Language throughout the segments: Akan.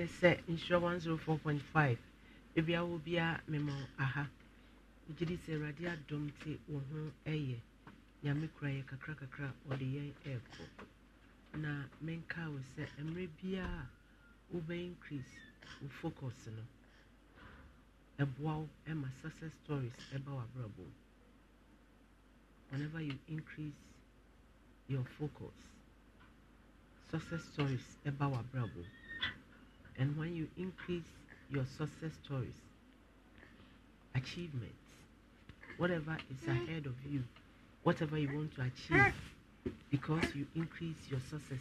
ne sɛ nhyira 104.5 baabi a wɔbiara mema aha megye di sɛ awurade adom te wo ho ɛyɛ nyame kora yɛ kakra kakra ɔde yɛn ɛɛkɔ na menka wo sɛ mmerɛ biara a increase wo focus no ɛboa wo ɛma success stories ɛba w'abrabɔ mu whenever you increase your focus success stories ɛba w'abrabɔ mu and when you increase your success stories, achievements, whatever is ahead of you, whatever you want to achieve, because you increase your success,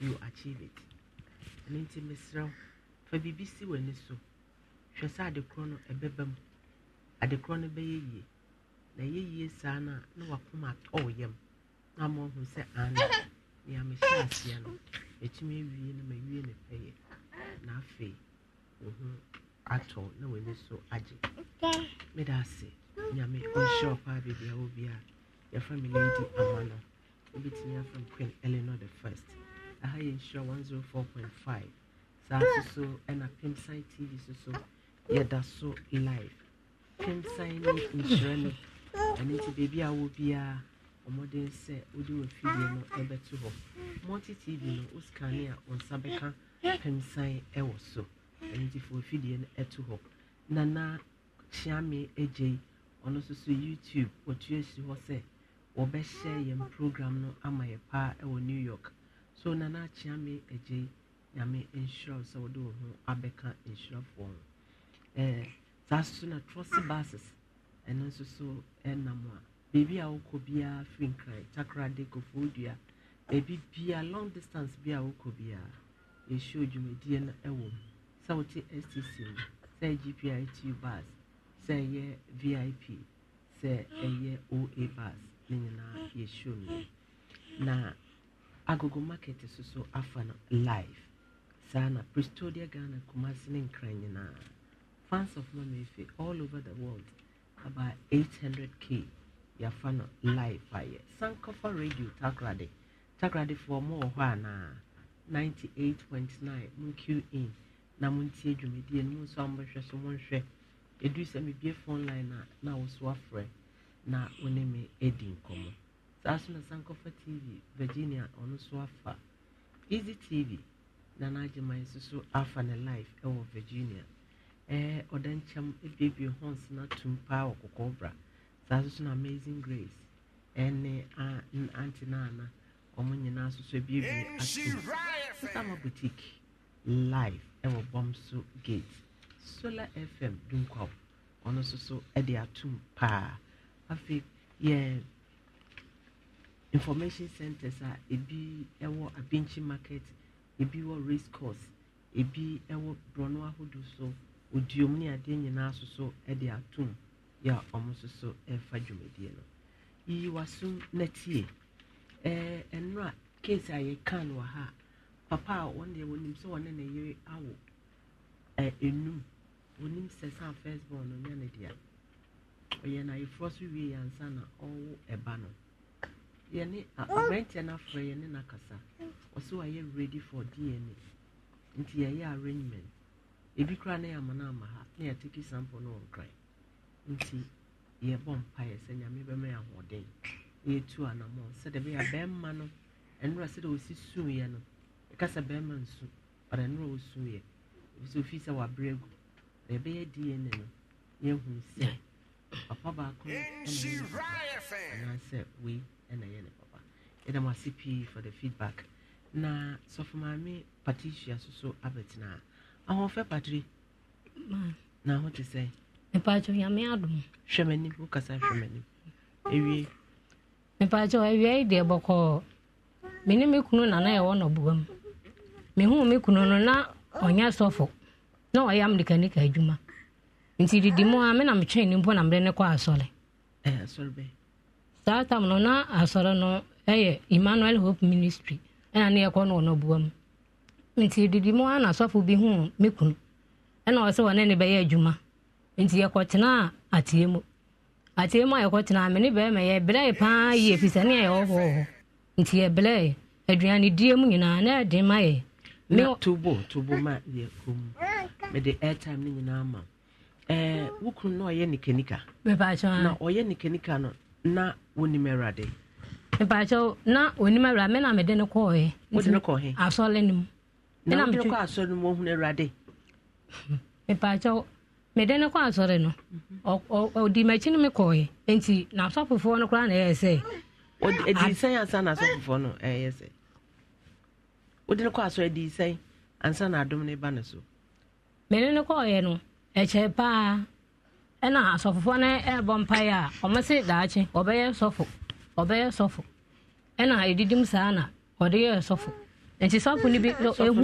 you achieve it. And in mesrɛ wo fa biribi si w'ani she said the chrono no ɛbɛba mu adekorɔ no bɛyɛ ye, na ye ye sana no a na yem, atɔɔ yam na ama ɔhu sɛ ana nea mehyɛ aseɛ no ɛtumi awie no mawie ne pɛyɛ Mm-hmm. na afei wo ho atɔ na w'ani so agye meda ase nyame ɔnhyɛ ɔpaa bebia wɔ bi a yɛfrɛ me lady ama no wobɛtumi afrɛ m queen eleanor the first aha yɛ nhyira 104.5 saa so so ɛna pimsan tv so so yɛda so live pimsan ne nhyira no ɛno nti baabi a wɔ biara ɔmmɔden sɛ wode wɔ afidie no ɛbɛto hɔ mɔte tv no wosikane a wo nsa bɛka mfɛnsan wɔ so ɛno nti fo fidie no to hɔ nana kyiame agye yi ɔno nso so youtube wɔtu asi hɔ sɛ wɔbɛhyɛ yɛn program no ama yɛ paa wɔ new york so nana kyiame agye yi nyame nhyira sɛ wɔde wɔn ho abɛka nhyirafoɔ ho ɛɛ saa so na trɔsi buses ɛno nso so nam a beebi a wokɔ biara firi nkran takoradi kofoɔ dua biara long distance bi a wokɔ biara yɛhyɛ dwumadie no wɔ mu sɛ wote stc mu sɛ gpitu bus sɛ ɛyɛ vip sɛ ɛyɛ oa bus ne nyinaa yɛhyɛ mu na agogo market so so afa no live saa na prestodia ghana kumase ne nkran nyinaa fans of mama all over the world about 800k yɛafa no live ayɛ sankofa radio takrade takrade foɔ mo wɔ hɔ anaa 98.9 monkey in na montie dwumadie no nso a mobɛhwɛ so monhwɛ ɛduru sɛ mebie phone line na na wo so afrɛ na wo ne me adi nkɔmmɔ saa so na sankɔfa tv virginia ɔno so afa easy tv na n'agyema nso so afa ne life ɛwɔ virginia ɛɛ ɔda nkyɛm ebiebie horns na tum paa wɔ kɔkɔɔ bra saa so so na amazing grace ɛne a aunty ana ɔmo nyinaa soso abiebi ato sama boutique live ɛwɔ bɔmso gate solar fm dunkwaw ɔno soso ɛde e atum paa afei yɛ information centers a ebi ɛwɔ abinchi market ebi wɔ race course ebi ɛwɔ borɔno ahodoɔ so oduom ne adeɛ nyinaa soso ɛde e atum yɛ ɔmo soso ɛfa e dwumadie no yiyi wasum Eh, eh, Nnwa keesi a yɛka no wɔ ha papa a wɔn deɛ wɔnim sɛ wɔne ne yere awo enum eh, wɔnim sɛ san first born no nya ne dea ɔyɛ na ayeforɔ so wie nsa na ɔwɔ ɛba no yɛne aberanteɛ no afrɛ yɛne no akasa ɔsɛ wɔayɛ ready for dna nti yɛyɛ arrangement ebi kura na yɛama no ama ha na yɛateki sample no wɔ nkran nti yɛbɔ mpaeɛ sɛ nyame bɛma yɛ ahoɔden yɛtu anammɔ sɛde bɛyɛ bɛrima no nnora sɛde ɔsi suuyɛ no ɛkasa bɛrima nsu ɔde nnora ɔsuuyɛ ɛfisɛ ofi sɛ wabrɛ gu na yɛbɛyɛ dna no yɛhu sɛ papa baako anaasɛ wei ɛna yɛ ne papa yɛda mo ase pii for the feedback na sɔfo maame patricia so so abɛtena a ahoɔfɛ patri na ho te sɛ mepaatwo nyame adom hwɛ m'anim wokasa hwɛ m'anim ɛwie mepagya awia yi deɛ bɔkɔɔ me ne me kunu nana yɛwɔ nɔboa mu mehu me kunu no na ɔnyɛ sɔfo na ɔyɛ amerikanika adwuma nti didi mu a me na metwɛn ne mpo na mmerɛ ne kɔ asɔre saa tam no na asɔre no ɛyɛ emmanuel hope ministry ɛna ne yɛkɔ no wɔ mu nti didi mu a na sɔfo bi hu me kunu ɛna ɔsɛ wɔne ne bɛyɛ adwuma nti yɛkɔtena atie mu ate mu a tena ame ne bɛrima yɛbrɛ paa yie fi sɛ ne a yɛwɔ hɔ hɔ nti yɛbrɛ aduane die mu nyinaa na ɛde ma yɛ. na tubo tubo ma yɛ kom mede airtime ne nyinaa eh, na ɔyɛ nikanika. mipaakyɛw na ɔyɛ no na na asɔre ne na medane kɔ asɔre no ɔdi m'akyi no me nti na no koraa na ɛyɛ sɛ na no na ansa na mene no no ɛkyɛ paa ɛna asɔfofoɔ no ɛbɔ mpaeɛ a ɔmo se daakye ɔbɛyɛ sɔfo ɔbɛyɛ sɔfo ɛna saa na ɔde yɛ sɔfo nti sɔfo no bi ɛhu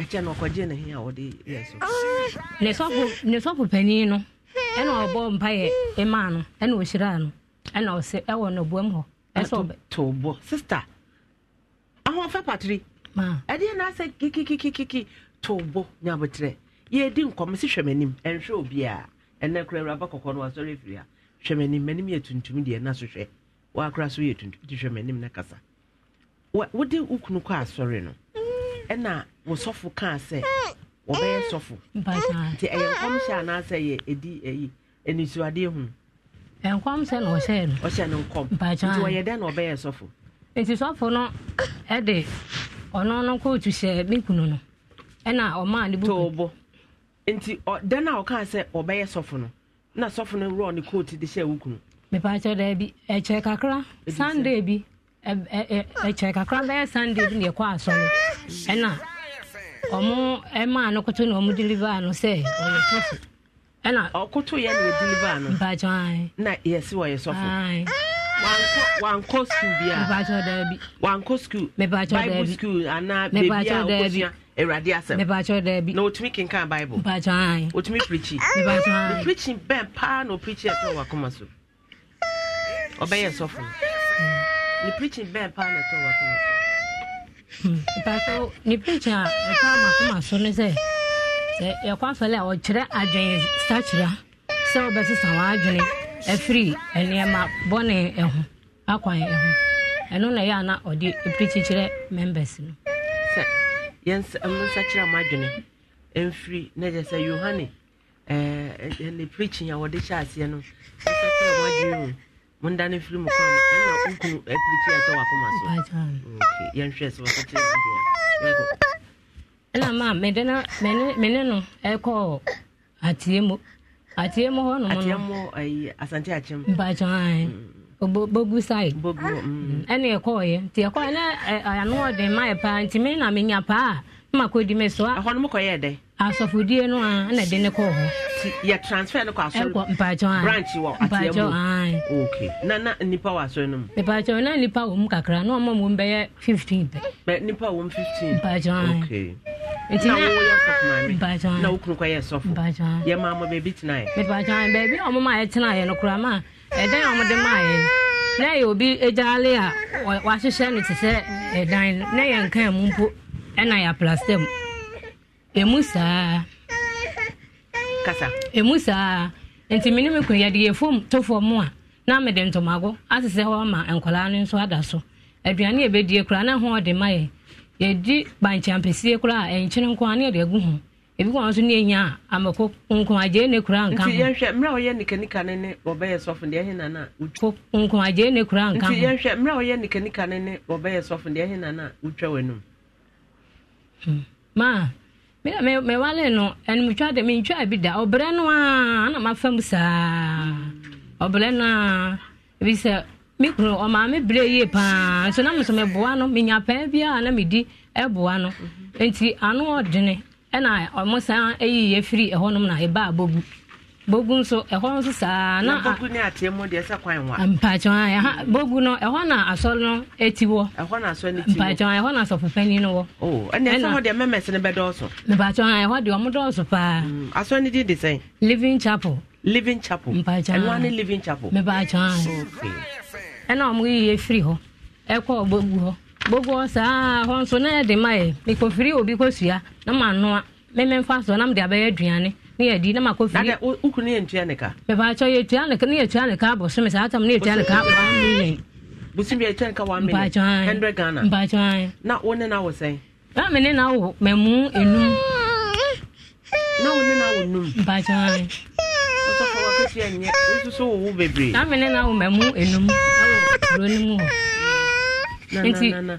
ɛkyɛ no ɔkɔgye ne he a ɔde yɛ so ne sɔfo panyin no ɛna ɔbɔ mpayɛ ɛmaa no ɛna ɔhyiraa no ɛna ɔsɛ ɛwɔ nɔboam hɔ ɛsɛ ɔbɛto bɔ sister ahoɔfɛ patri ɛdeɛ na asɛ kikikikiki to bɔ nyabotire yɛdi nkɔm si hwɛ m'anim ɛnhwɛ obiara ɛnɛ kora awuraba kɔkɔɔ no wasɔre afiri a hwɛ m'anim m'anim yɛ tuntum deɛ na so hwɛ wakora so yɛ tuntum ti hwɛ m'anim na kasa wode wo kunu kɔ asɔre no ɛna Wọ sọfọ wɔsɔfo kaa sɛ wɔbɛyɛ mm. sɔfo nti ɛyɛ nkɔm hyɛ anaasɛ edi ɛdi ɛyi ɛnisuadeɛ ho nkɔm sɛ na ɔhyɛ no ɔhyɛ no nkɔm nti wɔyɛ dɛn na ɔbɛyɛ sọfọ. nti sɔfo no ɛde ɔno no kootu hyɛ me kunu no ɛna ɔmaa ne bubu nti dɛn a ɔkaa sɛ ɔbɛyɛ sọfọ no na sọfọ no wurɔ ne kootu de hyɛ wo kunu mepakyɛ bi. ɛkyɛ kakra sunday bi ɛkyɛ kakra bɛyɛ sunday bi na yɛkɔ asɔre ɛna ɔmo ɛmaa ano koto na ɔmo deliver ano sɛ ɔyɛ sɔfo ɛna ɔkoto yɛ na yɛdeliver no mpakyɛ na yɛsi wɔyɛ sɔfo wankɔ sukuu bia. a mepakyɛ daabi wankɔ sukuu mepakyɛ daabi bible sukuu ana beebi a wokosua awurade asɛm mepakyɛ daabi na otumi kenkan bible mepakyɛ an otumi pirikyi mepakyɛ an ne pirikyi bɛn paa na opirikyi ɛtɔ wakoma so ɔbɛyɛ sɔfo ne pirikyi bɛn paa na ɛtɔ wakoma so. mpaso ne pagya e e, e a ɛka amakoma so no sɛ sɛ yɛkɔ afɛle a ɔkyerɛ adwene sakyera sɛ wobɛsesa w'adwene afiri nneɛma bɔne ho akwan ho ɛno na ɛyɛ ana ɔde pirikyikyerɛ members no sɛ yɛnsakyerɛ mo adwene mfiri na gye sɛ yohane ne preaching a wɔde hyɛ aseɛ no mu munda ne firi mu kwan mu ɛna nkunu eh, apirikyi ɛtɔ wakoma so okay yɛnhwɛ sɛ wɔkɔkyerɛ mu bia ɛna maa mede na mene no ɛkɔ atie mu atie mu hɔ nom no atie mu ayi asante akyem mpakyɛn bogu side bogu ɛna ɛkɔɔyɛ nti ɛkɔɔyɛ na ano ɔden maa paa nti me na menya paa ma kɔ di me so a ɛhɔ no mokɔyɛ dɛn asɔfodie no a na de ne kɔɔ hɔ yɛ okay na na nipa wɔ asɔre no mu mpakyɛw na nipa wɔ mu kakra na ɔmo mu bɛyɛ fifteen pɛ bɛ nipa fifteen mpakyɛw okay na wɔyɛ sɔfo maame mpakyɛw na okunu kɔ yɛ sɔfo mpakyɛw yɛ maama beebi tena yɛ mpakyɛw beebi ɔmo ma no kura ma ɛdan ɔmo de na yɛ obi edale a wahyehyɛ no te sɛ ɛdan na yɛ nkan mu mpo. ɛna yɛaplastam ɛmu e saa kasa ɛmu e saa nti mene me ku yɛde yɛfom e tofoɔ mu a na mede ntomago asesɛ hɔ ma nkwaraa no nso ada so aduane a ɛbɛdie koraa na ho ɔde ma yɛ yɛdi bankyampɛsie koraa a ɛnkyene nko a ne yɛde agu ho ebi kwan so ne enya amako nkomagye ne kura nka ho nti mmerɛ a ne ne sɔfo deɛ nana ne kura nka ho nti mmerɛ a ne ne sɔfo deɛ nana otwa maa mewale no ɛnumtwa de mentwa bi da ɔbrɛ no a na mafa mu saa ɔbrɛ no a ebi sɛ me kunu ɔmaame bere yie paa nso na muso meboa no menya pɛɛ biara na medi ɛboa e no nti ano ɔdene ɛna e ɔmo san eyi firi ɛhɔnom e na ɛba abogu. bogu nso ɛhɔ nso saa na bogu ne ateɛ mu deɛ sɛ kwan wa mpakyɛn bogu no ɛhɔ na no eti wɔ na no wɔ na ɛna ɛsɛ hɔ deɛ bɛ dɔɔso ɛhɔ deɛ ɔmo dɔɔso paa mm, di de sɛn living chapel living chapel ɛnua ne living chapel ɛna ɔmo firi hɔ ɛkɔ bogu hɔ bogu saa nso ne yɛ di ne ma ko firi. dada o kun ne yɛ ntuya ne ka. bɛba akyɛw yɛ tuya ne ka ne yɛ tuya ne ka bɔ sɛmɛ saa tam ne yɛ tuya ne ka one million. busi mi ne ka one million. mpatsɔn an ye hundred ghana. mpatsɔn an ye. na o ne na wɔ sɛn. ɛn mi ne na wɔ mɛ mu enum. na o ne na wɔ num. mpatsɔn an ye. o tɔ fɔ wa kasi yɛ nyɛ o soso wo wo bebree. na mi ne na wɔ mɛ mu enum. na wɔ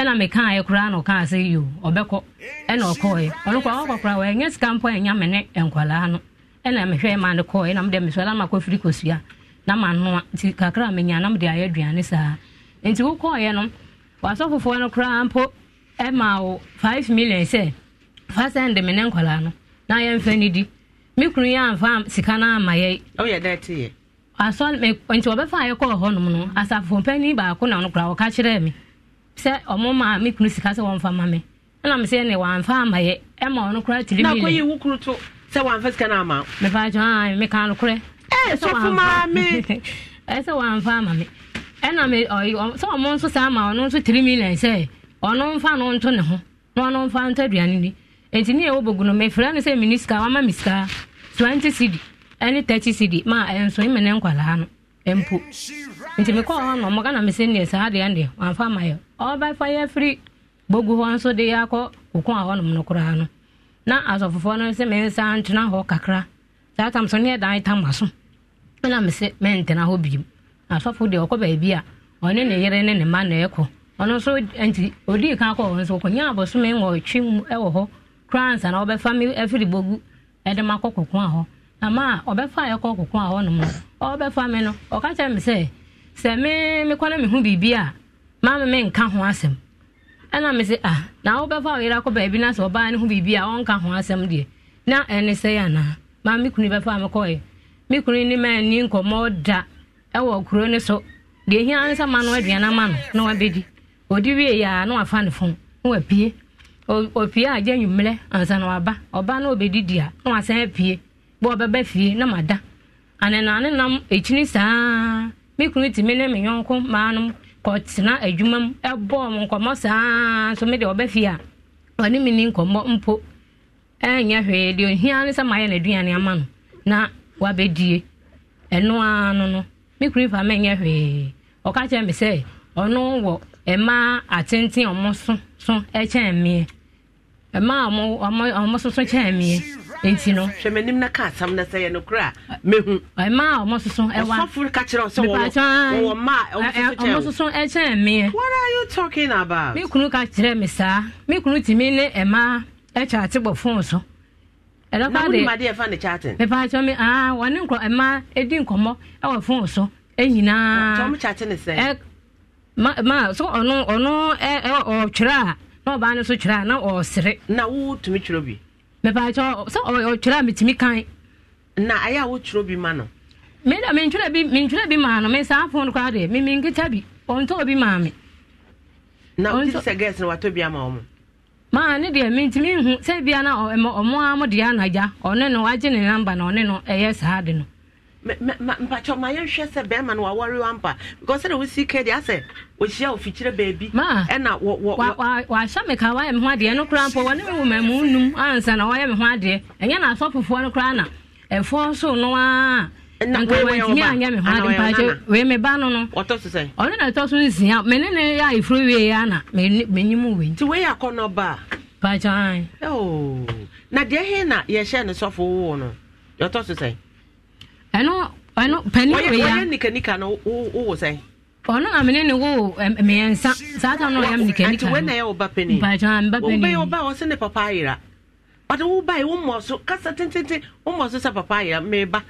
ɛna mekaeɛ koraa na ɔkaa sɛ yo ɔbɛkɔ ɛna ɔkɔɛ ɔno koraa ɔkɔkora wɔ ɛnyɛ sika mpo ɛnya me ne nkwaraa no ɛna mehwɛ ma no kɔɛ na mede mesoa na makɔfiri kɔsua na manoa nti kakra a menya na mede ayɛ aduane saa nti wokɔɔyɛ no wasɔfofoɔ no koraa mpo ɛma wo 5 million sɛ fa sɛ nde me ne nkwaraa no na yɛmfa ni di oh, me kunu yɛ amfa sika no ama yɛ woyɛ dɛ teyɛ asɔ nti wɔbɛfa a yɛkɔɔ hɔ nom no asafo mpani baako na no koraa wɔka kyerɛɛ me sɛ ɔmo maa kunu sika sɛ wɔmfa ma me ɛna me sɛ ne wɔamfa ama yɛ ɛma ɔno koraa tiri mi yi na kuru to sɛ sika ama. atwa aa no korɛ. ɛɛ sɔfo maa ama ɛna sɛ ɔmo nso ama ɔno nso tiri mi lɛn sɛ ɔno nfa no nto ne ho na ɔno nfa nto aduane ni ne yɛ bogu no no sɛ sika wama mi ma ɛnso ɛmɛ nti mekɔ hɔ no na mesɛ nneɛ saa deɛ ndeɛ wamfa ma yɛ ɔbɛfa yɛ firi bogu hɔ nso de yɛ akɔ a hɔnom no koraa no na asɔfofoɔ no sɛ mensa ntena hɔ kakra saa tam so ne ɛdan tam aso ɛna mesɛ mentena hɔ biom asɔfo deɛ ɔkɔ baabi a ɔne ne yere ne na ɛkɔ ɔno nso nti odii kan kɔ nso abɔsome wɔ twi mu hɔ koraa nsa na ɔbɛfa me afiri a hɔ ama a ɔbɛfa a ɛkɔ sɛ me mekɔ na mehu biribi a maama menka ho asɛm ɛna me sɛ ah na wobɛfa ɔyere akɔ baabi na sɛ ɔbaa ne ho biribi a ɔnka ho asɛm deɛ na ɛne sɛ yɛ anaa maa me kunu bɛfa a mekɔɛ me kunu ne maa ni nkɔmmɔ da ɛwɔ kuro ne so deɛ hia ne sɛ ma no aduane ma no na wabɛdi ɔdi wie yɛ a na wafa ne fon na wapie ɔpie a agya nwummerɛ ansa na waba ɔba na ɔbɛdidi a na wasan apie bɛ ɔbɛba fie na mada anenane nam ɛkyini saa me kunu tumi ne me yɔnko maanom kɔtena adwuma mu ɛbɔɔ mo nkɔmɔ saa nso mede ɔbɛfi a ɔne me ni nkɔmmɔ mpo ɛnyɛ hwee deɛ ohia ne sɛ mayɛ n'aduane ama no na wabɛdie ɛno ara no no me kunu fa menyɛ hwee ɔka kyerɛ me sɛ ɔno wɔ mmaa atenten ɔmo so so kyɛn meɛ mmaa ɔmo ɔmo so so kyɛn meɛ nti no a ɔmo soso ka kyerɛ sɛ ɔmo soso ɛkyɛn saa me kunu ne ɛma ate fon so wɔne nkɔ fon so ɛnyinaa so ɔno ɔno na ɔbaa no so a na na twerɛ bi mepɛakyɛ sɛ ɔkyerɛ a metumi kan na ayɛ a wotwerɛ bi ma no meda mentwerɛ bi mentwerɛ bi maa no mesaa fo no koraa deɛ memenketa bi ɔntɔ bi maa me na wote sɛ gas no watɔ bi ama wɔ mo maa ne deɛ mentumi nhu sɛ bia na ɔmo a mo deɛ anagya ɔne no wagye ne namba na ɔne no ɛyɛ saa de no mpakyɛ ma ya sɛ bɛrima no waware wa mpa because sɛde wosi kɛ deɛ asɛ ɔhyia ofikyerɛ baabi ɛna wahyɛ me ka wayɛ me ho adeɛ no koraa mpo wɔne me wo mamu num ansa na wɔyɛ me ho adeɛ ɛnyɛ na asɔfofoɔ no koraa na so no a nke wantumi anyɛ me ho ade na deɛ he na yɛhyɛ ne sɔfo no yɛtɔ so sɛn ɛno ɛno ya nikanika no wowɔ sɛn ɔno na ne wo mmiɛnsa saa tam no ɔyam nikanika mba ụba ne papa ayera ɔde wommɔ so kasa tententen wommɔ so sɛ papa ayera meba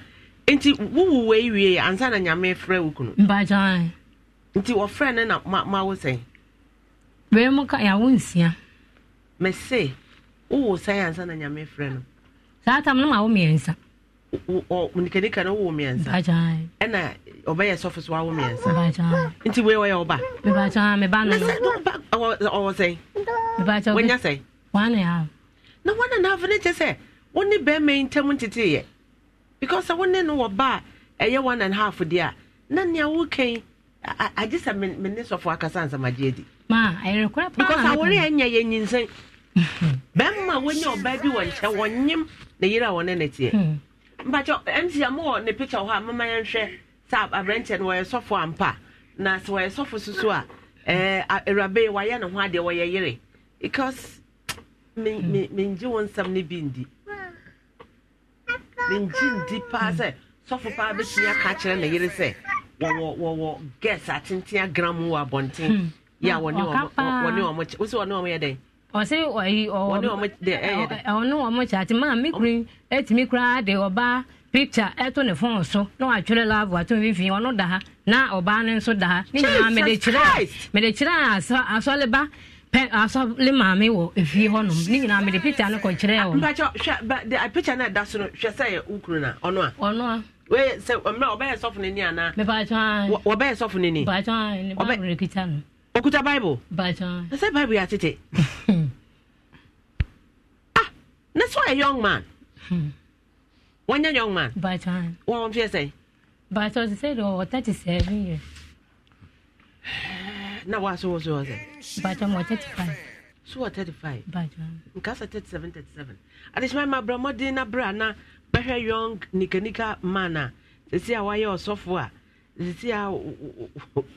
nti wowu wei wie ansa na nyame frɛ wo kunu nti wɔfrɛ na ma ma wo sɛn wei mu ka yɛawo nsia sɛn ansa na nyame frɛ no saa tam nikanika no wo mmiɛnsa ɛna ɔbɛyɛ sɔfo so wawo mmiɛnsa nti wei wɔyɛ ɔba ɔwɔ sɛn wanya sɛn na wana naafo ne kyɛ sɛ wo ne bɛrima ntam nteteeɛ because sɛ wo ne no wɔ ba a ɛyɛ one and half deɛ a na nea wokan agye sɛ me ne sɔfo akasa nsamagye adi because awore ɛnyɛ yɛ nyinsɛn bɛrima wonya ɔbaa bi wɔ nkyɛ wɔnyem ne yere a wɔne ne teɛ mpakyɛ mc a mowɔ ne picture hɔ a mama yɛnhwɛ sɛ aberɛnkyɛ no wɔyɛ sɔfo ampa na sɛ wɔyɛ sɔfo soso a eh, awurabe wayɛ ne ho adeɛ wɔyɛ yere because mengye wo nsɛm no bi ndi mengye ndi paa sɛ sɔfo paa bɛtumi aka kyerɛ ne yere sɛ wɔwɔ gas atenten agra mu wɔ abɔnten hmm. yɛ a wɔne wɔn kyɛ wo sɛ wɔne wɔn yɛ dɛn ɔsɛ ɔno ɔmo kyɛ maa mi kuri etimi de ɔbaa pikcha ɛto ne so na watwerɛ laabu ato ɔno na ɔbaa no nso ne nyinaa mede mede asɔle maame wɔ okuta bible na sɛ bible yɛ atete hmm. ah na sɛ ɔyɛ young man hmm. wɔnyɛ young man wɔn mfeɛ sɛn bàtà ọsẹ sẹ ọ thirty seven years. na wàá sọ wọ́n sọ wọ́n sẹ. bàtà ọmọ thirty five. so wọ se bata five. bàtà nka sọ thirty seven thirty seven adesima ma bra mọden na bra na bẹhwẹ young nikanika man a sisi a wayɛ ɔsɔfo a sisi a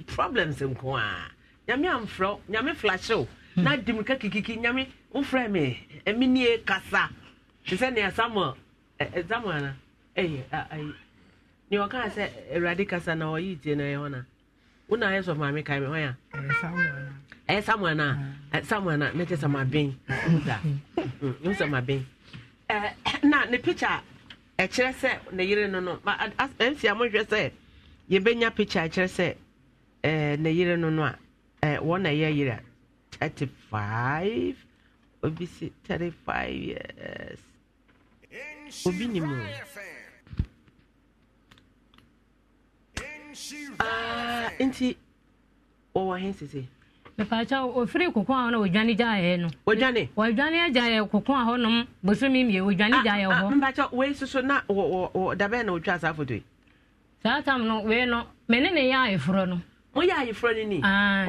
problems nko a. nyame amfrɛ nyame flahyew hmm. na di mirika kikiki nyame wofrɛ me ɛme nie kasa te sɛ nea samuel samuel na nea ɔkaa sɛ awurade kasa na ɔyi tie no ɛyɛ hɔ na wona ayɛ sɔ maame kae me hɔ a ɛyɛ samuel na samuel na hmm. na kyɛ sɛ maben wuta wusɛ hmm. maben na ne picture ɛkyerɛ sɛ ne yere no no ɛnsi a mohwɛ sɛ yɛbɛnya picture ɛkyerɛ sɛ ne yere no no a wɔn na ɛyɛ yera thirty five obi si thirty five years obi ni mu aa nti wɔwɔ hen sisi. mepaakyɛ ofiri koko a hɔ na wɔdwane gyaeɛ no wɔdwane wɔdwane agyaeɛ koko a ah, hɔ nom ah, bosome mmie wɔdwane gyaeɛ hɔ mpakyɛ wei soso na dabɛn na wɔtwa saa foto yi saa tam no wei no mene ne yɛ ayɛforɔ no moyɛ ayefrɔ no ni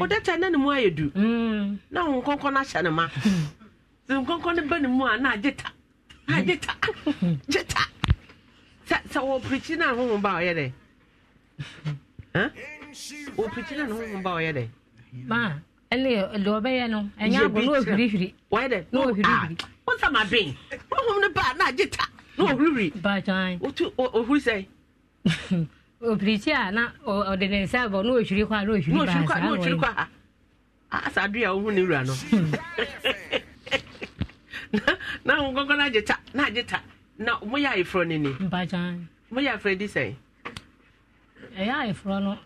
wodɛ ta na ne mu ayɛ du mm. na wo nkɔnkɔ no ahyɛ ne ma sɛ nkɔnkɔ no ba ne mu a na agye ta agye ta gye ta sɛ sɛ wɔpirikyi no a honhom ba ɔyɛ dɛ wɔpirikyi no a ne honhom ba ɔyɛ dɛ ma ɛne deɛ ɔbɛyɛ no ɛnyɛ abɔ na ɔhwirihwiri wɔyɛ dɛ na ɔhwirihwiri wosa ma ben honhom no ba na agye ta na ɔhwirihwiri baagyan wotu ɔhuri sɛ opirikyi a na ɔde ne nsa bɔ na ohwiri kɔ a na ohwiri baa saa a asa adu a ohun ne wura no na ahun kɔkɔ na agyeta na agyeta na mo yɛ ayeforɔ ne ni. mpagyan. mo yɛ ayeforɔ di sɛn. ɛyɛ ayeforɔ no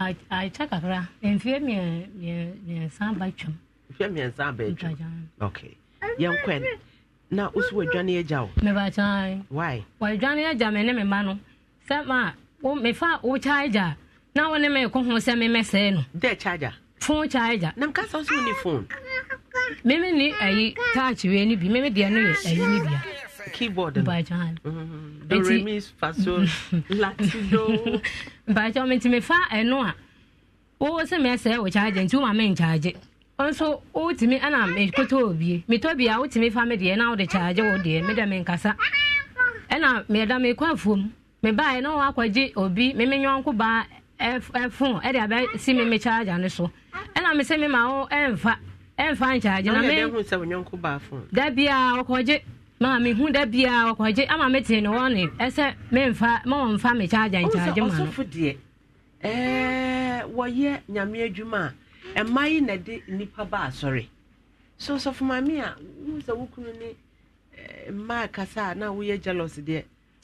akyɛ kakra mfie mmiɛnsa ba twam. mfie mmiɛnsa aba atwam mpagyan. okay yɛn kɔɛ na osu wɔ adwane agya o. mpagyan. why. wɔ adwane agya me ne me ma no. sɛ ma mefa wo charger na wo ne me ho sɛ memɛsɛe no dɛ charger na ni meme ne ayi touch ne bi meme deɛ no yɛ ayi ne bia keyboard menti mm-hmm. mefa ɛno a wowɔ sɛ meɛsɛe wo charger nti woma menkyagye nso wotumi ɛna mekɔtɔ obie metɔ bia wotumi fa me na wode wo deɛ meda menkasa ɛna meɛda mekɔ afuom mebaa na wọn akɔgye obi meme nyɔnko baa ɛfon ɛde abɛ si meme charger ne so ɛna me sɛ mema wo ɛmfa ɛmfa nkyɛagye na me da biaa ɔkɔgye maa mehu da biaa ɔkɔgye ama metee ne wɔ ne ɛsɛ memfa ma wɔmfa me charger nkyɛagye ma no deɛ wɔyɛ nyame adwuma a ɛma yi na de nnipa ba asɔre so sɔfo maame a wohu sɛ wo kunu eh, mmaa kasa a na woyɛ jealous deɛ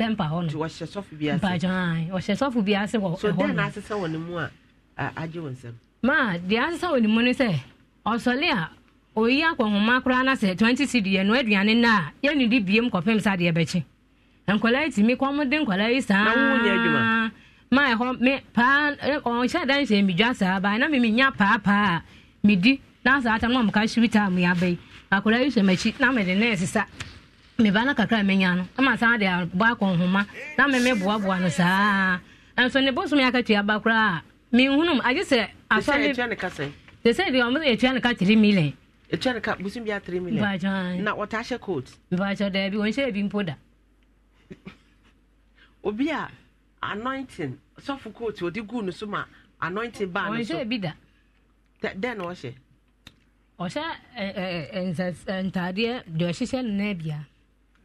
sɛ mpa hɔ no ɔhyɛ sɔfo bi ase mpagyɔn so dɛn na asesa wɔ ne mu a agye wɔn nsɛm maa deɛ asesa wɔ ne mu no sɛ ɔsɔle a oyi akɔnhoma koraa na sɛ twenty si deɛ no aduane na a yɛne de biem kɔpem sa deɛ bɛkye nkɔlaa yi tumi kɔm de nkɔlaa yi saa na wɔn nyɛ adwuma maa ɛhɔ me paa ɔnhyɛ dan hyɛ midwa saa baa na mimi nya paapaa midi na saa ata no a mo ka hyiwi taa mo yaba yi akɔlaa yi hyɛ m'akyi na mɛde ne ɛsesa meba na kakra menya no ama san de abɔ akɔ nhoma na meme boaboa no saa nso ne bosom yɛ akatua ba koraa a menhunum agye sɛ asɔre te sɛ deɛ ɔmo ɛtua ne ka tiri million ɛtua ne ka bosom bi a tiri million na wɔta ahyɛ coat mebakyɛ daabi wɔnhyɛ bi mpo da obi a anointing sɔfo coat odi guu no so ma anointing baa no so wɔnhyɛ bi da dɛn na ɔhyɛ ɔhyɛ ntaadeɛ deɛ ɔhyehyɛ no na bia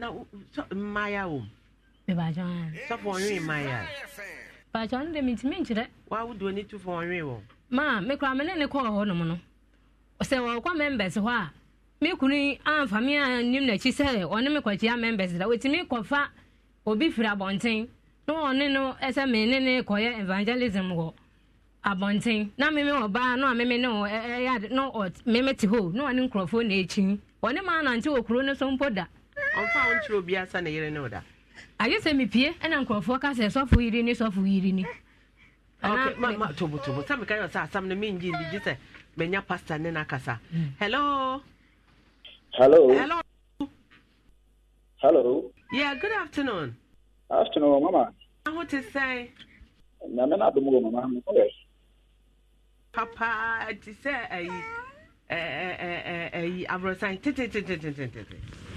na mmaya wɔ sɔfo mmaya nkyerɛ ne tufo wɔ ma mekora me ne ne kɔɔ hɔ nom no sɛ wɔkɔ members hɔ a me kunu amfa me anim n'akyi sɛ ɔne me kɔkyia members da wɔtumi kɔfa obi firi abɔnten na ɔne no sɛ me ne ne kɔyɛ evangelism wɔ abɔnten na meme ɔbaa na meme ne ɛyɛ na meme te hɔ na ɔne nkurɔfoɔ na ɔne wɔ kuro no so mpo da ɔmfa wo nkyerɛ obi asa na yere ne wo da agye sɛ mepie ɛna nkurɔfoɔ ka sɛ sɔfo yiri ni sɔfo yiri ni tobotobo sɛ meka yɛ sɛ asɛm no mengye ndi gye sɛ manya pastor ne no akasa hello hello hello hello yeah good afternoon afternoon mama na te sɛn nyame na adom wɔ mama mekɔyɛ papa te sɛ ayi ayi aborɔsan tetetetetetete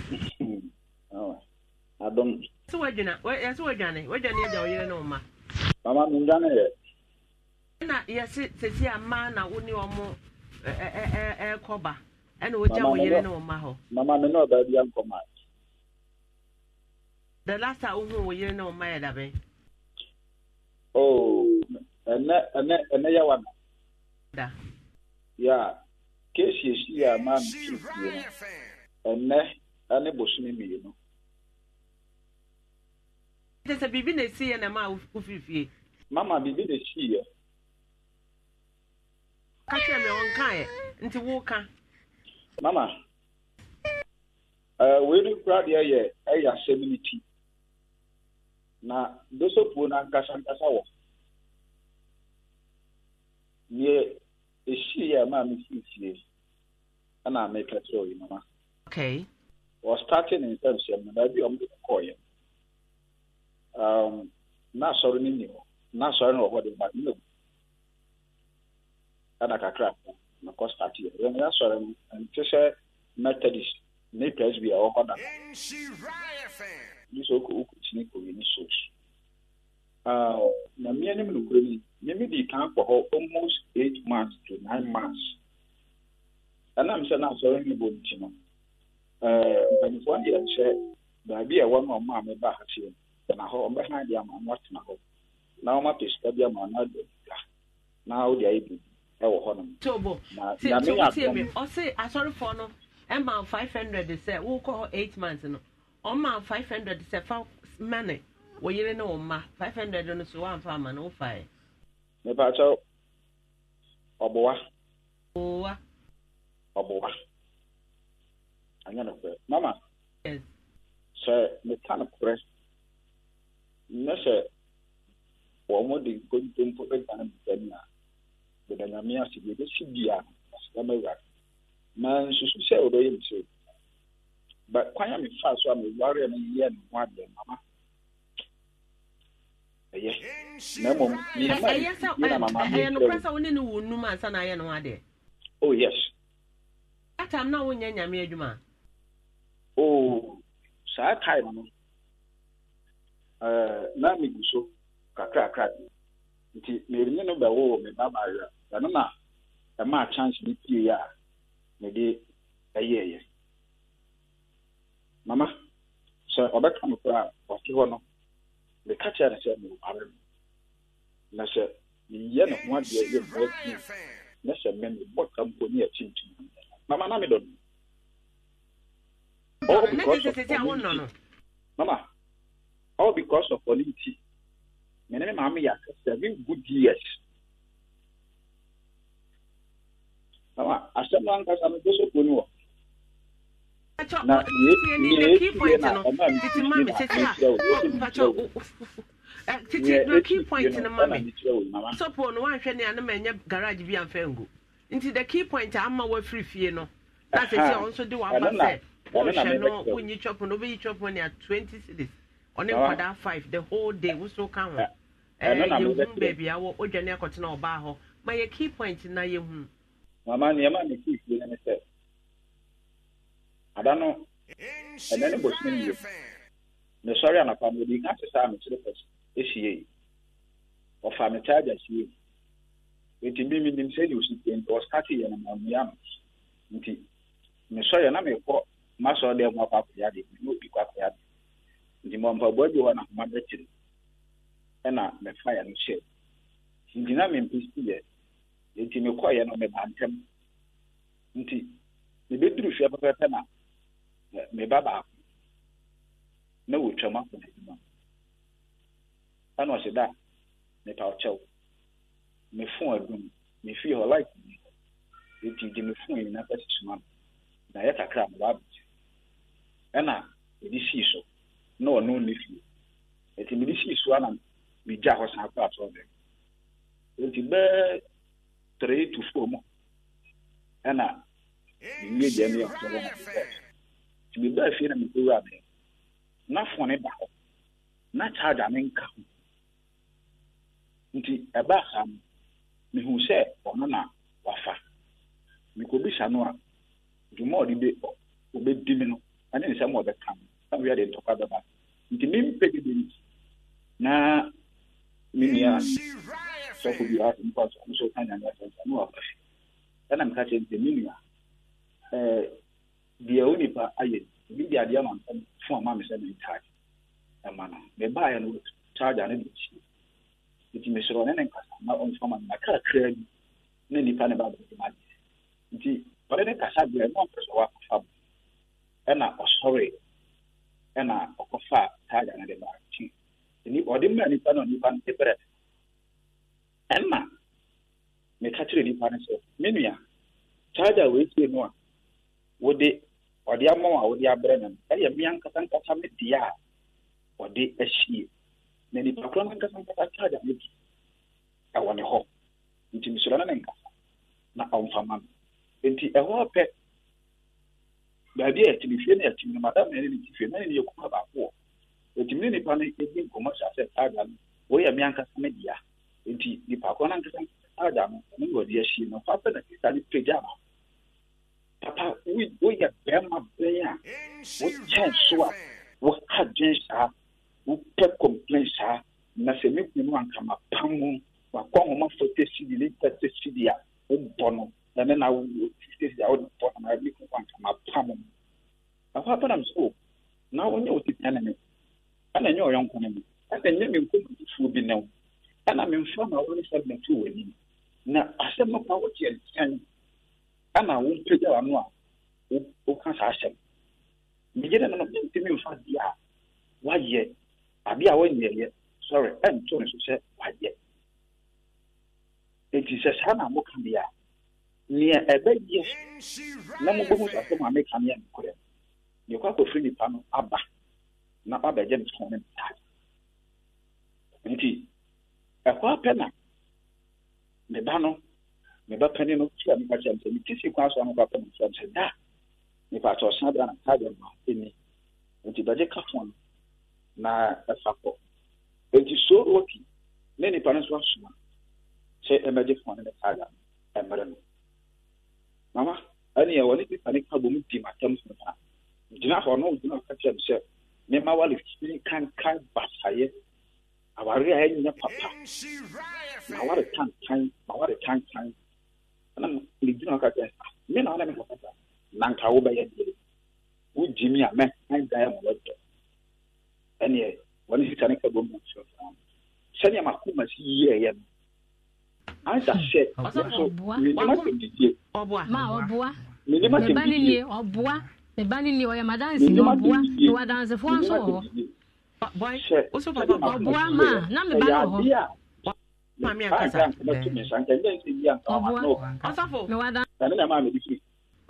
adom. sọ wagyina yasị wadwane wadwane yɛ deɛ ɔyere ne ɔma. mama mi yɛ. ɛna ma na wo ni ɔmo ɛɛ ɛɛkɔba ɛna wogya wo mama mi na ɔbaa bi ankɔma. the last time wohu wo yere ne dabe. oo oh, ɛnɛ ɛnɛ ɛnɛ na. da. ya keesi esi ya maa mi si ɛnɛ ɛne bosomi kyerɛ sɛ biribi na ɛsi yɛ na ɛma mama biribi na ya yɛ ka kyerɛ me ɔnkaeɛ nti woka mama uh, wei no deɛ yɛ ɛyɛ asɛm ti na dosopuo nkasa ankasankasa wɔ neɛ ɛsiiɛ ma mefii fie ɛna mepɛ mama okay Um, na n'inyo na n'ọgbọ dị mkpa nne ada kakra na kọstati ya ya ya sọrọ m nti sɛ methodist presby a ɔkɔ na bi sɛ okɔ okɔ kyini kɔ yɛ na mmea ne mu ni mmea di kan kɔ hɔ almost eight months to nine months uh, baabi a tena hɔ ɔmbɛha deɛ ama no atena hɔ na wɔmapɛ sika bi ama no ada sika na wode ayɛ biribi ɛwɔ hɔ nom ɔse asɔrefoɔ no ɛma 500 sɛ wokɔ hɔ 8 months no ɔma hundred sɛ fa ma ne wo yere ne wo mma 500 no so woamfa ama no wofae mepaakyɛw ɔbowa ɔbowa ɔbowa anyɛ nokorɛ mama sɛ meka nokorɛ na sɛ wɔmɔde ɛdane bɛni a bɛda nyame ase deɛ ɛbɛsi bia asɛm awurade na nsusu sɛ wɔbɛyɛ msɛ but kwan a mefaa so a mewareɛ no yɛ ne ho adeɛ mama ɛyɛ na mmom nneɛma mama ɛyɛ nokorɛ sɛ wo ne ne wo num ansa na ayɛ ne ho adeɛ oh yes atam na wonyɛ nyame adwuma o oh, saa time no Eh, na megu so kakrakra bi nti merenye no bɛwoo me ba baayera ɛno na ɛmaa chance no pie a mede ɛyɛɛyɛ mama sɛ ɔbɛka me koraa ɔte hɔ no meka kyerɛ no sɛ meware no na sɛ meyɛ ne ho adeɛ yɛ na sɛ me mebɔ ka mpo ne akyintum mama na medɔ no ah, mama all because of politics me ne me maame yɛ aka seven good years awa asɛm no ankasa no bɛsɛ kɔni wɔ na yɛ tie na ɔma mi tie na mi kyerɛ wo yɛ tie wo titi no key point no ma me sɔpo no wanhwɛ ne a ne ma ɛnyɛ garage bi amfa ngu nti the key point ama wafiri fie no na sɛ sɛ ɔnso de waba sɛ wohwɛ no wonyi twɔpo no wobɛyi twɔpo ne a twenty cities ɔne nkwadaa five the whole day woso ka ho yɛhu baabi a wɔ odwane akɔtena ɔbaa hɔ ma yɛ key point na yɛhu mama nneɛma ne kii fie no ne sɛ ada no ɛnɛ ne bɔsene yie mesɔre anapa no ɔde ka te saa mekyere pɛ ɛsiei ɔfa me charge siei nti bi menim sɛdeɛ ɔsitie nti ɔstateyɛ no mammua no nti mesɔre na mekɔ masɔre dɛ mu akɔ akɔyɛ ade ne obi kɔ akɔyɛ ade nti mɔ mpaboa bi wɔ n'ahoma da kyiri ɛna mɛfa yɛ no hyɛ nti na mempɛ si yɛ nti mekɔɔyɛ no meba ntɛm nti mebɛduru fie pɛpɛpɛ na meba na wɔtwam akɔ n'adwuma ɛna ɔhyɛ da mepa ɔkyɛw me fon adum me fie hɔ light ni hɔ nti na fɛ sisuma no na yɛ kakra na ɔno ne fie ɛti mede sii soa na megya hɔ san kɔ asɔɔdɛm nti bɛɛ three to four mu ɛna mewie gya ne asɔɔdɛm na nti mebaa fie na mekɔwura bɛn na fone ba, hɔ na charger ne nka ho nti ɛbaa e saa no mehu sɛ ɔno na wafa mekɔbisa no a dwuma ɔde be ɔbɛdi me no ɛne nsɛm ɔbɛka no na wia de ntɔkwa bɛba nti mempɛ dede nti na me nua sɔfo bi a nipa sɔ ɔno sɛ ɔka nyame asɛnsa ne waba fi ɛna meka kyerɛ nsɛ me nua deɛ wo nipa ayɛ ebi de adeɛ ma nsɛm fo ama me sɛ mentaade ɛma no mebaeɛ no charger no de kyie nti mesorɔ ne ne nkasa na ɔmfa ma no nakrakraa bi na nipa ne babɛde ma deɛ nti ɔde ne kasa deɛ na ɔmpɛ sɛ wakɔfa bo ɛna ɔsɔree oh, ɛna ɔkɔfa taaga no de baati ɔde mmaa nipa no nipa no de brɛ ɛna meka kyerɛ nipa no sɛ me nua taaga wɔesie no a wode ɔde ama a wode abrɛ no no ɛyɛ mea nkasa nkasa me deɛ a ɔde ahyie na nipa korɔ no nkasa nkasa taaga no bi ɛwɔ ne hɔ nti mesuro no ne nkasa na ɔmfa ma no nti ɛhɔ pɛ baabi a yɛte ne fie na yɛte ne madam na yɛne ne ti fie na yɛne ne yɛ kuma baako wɔ yɛtumi ne nipa no yɛdi nkɔmɔ hyɛ sɛ ada no wɔyɛ me ankasa me dea nti nipa korɔ no ankasa ada no ne wɔde ahyie no fa na kita ne pagya ma papa woyɛ bɛrima bɛn a wokyɛn so a woka dwen saa wopɛ complain saa na sɛ me kunu ankama pam ho wakɔ ahoma fɔ tɛ sidi ne tɛ sidi a wobɔ no na men na fifty a wode tɔ na mabi ko anka mapa mo ɛhɔ apa nam sɛ o na wonyɛ wo tipia ne me ɛna nyɛ ɔyɔnko ne me ɛna nyɛ me nkɔmmɔdifoɔ bi ne wo ɛna memfa ma wone sɛ mɛto w'anim na asɛm no kwa wokyi ɛnkyɛn ɛna wompagya w'ano a woka saa asɛm megye dɛ no no mentimi mfa deɛ a wayɛ adeɛ a wanyɛyɛ sɔre ɛnto ne so sɛ wayɛ enti sɛ saa na moka deɛ a nea ɛbɛyɛ na mobɛhu sɛ asɛm a meka ne yɛ nokorɛ no yɛkɔ akɔfiri nipa no aba na wabɛgye ne tɔn ne ntade nti ɛkɔ apɛ na me ba no me ba pani no tia me kakyɛ nsɛ mete si kwan so a mokɔ apɛ no nsɛ nsɛ da nipa kyɛ ɔsena da na ntade ma ɛni nti bɛgye ka fo no na ɛfa kɔ nti so wɔki ne nipa no nso asoma sɛ ɛmɛgye fo no ne ntade ɛmmerɛ no mama ɛne ɛwɔ ne pepa ne ka bom di matam so saa gyina hɔ no wogyina ɔka kyerɛ me sɛ mema wale fii kankan basayɛ aware a ɛnyɛ papa na ware tankan ma ware tankan ɛna megyina ɔka kyerɛ me na wane mekɔka sa na nka wobɛyɛ deɛ wogyi me a mɛandaɛ ma wɔdɔ ɛneɛ wɔne sika ne ka bom so saa sɛnea makoma si yɛɛyɛ no ansasɛ nso minima sɛ titie minima sɛ titie meba ne nie ɔyɛ madanse ne ɔboa na wadansefoɔ nso wɔ hɔ ɔboa ma na meba no wɔ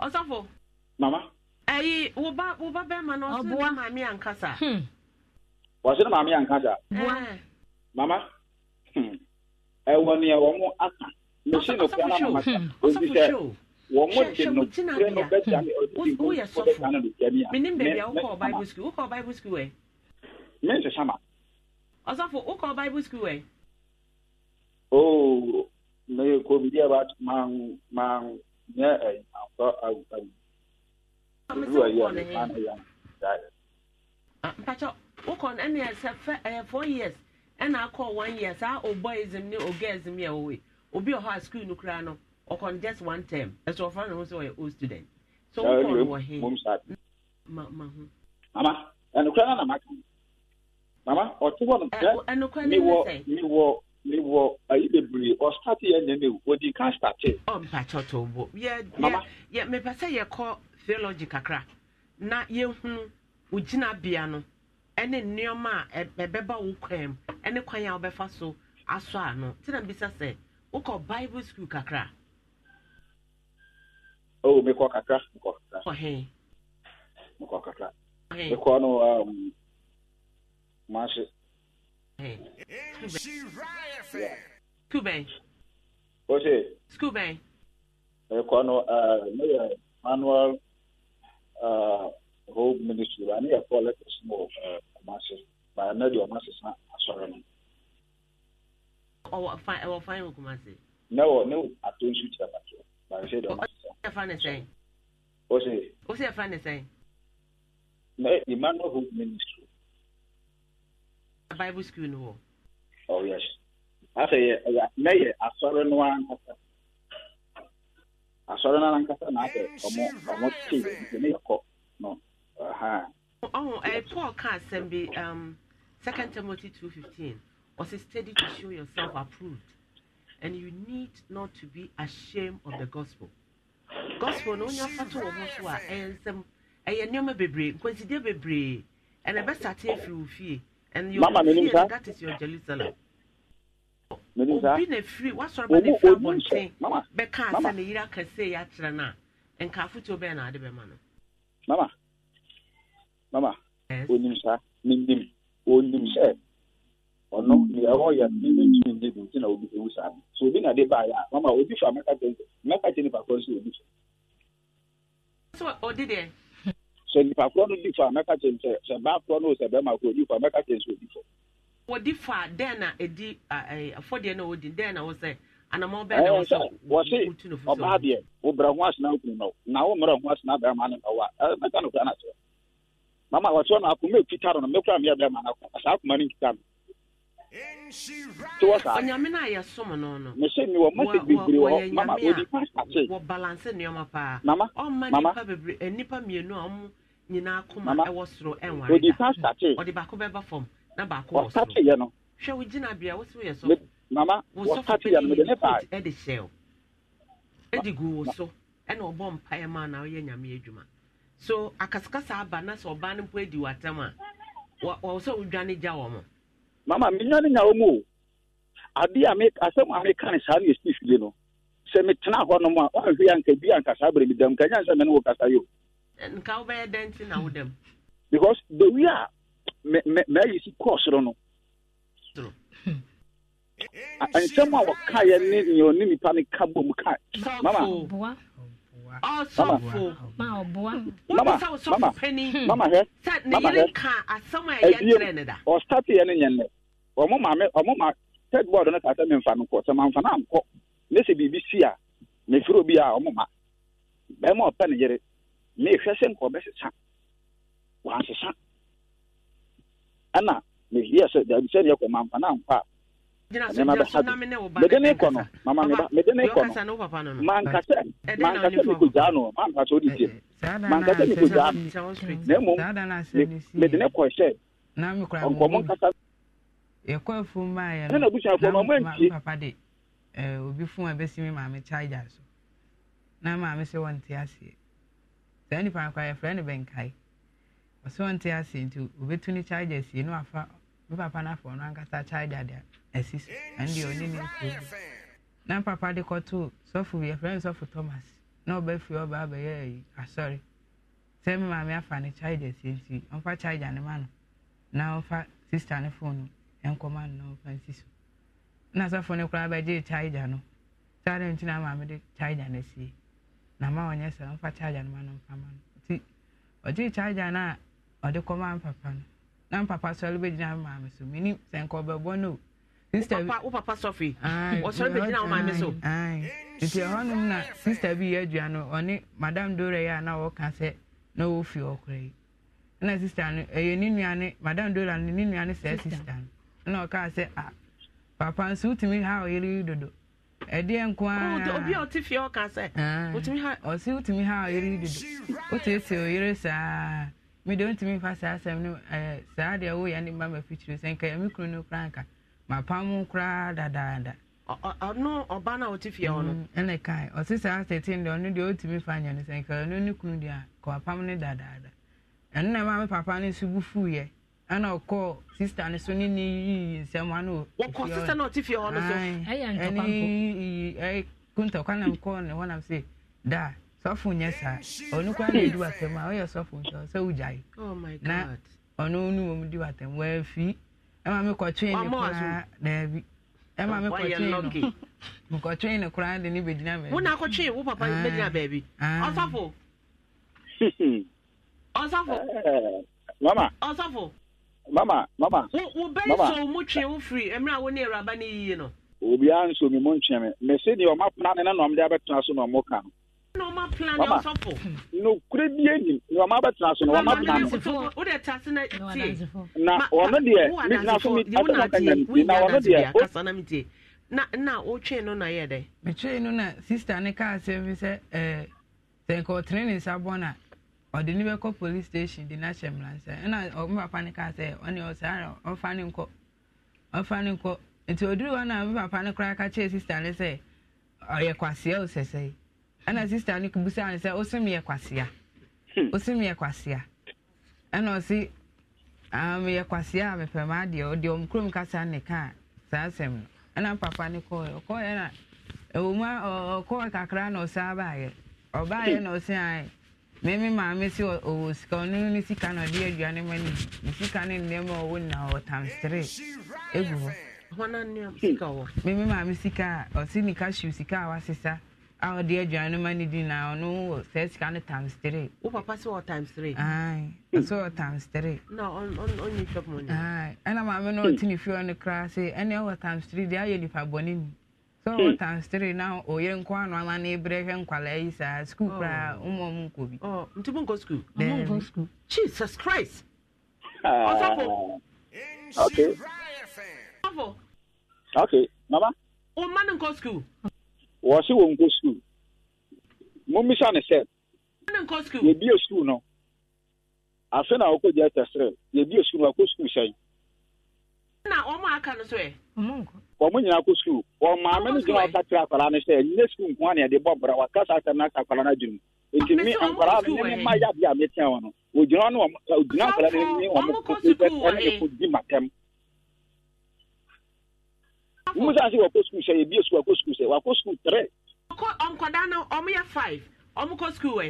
hɔ ɔsafo mama ɛyi wo ba wo ba bɛrima no ɔsɛ ne maame ankasa wɔsɛ ne maame ankasa mama ɛwɔ nea wɔn aka machine no kura na maka osi sɛ wɔn mo de no kure no bɛ tia mi ɔdi nko nko bɛ tia no de tia mi a mi mi mi bible school wokɔ bible school ɛ. mi n sisa ma. ɔsɔfo wokɔ bible school ɛ. ooo ne ko bi di a ba maa n maa n nyɛ ɛyi akɔ awu awu. olu wa yi a ni maa na yi a yi. mpatsɔ wokɔ ɛni ɛsɛ fɛ ɛyɛ four years ɛna akɔ one year saa o boysm ne o girlsm yɛ wɔwe obi wɔ a school no koraa no ɔkɔn just one term ɛsɛ ɔfra ne ho ɔyɛ old student so wokɔ no wɔ he ma ma ho. mama ɛnukura na na ma kan mama ɔte hɔ no pɛ mi wɔ mi wɔ mi wɔ ayi bebree ɔstati yɛ nene o odi kan stati. ɔmpakyɛ to bo yɛ yɛ yɛ mepɛ sɛ yɛkɔ theology kakra na yɛhunu ogyinabea no. ne nneɛma a ɛbɛba e, wo kwan mu ne kwan a wobɛfa so asɔ ano nti na mbisa sɛ wokɔ bible school kakra oh mekɔ kakra mekɔ kakra ɔhe mekɔ kakra mekɔ no um, mahye school bɛn ɔse school bɛn mekɔ no uh, meyɛ manual uh, Whole ministry ba ne yɛkɔɔ letters no wɔ kumase ba na deɛ ɔma sesa asɔre no ɛwɔ fan wɔ kumase na wɔ ne atɔ nsu kyerɛ bateɛ ba sɛ deɛ ɔma sesa ne sɛn o se o se ɛfa ne sɛn na emmanuel home ministry bible school no wɔ oh yes afei yɛ na yɛ asɔre no ankasa asɔre no ankasa na afɛ ɔmo ɔmo tee ne yɛkɔ no Oh, eh, Paul can't send me um, Second Timothy two fifteen. Was it steady to show yourself approved, and you need not to be ashamed of the gospel. Gospel no nya fato wɔ ho so a ɛnsɛm ɛyɛ nneɛma bebree nkwansidie bebree ɛna ɛbɛ sate efiri wo and eh, your Mama, that is your Jerusalem. Obi na efiri wasɔrɔ ba na efiri abɔnten bɛka asa na yiri akɛse yɛ akyerɛ na nkaafo tí o bɛyɛ na Mama mama eh? onim saa n'enim onim sɛ ɔno nea ɛhɔ yɛ ne ne ntumi nye ne nti na obi ewu saa so obi na de baa yɛ a mama obi fa mɛka kyɛ mɛka kyɛ nipa koro so obi fa. sọ ọdị dị. sọ nipa koro no di fa mɛka kyɛ sɛ sɛ baa koro no sɛ bɛrima koro di fa mɛka kyɛ sɛ obi fa. wɔdi fa dɛn na edi afɔdeɛ eh, na odi dɛn na wɔsɛ anamọ deɛ obìnrin ho asena okunu na na wọn ho asena bẹrẹ maa ni na wa ẹ mẹta ni mama wɔtɔ no akoma ekita no no mekura mmea bɛrɛ ma no akoma saa akoma no nkita no tí ni sá. ọ̀nyàmí náà yẹ sọ̀mù náà nọ. mo ṣe ni wọ́n mọ̀tẹ́ bebree wọ́n mama wọ́n di pass àti. wọ́n balance nneọma paa. mama eh, mama ọ̀ma nípa bebree nípa mmienu a ọmú nyinaa kọ́mà ẹ̀wọ̀ soro ẹ̀wọ̀n rẹ̀ wọ́n di pass àti. ọ̀dì baako bẹ́ẹ̀ bá fọ̀m na baako wọ̀ soro. ọ̀tá ti yẹ no. hwẹ́ o gyina bíi àwọn sọ yẹ sọ. mama ọ̀tá ti yẹ no mi de ne ba. ẹ̀dì hyẹ́ o ẹ̀dì gu wò so ẹ̀na ọ̀bọ̀ mpaeɛ maa na ɔyɛ nyame adwuma so akasakasa aba na sɛ ɔbaa no mpo adi w'atam a wɔwɔ sɛ wodwane gya wɔ mo mama menya ne nya wɔ mu o ade a me asɛm a meka ne saa ne ɛsi fie no sɛ metena hɔ nom a ɔanhwɛ anka bi anka saa berɛ bi dam kanya sɛ me wo kasa yo nka wobɛyɛ dɛn nti na wodam because the way a mayi si kɔɔ soro no nsɛm a wɔkaeɛ ne ne nipa ne ka bom ka mama ɔsɔfo wọ́n sá ɔsɔfo pẹ́ni sẹ́ ne yẹn ka asẹ́wọ̀n a yẹ kyerẹ́ ni da. ɔsitati yẹn ni yẹn nẹ ɔmo maame ɔmo ma third board ne tata mi nfa mi kɔ sɛ ma nfa naa nkɔ ne sɛ biribi si a ne obi a ɔmo ma bɛrima ɔpɛ ne yere ne ehwɛ sɛ nkɔ ɔbɛ sisa wɔn asisa ɛna ne yɛ sɛ dabi sɛ ne yɛ kɔ ma nfa naa nkɔ a mede ne kɔ no mama mede ne kɔ no mankasɛ mankasɛ mekɔgyaa no mankasɛ wode tie mankasɛ mekɔgyaa no na mmom mede ne kɔhyɛ ɔnkɔmmɔ nkasa yɛkɔ afum maayɛ no na abusuafoɔ no ɔmantie papa de eh, obi fon a ɛbɛsi me maame charger so na maame sɛ wɔnte aseɛ saa nnipa no koraa yɛfrɛ no bɛnkae ɔsɛ wɔnte aseɛ nti obɛtu ne charger sie na wafa me papa no afa ɔno ankasa charger de assist ɛnde ɔne ne nkurom na papa de kɔto sɔfo bi yɛfrɛ no sɔfo thomas na ɔbɛfiri ɔba abɛyɛ ayi asɔre sɛ me maame afa ne charger siesi ɔmfa charger ne ma no na ɔmfa sister ne phone no ɛnkɔma no na ɔmfa nsi so na sɔfo no koraa bɛgyee charger no saa de nti na maame de charger no asie na ma ɔnyɛ sɛ ɔmfa charger no ma no ɔmfa ma no nti ɔgyee charger no a ɔde kɔma mpapa no na mpapa sɔre bɛgyina me maame so menim sɛ nkɔbɛbɔ no o wo papa sɔfe ɔsɔre bɛgyina wo maame so nti ɛhɔnom na sista bi yɛ adua no ɔne madam dora yi a na wɔka sɛ na wɔfi hɔ kora yi ɛna sista no ɛyɛ ne nua ne madam dora no ne nua ne sɛ sista no ɛna ɔkaa sɛ a ah, papa nso wotumi ha ɔyere yi dodo ɛdeɛ nko oh, araobi a ɔte fie ɔka sɛ ɔse wotumi ha ɔyere yi dodo wotiesie ɔyere saa mede wontumi mfa saa asɛm no saa deɛ woyɛ ne ma ma afikyiri sɛ nka ɛme kuro no koranka mapam koraa dadaada ɔno ɔba no a ɔte fie hɔ no mm, ɛne kae ɔse saa sɛten deɛ ɔno deɛ ɔtumi fa nyɛ no sɛ nka ɔno ne kunu deɛ a kɔapam no dadaada ɛno na ɛma papa no nso bu fuiɛ ɛna ɔkɔ sista no so ne ne yii nsɛm ano wɔkɔ sista no ɔte fie hɔ no so ɛne kuntɔkwa nam kɔɔ ne wɔnam sɛ da sɔfo nyɛ saa ɔno koraa na ɛdi wasɛm a ɔyɛ sɔfo nkyɛ sɛ wogyae oh na ɔno no mom di watɛm waafi ɛma mi kɔtwe ne koraa daabi ɛma mi kɔtwe no mi kɔtwe ne koraa de ne bɛgyina baabi. wona akɔtwe papa eh, mama mama mama mu firi obiara nso mi mu mi mɛ ne de abɛtena so na ɔmo ka normal plan yɛ ɔsɔfo. nukuri bi enyim na wɔn abɛtena so na wɔn atena so. o de ta na tie. na wɔn deɛ mi gyina so mi asɛnɛ ɛnyɛ mi na wɔn deɛ o. na na o twɛn no na yɛ dɛ. mi twɛn no na sista ne kaa eh, sɛ mi sɛ ɛɛ sɛ nka ɔtene ne nsa bɔ na ɔde ne bɛkɔ police station de n'ahyɛ mmeransa ɛna ɔmo papa ne kaa sɛ ɔne ɔsan ɔfa ne nkɔ ɔfa ne nkɔ nti oduru hɔ na ɔmo papa ne koraa ka kyerɛ sista ne sɛ ɔyɛ kwaseɛ osɛsɛ yi. ɛna sista no busa ne sɛ wosi hmm. ah, meyɛ kwasea wosi ɛna ɔsi a mepɛ maa deɛ ɔde ɔm kurom kasa ne kaa saa no ɛna papa ne na ɛwɔ a ɔkɔɛ kakra na na ɔsi ayɛ mɛmi maame si ɔwɔ sika ɔno ne sika na ɔde aduane ma ne ne sika ne nneɛma ɔwɔ ɔtam sere egu hɔ mɛmi maame sika a ɔsi cashew sika a a ɔde aduane no ma no di na ɔno wɔ saa sika no times three. wo papa sɛ wɔ times three. ayi hmm. ɔsɛ wɔ times three. na ɔnye shop money. ayi ɛna maame no hmm. ɔte ne fie ɔno koraa sɛ ɛna ɛwɔ times three deɛ ayɛ nipa bɔne ni sɛ ɔwɔ hmm. times three na ɔyɛ nko ano ama no ebrɛ hwɛ nkwalaa yi saa sukuu oh. koraa ɔmo ɔmo nkɔ bi. ɔ oh, nti mo nkɔ sukuu. ɔmo nkɔ sukuu. jesus christ. Ah. ɔsɔfo. okay. ɔsɔfo. okay mama. o ma ne nkɔ sukuu wɔsi wɔn nkɔ sukuu mumisa ne sɛ yɛbie sukuu no afe na wɔkɔ gya tɛsirɛ yɛbie sukuu no wɔkɔ sukuu sɛn. na wɔn aka no so yɛ. wɔn nyinaa kɔ sukuu wɔn maame no gyina ɔka kyerɛ akwaraa no sɛ nyɛ sukuu nko ara na yɛde bɔ bra wakasa asɛm na aka akwaraa no adwene nti mi nkwaraa no ne mma yadeɛ a metia wɔn no wɔgyina wɔn wɔgyina nkwaraa no ne wɔn kɔ sukuu ɛne ɛkɔ di matam musa se wakɔ sukuu sɛ yɛbie sukuu wakɔ sukuu sɛ wakɔ sukuu tɛrɛ. ɔkɔ nkɔdaa no ɔmo yɛ five ɔmo kɔ sukuu wɛ.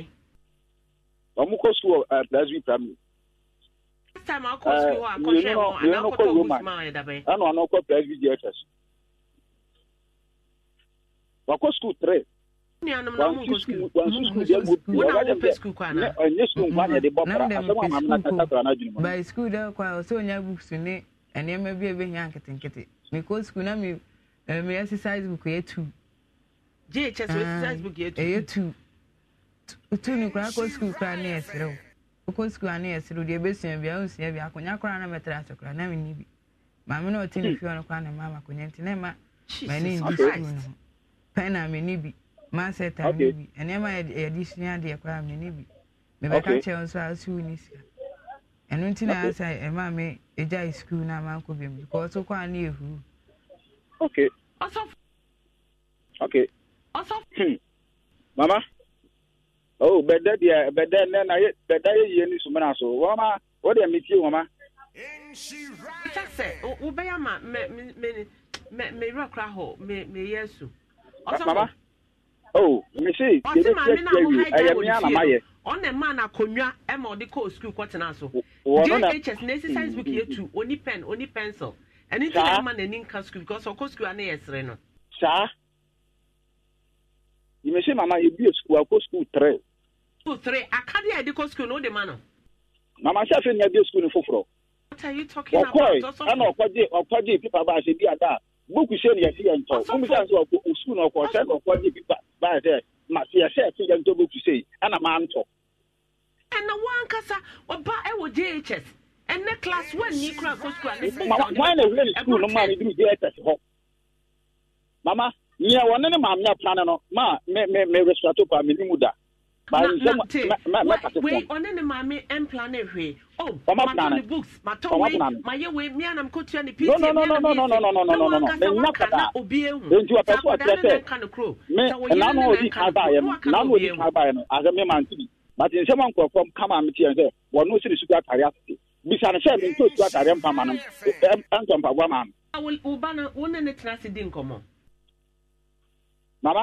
ɔmo kɔ sukuu wɔ plasby primary. first time ɔkɔ sukuu wɔ akɔhwɛ wɔn anaa ɔkɔtɔ ɔmo suma ɔyɛ dabɛ. ɛna ɔno ɔkɔ plasby jfs. wakɔ sukuu tɛrɛ. nuanom na ɔmo nkɔ sukuu. wansi sukuu deɛ mo bi ɔba yɛ fɛ ɔnyɛ sukuu nkwa na yɛde bɔ para asɛm a maame na kata kora na adwene mu. by sukuu dɛ kɔ a ɔsɛ onya books ne nneɛma bi a ebɛhia nketenkete mekɔ sukuu na me eh, me exercise book yɛ two ghs exercise book yɛ two ɛyɛ two tu ne koraa kɔ sukuu koraa ne yɛ serew wokɔ sukuu a yɛ serew deɛ ebesua bi a osua bi akonnwa koraa na mɛtɛrɛ ase koraa na me ni bi maame na ɔte ne fie ɔno koraa na mmaa ma akonnwa nti na ɛma m'ani ndi sukuu no ho pɛn na me ni bi maasɛta me ni bi nneɛma yɛde sua adeɛ koraa me ni bi mebɛka kyɛw nso a osi ne sika. ɛno nti na asa ɛma me ɛgyae skul no ama nkɔ bɛm because wokɔ a ne hmm. mama oh bɛdɛ deɛ bɛdɛ nɛ na yɛ bɛdɛ yɛ yie sumana so wɔma o deɛ me tie wɔma kyɛ sɛ hɔ mama oh ɛyɛ na ɔna ɛma no akonnwa ma ɔde kɔɔ sukuu kɔtena so jhs na ɛsi science book yɛtu oni pen oni pencil ɛno nti na ɛma n'ani nka sukuu because ɔkɔ sukuu a yɛ sere no saa yimese mama ebi sukuu akɔ sukuu tere sukuu tere akadeɛ a yɛde kɔ sukuu no wode ma no mama sɛ afei nea de sukuu no foforɔ ɔkɔe ɛna ɔkɔgye ɔkɔgye pipa baase bi ada a buku sɛ ne yɛsi yɛ ntɔ womi sɛ nso ɔkɔ sukuu no ɔkɔ sɛ na ɔkɔgye pipa baase ma sị ya sịa sịga ntọ bụ kwuse ana m antọ. ɛna wankasa ɔba ɛwɔ jhs ɛnɛ klas one ni kura ko school ane sɛ. mama wọn na ehwɛ ne sukuu no maa ne dum jhs hɔ mama nea wɔne ne ma apane no maa me me me resurato pa ɔne ne maame mpla no hwee oh, matɔ ne books matɔ wei mayɛ wei mianam kɔtua ne ptmwaka na obia huakɔda ne nanka no kuro sɛ wɔyere ne nanka no waka no obia but nsɛm a nkurɔfoɔ kama meteɛ sɛ wɔno sene suku atare asese bisa no sɛ mentɔ suku atare mpama no ɛntɔ mpaboa ma no wo ba no wo ne ne tena ase di nkɔmmɔ mama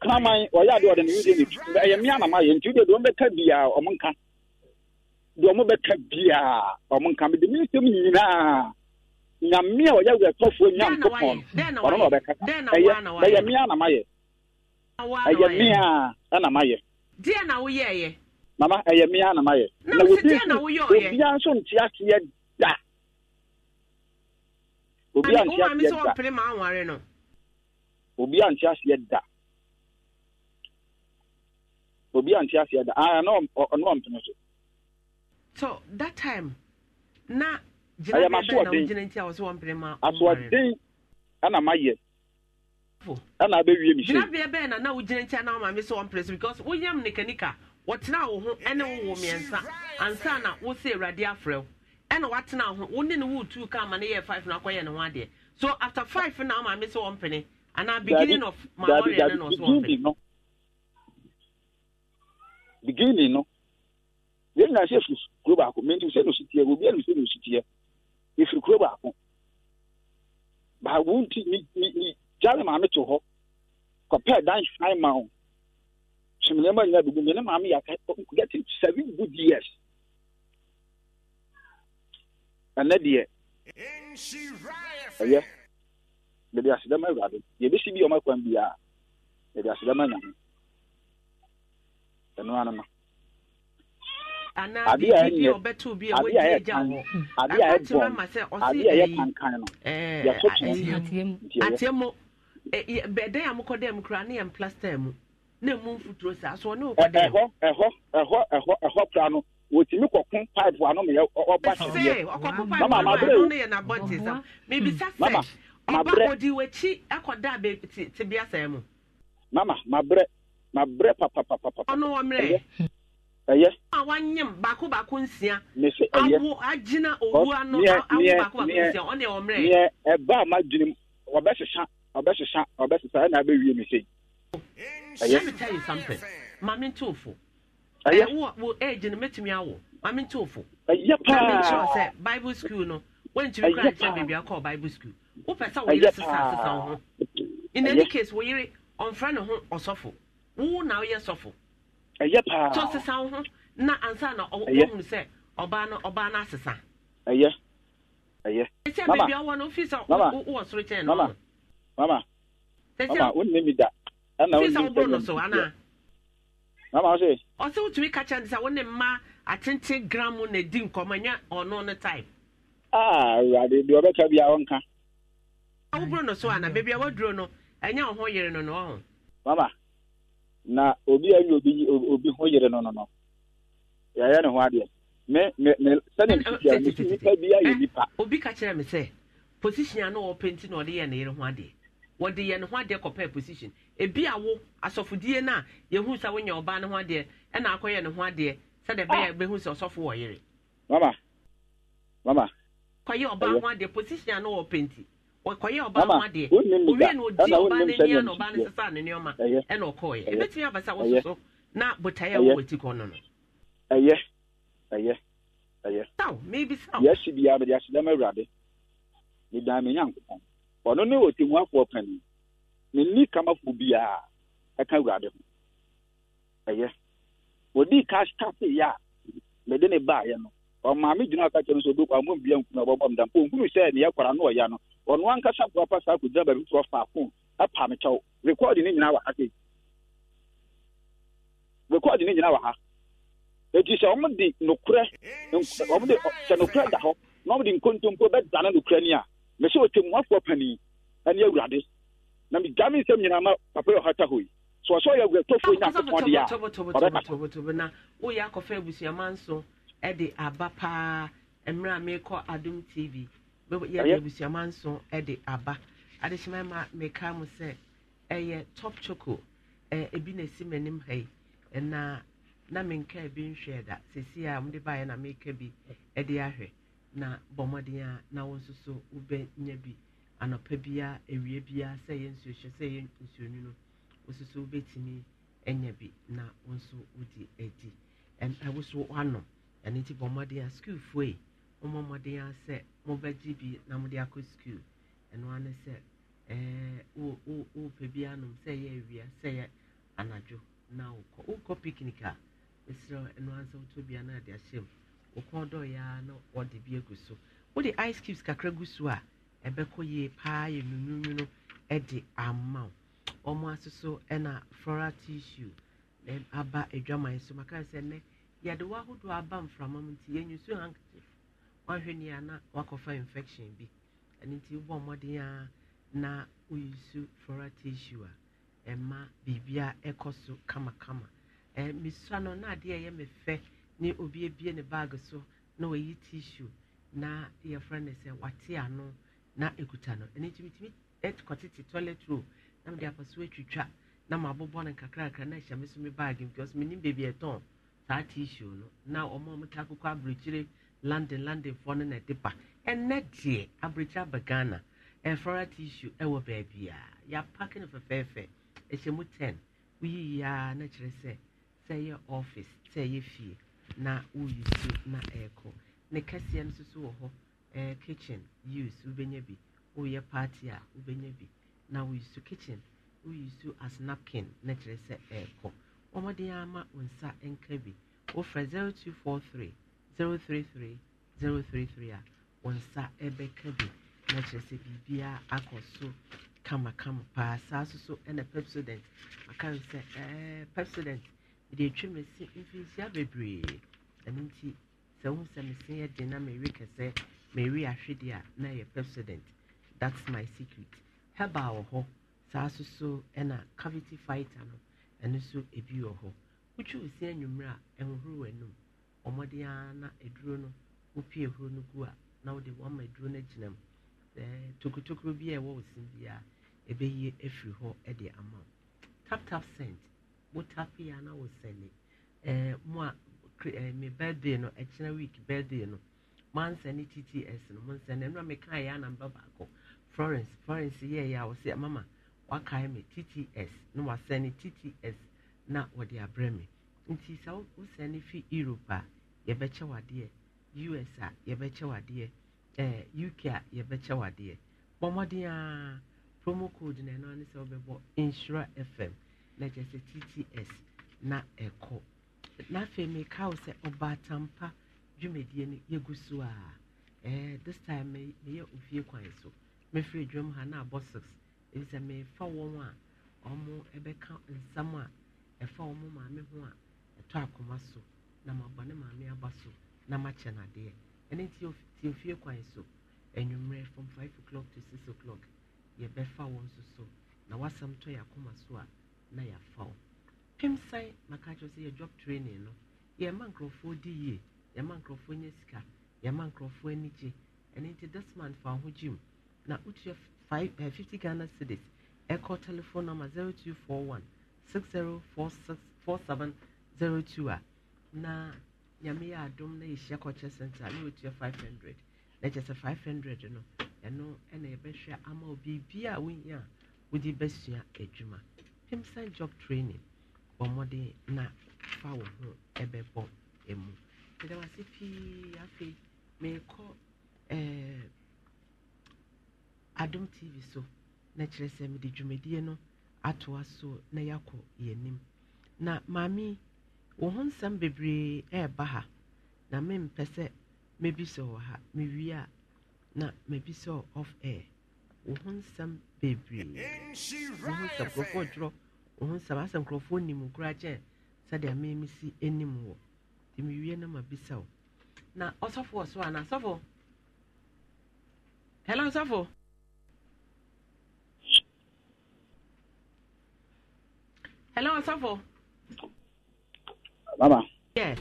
kraman ɔyɛ adeɛ ɔde ne yudie ne tu ɛyɛ mmea na mayɛ nti wode deɛ ɔmbɛka biaa ɔmo nka deɛ ɔmo bɛka biaa ɔmo nka mede me nsɛm nyinaa nyame a ɔyɛ werɛtɔfoɔ nyankopɔn ɔno na ɔbɛka ɛyɛ ɛyɛ mmea na mayɛ ɛyɛ mmea a na mayɛ deɛ na woyɛɛyɛ mama ɛyɛ mmea na mayɛ na obi obia nso nte aseɛ da obia nte aseɛ da obia nte aseɛ da obi ante aseɛ da aa ah, ɔno ɔmpene so. so that time na gyina bɛn bɛn na wogyina nti a wɔsɛ wɔmpene ma asoɔden ɛna mayɛ ɛna abɛwie mi se. gyina bɛn bɛn na na wogyina nti a na ɔmaame sɛ wɔmpene so wɔtena wo ho ɛne wo mmiɛnsa ansa na wosɛ awurade afrɛ wo ɛna watena ho wo ne ne wo ka ama ne yɛ five na akɔyɛ ne ho adeɛ so after five na ɔmaame sɛ wɔmpene anaa beginning of ma wɔre ɛne na wɔmpene beginning no deɛ nyinaa sɛ firi kuro baako mɛnti sɛ no si teɛ obi a no sɛ no si teɛ efiri kuro baako baako nti ni ni ni gyaale maame to hɔ kɔpɛ dan fain ma ho sɛmi nneɛma nyinaa bi gu mi ne maame yɛ aka getting seven good years ɛnɛ deɛ ɛyɛ baabi asedama awurade yɛbɛsi bi ɔmo akwan bi bia, baabi asedama nyame ɛno ano no ade a ɛyɛ ade a ɛyɛ kan ade a ɛyɛ bɔn ade a ɛyɛ kankan no yɛso tɛn atiɛ mu e- e- bɛdɛn a mokɔ dɛm kura ne yɛn plaster mu ne mu mfuturo saa so ɔne okɔ dɛm ɛhɔ ɛhɔ ɛhɔ ɛhɔ ɛhɔ kura no wotumi kɔkun pipe wa no mi yɛ ɔba tiɛ mama mabrɛ o mama mabrɛ mama mabrɛ na brɛ papapapapa. ɔno wɔ mmerɛ. ɛyɛ. a wanyam baako baako nsia. ne se ɛyɛ. awo agyina owu ano awo baako baako nsia ɔno wɔ mmerɛ. neɛ ɛba a ma dwene mu ɔbɛsesa ɔbɛsesa ɔbɛsesa ɛna abɛwie ne se. ɛyɛ. let me tell you something maame nto ofo. ɛyɛ. ɛwɔ wo age no mɛtumi awɔ maame nto ofo. ɛyɛ paa. maame nkyɛn sɛ bible school no wɔntumi kura nkyɛn beebi akɔ bible school wopɛ sɛ wɔyere sisan sisan ho in any case wɔyere ɔnfrɛ ne ho ɔsɔfo. wo na woyɛ sɔfo ɛyɛ paa so sesa wo ho na ansa na ɔhunu sɛ ɔbaa no ɔbaa no asesa ɛyɛ ɛyɛ ɛsɛ na awɔ na mama mama mama wonne mi da ɛna mama ɔsɛ ka ne mma atenten na di nkɔmmɔ ɔno awurade ɔnka so ana a waduro no ɛnyɛ e yere no mama na obi anyị yi obi obi ho yere nọ nọ, ya yɛayɛ ne ho adeɛ me me me sɛdeɛ mfiti eh, a mesu eh, nipa bi ayɛ eh, nipa obi ka kyerɛ me sɛ position a na wɔpɛ nti na ɔde yɛ ne yere ho adeɛ wɔde yɛ ne ho adeɛ kɔpɛ position ebi a wo asɔfodie na a yɛhu sɛ wonyɛ ɔbaa ne ho adeɛ ɛna akɔyɛ ne ho adeɛ sɛdeɛ ɛbɛyɛ ɛbɛhu ah. sɛ ɔsɔfo wɔ yere mama mama kɔyɛ ɔbaa ho adeɛ position a na wɔpɛ nti kɔyɛ ɔbaa ho adeɛ owie na odi ɔbaa n'ani ana ɔbaa ne sisa ne nneɛma ɛna ɔkɔɔyɛ ebetumi abasa wɔ soso na botaeɛ a wɔwɔ ti kɔ no no. ɛyɛ ɛyɛ ɛyɛ. saw meebi saw. yɛsi bi abiri asi dɛm awurade ne dan mi nyankopɔn ɔno ne oti mu afoɔ panyin ne ni kamafo biara ɛka awurade ho ɛyɛ odi ka start yɛ a mɛde ne baayɛ no maame gyina aka kyerɛ no sɛ obɛkɔ ambɔ mbia nkunu ɔbɛbɔ m da mpo nkunu sɛ neɛ kɔra no ɔya no ɔno ankasa po apa saa kɔgyina baabi foforɔ faako apa me kyɛw rekɔɔde ne nyinaa wɔ ha sei rekɔɔde ne nyinaa wɔ ha enti sɛ ɔmo de nokorɛ ɔmo de sɛ nokorɛ da hɔ na ɔmo de nkontompo bɛdane nokorɛ ni a mesɛ ɔtwamuafoɔ panin ɛne awurade na megya me nsɛm nyinaa ma papa yɛ ɔhata hɔ yi sɛ ɔsɛ ɔyɛ awuratɔfoɔ nyankopɔn deɛ a ɔbɛkasa woyɛ akɔfa abusuama nso de aba paa mmerɛ a merekɔ adom tv yɛde abusuama nso de aba adehyema ma meka mo sɛ ɛyɛ top choco ebi na esi m'anim ha yi na na menka ebi nhwɛ da sisi a mo de baayɛ na meka bi de ahwɛ na bɔ a na wɔn nso so wobɛnya bi anɔpa bia ewia bia sɛ ɛyɛ nsuo hyɛ sɛ ɛyɛ nsuo nwi no wɔn nso so wobɛtumi nya bi na wɔn nso wodi adi ɛn ɛwɔ so wɔanom. ɛno nti bɔ mmɔden a sukuufoɔ yi wɔmmɔ mmɔden a sɛ mobɛgye bi na mode akɔ sukuu ɛno o o o wopɛ bi anom sɛ ɛyɛ awia sɛ ɛyɛ anadwo na wokɔ wokɔ picnic a ɛsrɛ ɛno a sɛ wotɔ bia na ade ahyɛ mu wokɔ dɔɔyɛ a na wɔde bi agu so wode ice cubes kakra gu so a ɛbɛkɔ yie paa yɛ nwununwunu de ama wo wɔn asoso na floral tissue aba adwaman so maka sɛ nnɛ yɛde wahodoɔ aba mframa mu nti yɛnyusu handkerchief wahwɛ nea na wakɔfa infection bi ɛno nti wobɔ mmɔden a na woyusu flora tissue a ɛma biribia ɛkɔ so kamakama ɛɛ mesua no na adeɛ ɛyɛ me fɛ ne obi ebie ne baage so na wayi tissue na yɛfrɛ no sɛ wate ano na ekuta no ɛno nti mitumi ɛkɔtete toilet roll na mede apɔ so atwitwa na mabobɔ no nkakrakra na ɛhyɛ me so me baage because menim baabi ɛtɔn saa tissue no na ɔmo ɔmo ta akokɔ london london foɔ no na ɛde ba ɛnɛ deɛ aburokyire aba ghana ɛfrɔra tissue ɛwɔ baabi a yɛapaake no fɛfɛɛfɛ ɛhyɛ mu ten na kyerɛ sɛ sɛ ɛyɛ office sɛ ɛyɛ fie na woyi so na ɛɛkɔ ne kɛseɛ no nso wɔ hɔ ɛɛ kitchen use wobɛnya bi woyɛ party a wobɛnya bi na woyi so kitchen woyi so as napkin na kyerɛ sɛ ɛɛkɔ wɔmɔden ama wo nsa nka bi wofrɛ 0243 033 033 a wo nsa ɛbɛka bi na kyerɛ sɛ biribiaa akɔ so kamakama paa saa so so ɛna pepsodent maka no sɛ pepsodent mede atwi me se mfirinhyia bebree ɛno nti sɛ wohu sɛ mese yɛ den na mewe kɛsɛ mewe ahwede a na ɛyɛ pepsodent that's my secret herbal wɔ hɔ saa so so ɛna cavity fighter no ɛno nso ebi wɔ hɔ wotwi osi anwummerɛ a ɛhohoro w'anum ɔmɔde ara na aduro no wopie horo no gu a na wode wama aduro no agyina mu ɛɛ tokotokoro bi a ɛwɔ wo sin biara ɛbɛyie afiri hɔ ɛde ama wo tap tap send wotape a na wosɛne ɛɛ mo a ɛɛ me birthday no ɛkyerɛ week birthday no mansɛne tts no monsɛne ɛnura meka na anamba baako florence florence yɛɛyɛ ya wɔsɛ mama wakae me tts na wasɛne tts na wɔde abrɛ me nti sɛ wosɛne fi europe a yɛbɛkyɛ wadeɛ us a yɛbɛkyɛ wadeɛ eh, uk a yɛbɛkyɛ wadeɛ bɔ mmɔden promo code na ɛno ne sɛ wobɛbɔ insura fm na kyɛ sɛ tts na ɛkɔ na afei meka wo sɛ ɔbaatampa dwumadie no yɛgu so a eh, this time meyɛ ofie kwan so mefiri dwam ha na abɔ six sɛ mefa wɔn a ɔmo ɛbɛka nsɛm a ɛfa ɔmo maame ho a ɛtɔ akoma so na mabɔ ne maame aba so na ma makyɛ n'adeɛ ɛne nti tie fie kwan so anwummerɛ from five o'clock to six o'clock yɛbɛfa wɔn nso so na wasɛm tɔ yɛ akoma so a na yɛafa wo pemsan maka kyerɛ sɛ yɛ job training no yɛma nkurɔfoɔ di yie yɛma nkurɔfoɔ nya sika yɛma nkurɔfoɔ ani gye ɛno nti this month fa ho gyim na wotua five, uh, 50 Ghana cities. Echo telephone number 0241 60464702 a uh, na nyame yɛ adom na kocha kɔkyɛ center na 500 na kyɛ sɛ 500 no ɛno ɛna yɛbɛhwɛ ama wo biribia a wohia a wode bɛsua adwuma job training bɔ na fa wo ho ɛbɛbɔ mu medawase pii meko. Eh, adom tv so na kyerɛ sɛ mede dwumadie no atoa so na yɛakɔ yɛanim na maame wo ho nsɛm bebree ɛɛba ha na mempɛ sɛ mɛbisɛ wɔ ha mewie a na mɛbisɛ off air wo ho nsɛm bebree wo ho nsɛm nkurɔfoɔ dworɔ wo ho nsɛm asɛ nkurɔfoɔ nim koraa kyɛn sɛdeɛ memesi anim wɔ nti mewie na mabisa wo na ɔsɔfo wɔ so anaa sɔfo hello sɔfo hello asafo. Oh? baba. yɛ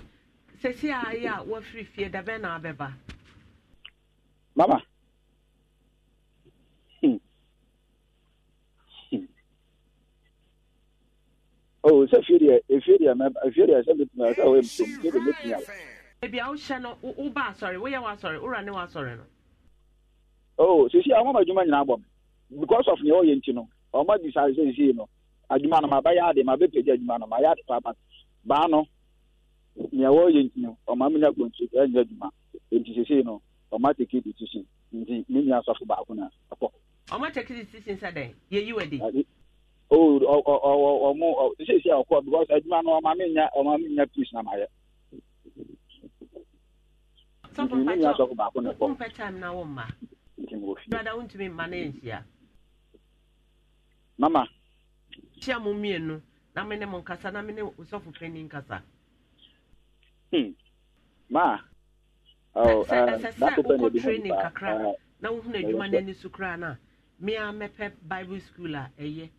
sɛsi ayi a wɔfiri fie dabɛ na abɛba. baba. o oh, sɛ fie deɛ efie deɛ mɛ efie deɛ sɛ mɛtumi sɛ o fie deɛ mɛtumi ala. ebi a wohyɛ no woba asɔre woyɛ w'asɔre wura ne w'asɔre no. o oh, sisi àwọn ọmọ adwuma nyinaa bɔ mi because of nea ɔyɛ a no ɔmɔ di sa sɛ sisi no adwuma eh, no mabɛyɛ ade mabɛpagya adwuma no mayɛ ade paa but baa no nea wɔyɛ nti no ɔma menya kɔntu ɛnyɛ adwuma nti sesei no ɔma take decision nti ne nua asɔfo baako na ɛkɔ ɔma take decision sɛ dɛn yɛyi wadi ɔmo sesei a ɔkɔ because adwuma no ɔma menya ɔma menya peace na mayɛ ne nua asɔfo baako na ɛkɔ wompɛ mama kyia mo mmienu na me ne mo nkasa na me hmm. oh, um, uh, ne osɔfo panyin nkasa. maa ɛsɛ sɛ wokɔ training kakra na wohunu adwuma no so koraa no a mea mɛpɛ bible school a ɛyɛ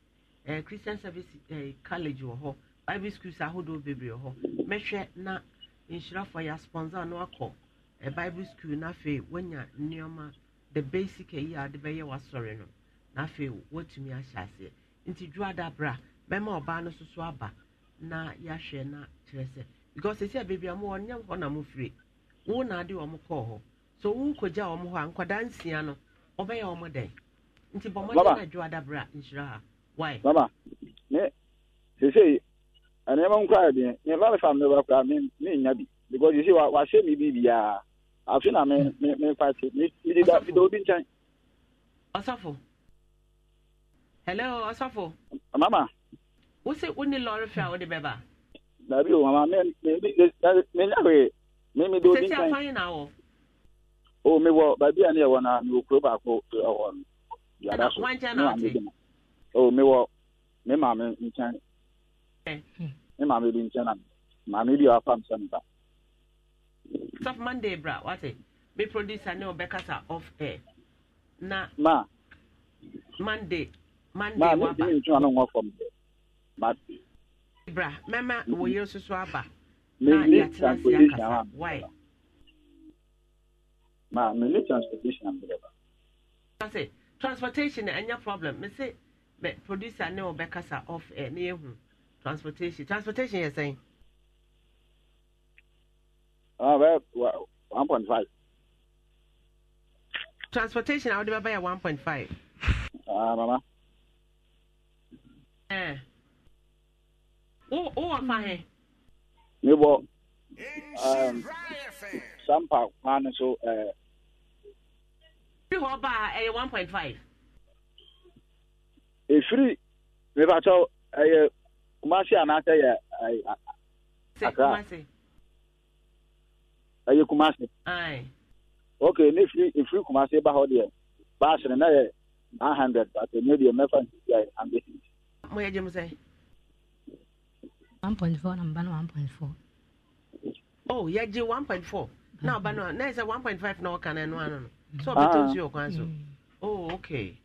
eh, christian service eh, college wɔ hɔ bible school schools ahodoɔ bebree wɔ hɔ mɛhwɛ na nhyirafoɔ yɛ sponsor no akɔ eh, bible school na afei wanya nneɔma the basic ayi a de bɛyɛ wasɔre no na afei wɔatumi ahyɛ aseɛ nti dwuada bra bɛma ɔbaa no soso aba na yɛahwɛ na kyerɛ sɛ because sisi a beebi a mo wɔ nyɛ hɔ na mo firi wo na ade wɔn kɔɔ hɔ so wo nkogya wɔn hɔ a nkwadaa nsia no ɔbɛyɛ wɔn dɛn nti bɔn mo na dwuada bra nhyira ha why. mama ne sese nneɛma nkura yɛ deɛ nneɛma bɛ fa mi wɔ kura mi mi nya bi because sese wa wa se mi bi biara afi na mi mi mi pa se mi mi di da mi da obi nkyɛn. ɔsɔfo. hello ọsọfọ. mama. ó sì ó ní lọ́ọ̀rì fẹ́ àwọn ọdẹ bẹ́ẹ̀ dàbí o mama mi mi láwè mi mi do dis time. ṣe ti afáyín náà wọ. o mi wọ bàbí àná ẹwọ náà mi ò kúrò baako ọwọ yàrá so wọn jẹ náà ti. o mi wọ mi maame nkyɛn mi maame bi nkyɛn na maame bi a wafa nsɛ nipa. sọf monday bra wate mi producer ne ọbẹ kasa off air na. ma. monday. Monday waba. Mm-hmm. Maa mi ti transportation wa. problem mi se mẹ producer ne ọbẹ kasa off ẹ ne yẹ hu transportation transportation yẹ sẹyin. Ah, well, well, 1.5. Transportation, I would never buy a 1.5. Ah, uh, Mama wowɔ fa he mebɔ sampa kwa no so bi hɔ baa ɛyɛ one point five ɛfiri mebakyɛw ɛyɛ kumase anaasɛ yɛ akra ɛyɛ kumase ok ne firi ɛfiri kumase ba hɔ deɛ baasene na yɛ nine hundred but ɛnyɛ deɛ mɛfa nsisi ayɛ ambɛsi mo yɛ gyem sɛ. one point four na mba no one point four. oh yɛgye one point four na ɔba mm-hmm. no na yɛ sɛ one point five na ɔka na ɛno ano no so ɔbɛtɔ nsuo kwan so oh okay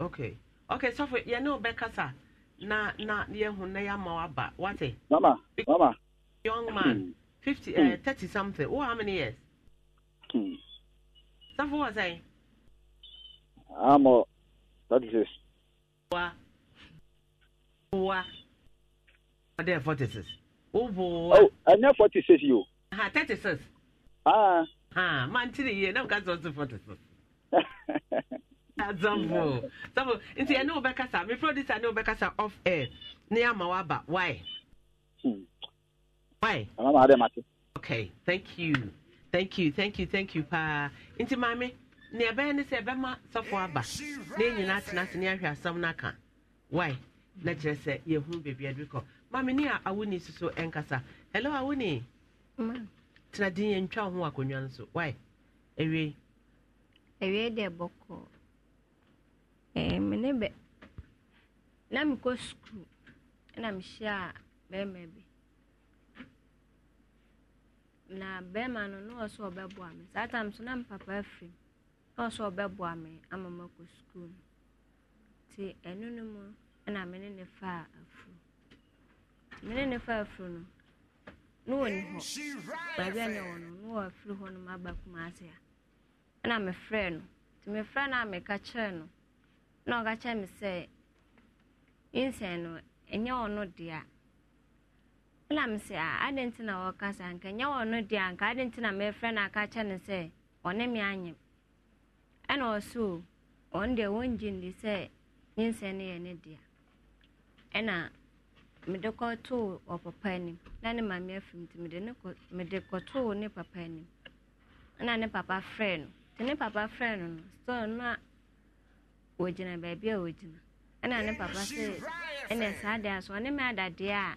okay okay sɔfo yɛne wo bɛkasa na na yɛhu na yɛama wo aba wate. mama mama. young man mm. fifty uh, thirty something wo oh, how many years. Hmm. sɔfo wɔ sɛn. I'm uh, 36 wa. ọdẹ forty six. o bo wa. ọ ẹ ní forty six yìí o. ha thirty six. aa. ha máa ń tiri yìí ẹ náà ká sọ sí forty six. azọmbo azọmbo nti ẹni ọbẹ kasa mi producer ni ọbẹ kasa off air ní ama wa ba why. Hmm. why. àwọn máa dẹ́ máa okay thank you thank you thank you thank you paa nti maame ní ẹbẹ yẹn ni sẹ ẹbẹ ma sọfọ aba ní ẹ̀yìn náà tẹ̀lé ase ní ẹ̀hwẹ̀ asam náà kàn why. na kyerɛ sɛ yɛhu baabi ade kɔ maame ne a awoni soso nkasa hello awoni tena din yɛntwa wo ho akonnwa no so wae awie awie deɛ bɔkɔ mene bɛ na mekɔ sukuu na mehyia a bɛrima bi na bɛrima no na ɔsɛ ɔbɛboa me saa tam so na mpapa afiri m na ɔsɛ ɔbɛboa me ama makɔ sukuu no nti ɛno no mu ɛna me ne ne faa afuru me ne ne faa afuru no ne wɔ ne hɔ baabi a ne wɔ no ne wɔ afiri hɔ no ma aba kumase a ɛna mefrɛ no nti mefrɛ no a meka kyerɛ no na ɔka kyerɛ me sɛ nsɛn no ɛnyɛ ɔno dea ɛna me sɛ a adɛn nti na wɔka sa anka ɛnyɛ ɔno dea anka adɛn nti na mefrɛ no aka kyerɛ no sɛ ɔne me anyem ɛna ɔso ɔno deɛ wɔngye ndi sɛ nsɛn no yɛ ne dea ɛna mede kɔtoo ɔpapa anim na ne maame afi mu nti mede ne kɔ mede kɔtoo ne papa anim na ne papa frɛ no te ne papa frɛ no no store no a wɔgyina baabi a wɔgyina ɛna ne papa sɛ ɛna saa deɛ so ɔne me adadeɛ a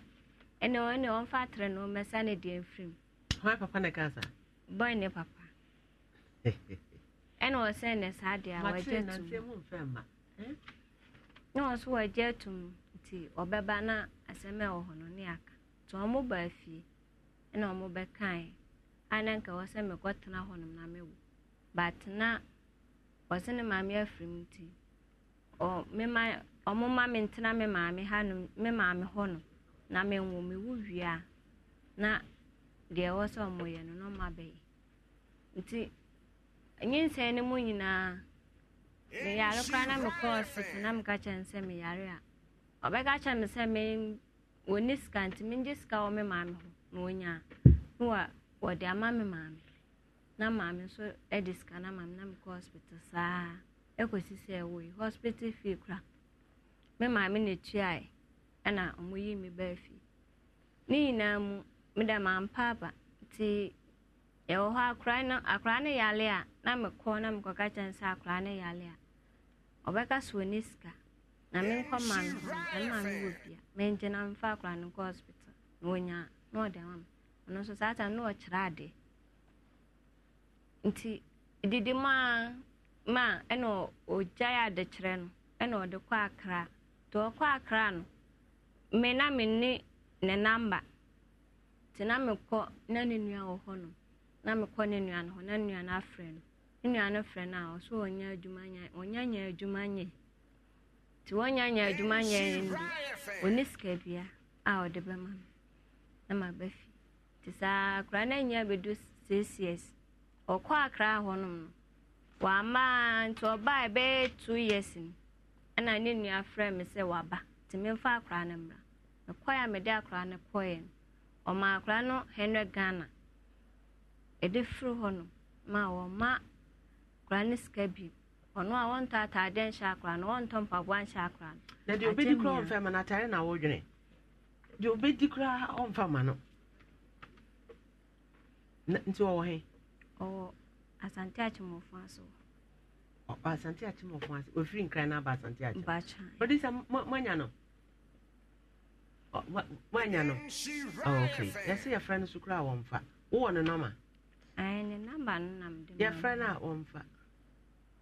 ɛna ɔne ɔmfa atrɛ no ɔmmɛsa ne deɛ mfiri papa ne kaa saa bɔn ne papa ɛna ɔsɛn ne saa deɛ a wɔgye tom na ɔso wɔgye tom nti ɔbɛba na asɛm a ɛwɔ hɔ no ne aka nti ɔmo baa fie ɛna ɔmo bɛkae a nka wɔsɛ mekɔtena hɔnom na mewu but na wɔsɛ ne maame afiri mu nti ɔ mema ɔmo ma me ntena me maame hanom me maame hɔnom na menwo mewu wie a na deɛ ɛwɔ sɛ ɔmo yɛ no na ɔmo abɛyɛ nti nyinsɛn no mu nyinaa meyare koraa na mekɔɔ sisi na meka kyerɛ ne sɛ meyare a ɔbɛka kyerɛ me sɛ me wɔnni sika nti mengye sika wɔ me maame ho na wɔnya a na wɔde ama me maame na maame nso de sika na maame na mekɔ hospital saa ɛkɔsi sɛ ɛwɔ yi hospital fee kora me maame na etuae ɛna wɔyi me baa fie ne nyinaa mu meda mampa aba nti yɛwɔ hɔ akora no akora no yale a na mekɔ na mekɔka kyerɛ sɛ akora no yale a ɔbɛka so ɔne sika na menkɔ ma no ɛne ma mewɔ bia mengye na mfa akora no kɔ hospital na ɔnya na ɔde ma m ɔno nso saa tam na ɔkyerɛ ade nti didi ma maa ɛna ɔgyae adekyerɛ no ɛna ɔde kɔ akra nti ɔkɔ akra no me na me ne ne namba nti na mekɔ na ne nua wɔ hɔnom na mekɔ ne nua no hɔ na nua no afrɛ no ne nua no frɛ no a ɔso ɔnya adwuma nyɛ ɔnya nya adwuma nyɛ nti wɔn nyanya adwuma nyanya no bi wɔne sika dua a ɔde bɛma no na ma ba fi nti saa akora na nyia bɛdu six years ɔkɔ akra hɔ nom no wama nti ɔbaa ɛbɛyɛ two years no ɛna ne nua frɛ me sɛ waba nti memfa akora no mmra mekɔɛ a mede akora no kɔɛ no ɔma akora no hundred ghana ɛde firi hɔ nom ma wɔma akora no sika bio ɔno a wɔntɔ ataade nhyɛ akora no wɔntɔ mpaboa nhyɛ akora no na deɛ obɛdi koraa ɔmfa ma no atare na wodwene deɛ obɛdi koraa ɔmfa ma no nti ɔwɔ he ɔwɔ asante akyemɔfo aso asante akyemɔfo aso ofiri nkran no aba asante akyem bakya ɔde sɛ um, moanya no moanya no oh, ok yɛsɛ yɛfrɛ no so koraa wɔmfa wowɔ ne nɔma ɛɛ ne namba no nam de yɛfrɛ no a wɔmfa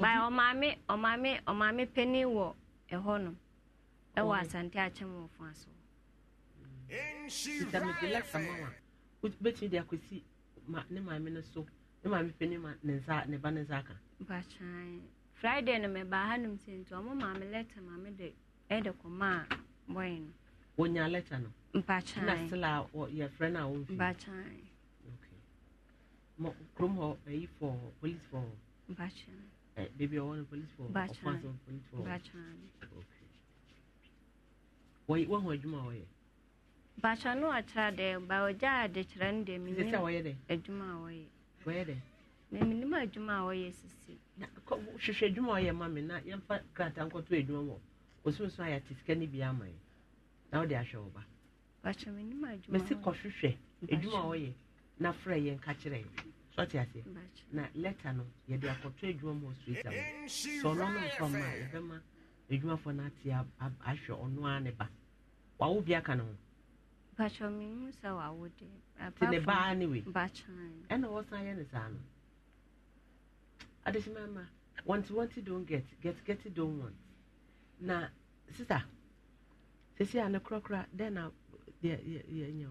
by ɔmaame ɔmaame ɔmaame panin wɔ ɛhɔnom ɛwɔ asante akyɛm wɔfo aso. sitamidela samawa wobɛtumi de akɔsi ne maame no so ne maame panin ma ne nsa ne ba ne nsa ka. bakyan uh, friday e no mɛba hanom uh, si nti ɔmo maame lɛta maame de ɛde kɔma a bɔyɛ no. wɔnya lɛta no. mpakyan na sila yɛ frɛ no a wɔmfi. mpakyan mo kurom hɔ ɛyi fɔ polisi fɔ. bachan. ɛ eh, beebi ɔwɔ no polisi fɔ. bachan ɔfɔnso polisi fɔ. bachan. wɔyi wɔn ho adwuma wɔyɛ. bachan no akyerɛ dɛ ba ɔgya ade kyerɛ no dɛ minim. sisi a wɔyɛ dɛ. adwuma a wɔyɛ. wɔyɛ dɛ. na minim adwuma a wɔyɛ sisi. na kɔ hwehwɛ adwuma a wɔyɛ ma mi na yɛn fa krataa nkɔto adwuma wɔ osunsun ayɛ ati sika ne bi ama yɛ na ɔde ahwɛ ɔba. bachan minim adwuma a adwuma a wɔyɛ na frɛ yɛn ka kyerɛ yɛn sɔte aseɛ na lɛta no yɛde akɔtɔ adwuma mu ɔsirita mu sɛ ɔno no mfa ma yɛbɛma adwumafoɔ no ate ahwɛ ɔno ara ne ba wawo bia ka ne ho bakyɛ mehu sɛ wawo de nti ne baa ne wei ɛna wɔsan yɛ ne saa no adehyema ma want want don't get get get don't want na sister sisi a ne korakora dɛn na yɛ yɛ yɛ nyɛ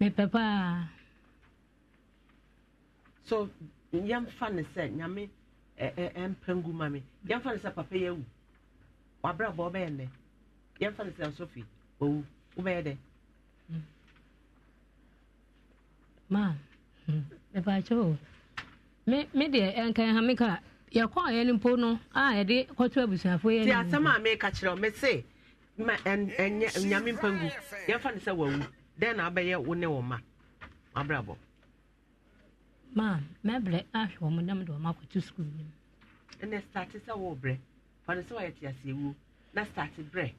mepɛ paa so yɛmfa no sɛ nyame ɛmpa ngu ma me yɛmfa no sɛ papa yi awu wabrabɔ wobɛyɛ nnɛ yɛmfa no sɛ sofi owu wobɛyɛ dɛ ma hmm, mepaakyɛo me deɛ ɛnka ɛha me ka yɛkɔ a yɛne mpo no a yɛde kɔto abusuafoɔ yɛ ti asɛm a meka kyerɛ me se nyame mpa ngu yɛmfa no sɛ wawu dɛn na abɛyɛ wo ne wo ma abrabɔ ma mɛbrɛ ahwɛ wɔ mo nam de wɔma akɔto sukuu no mu ɛnɛ starte sɛ wo brɛ fane sɛ wayɛ teaseɛ wuo na starte brɛ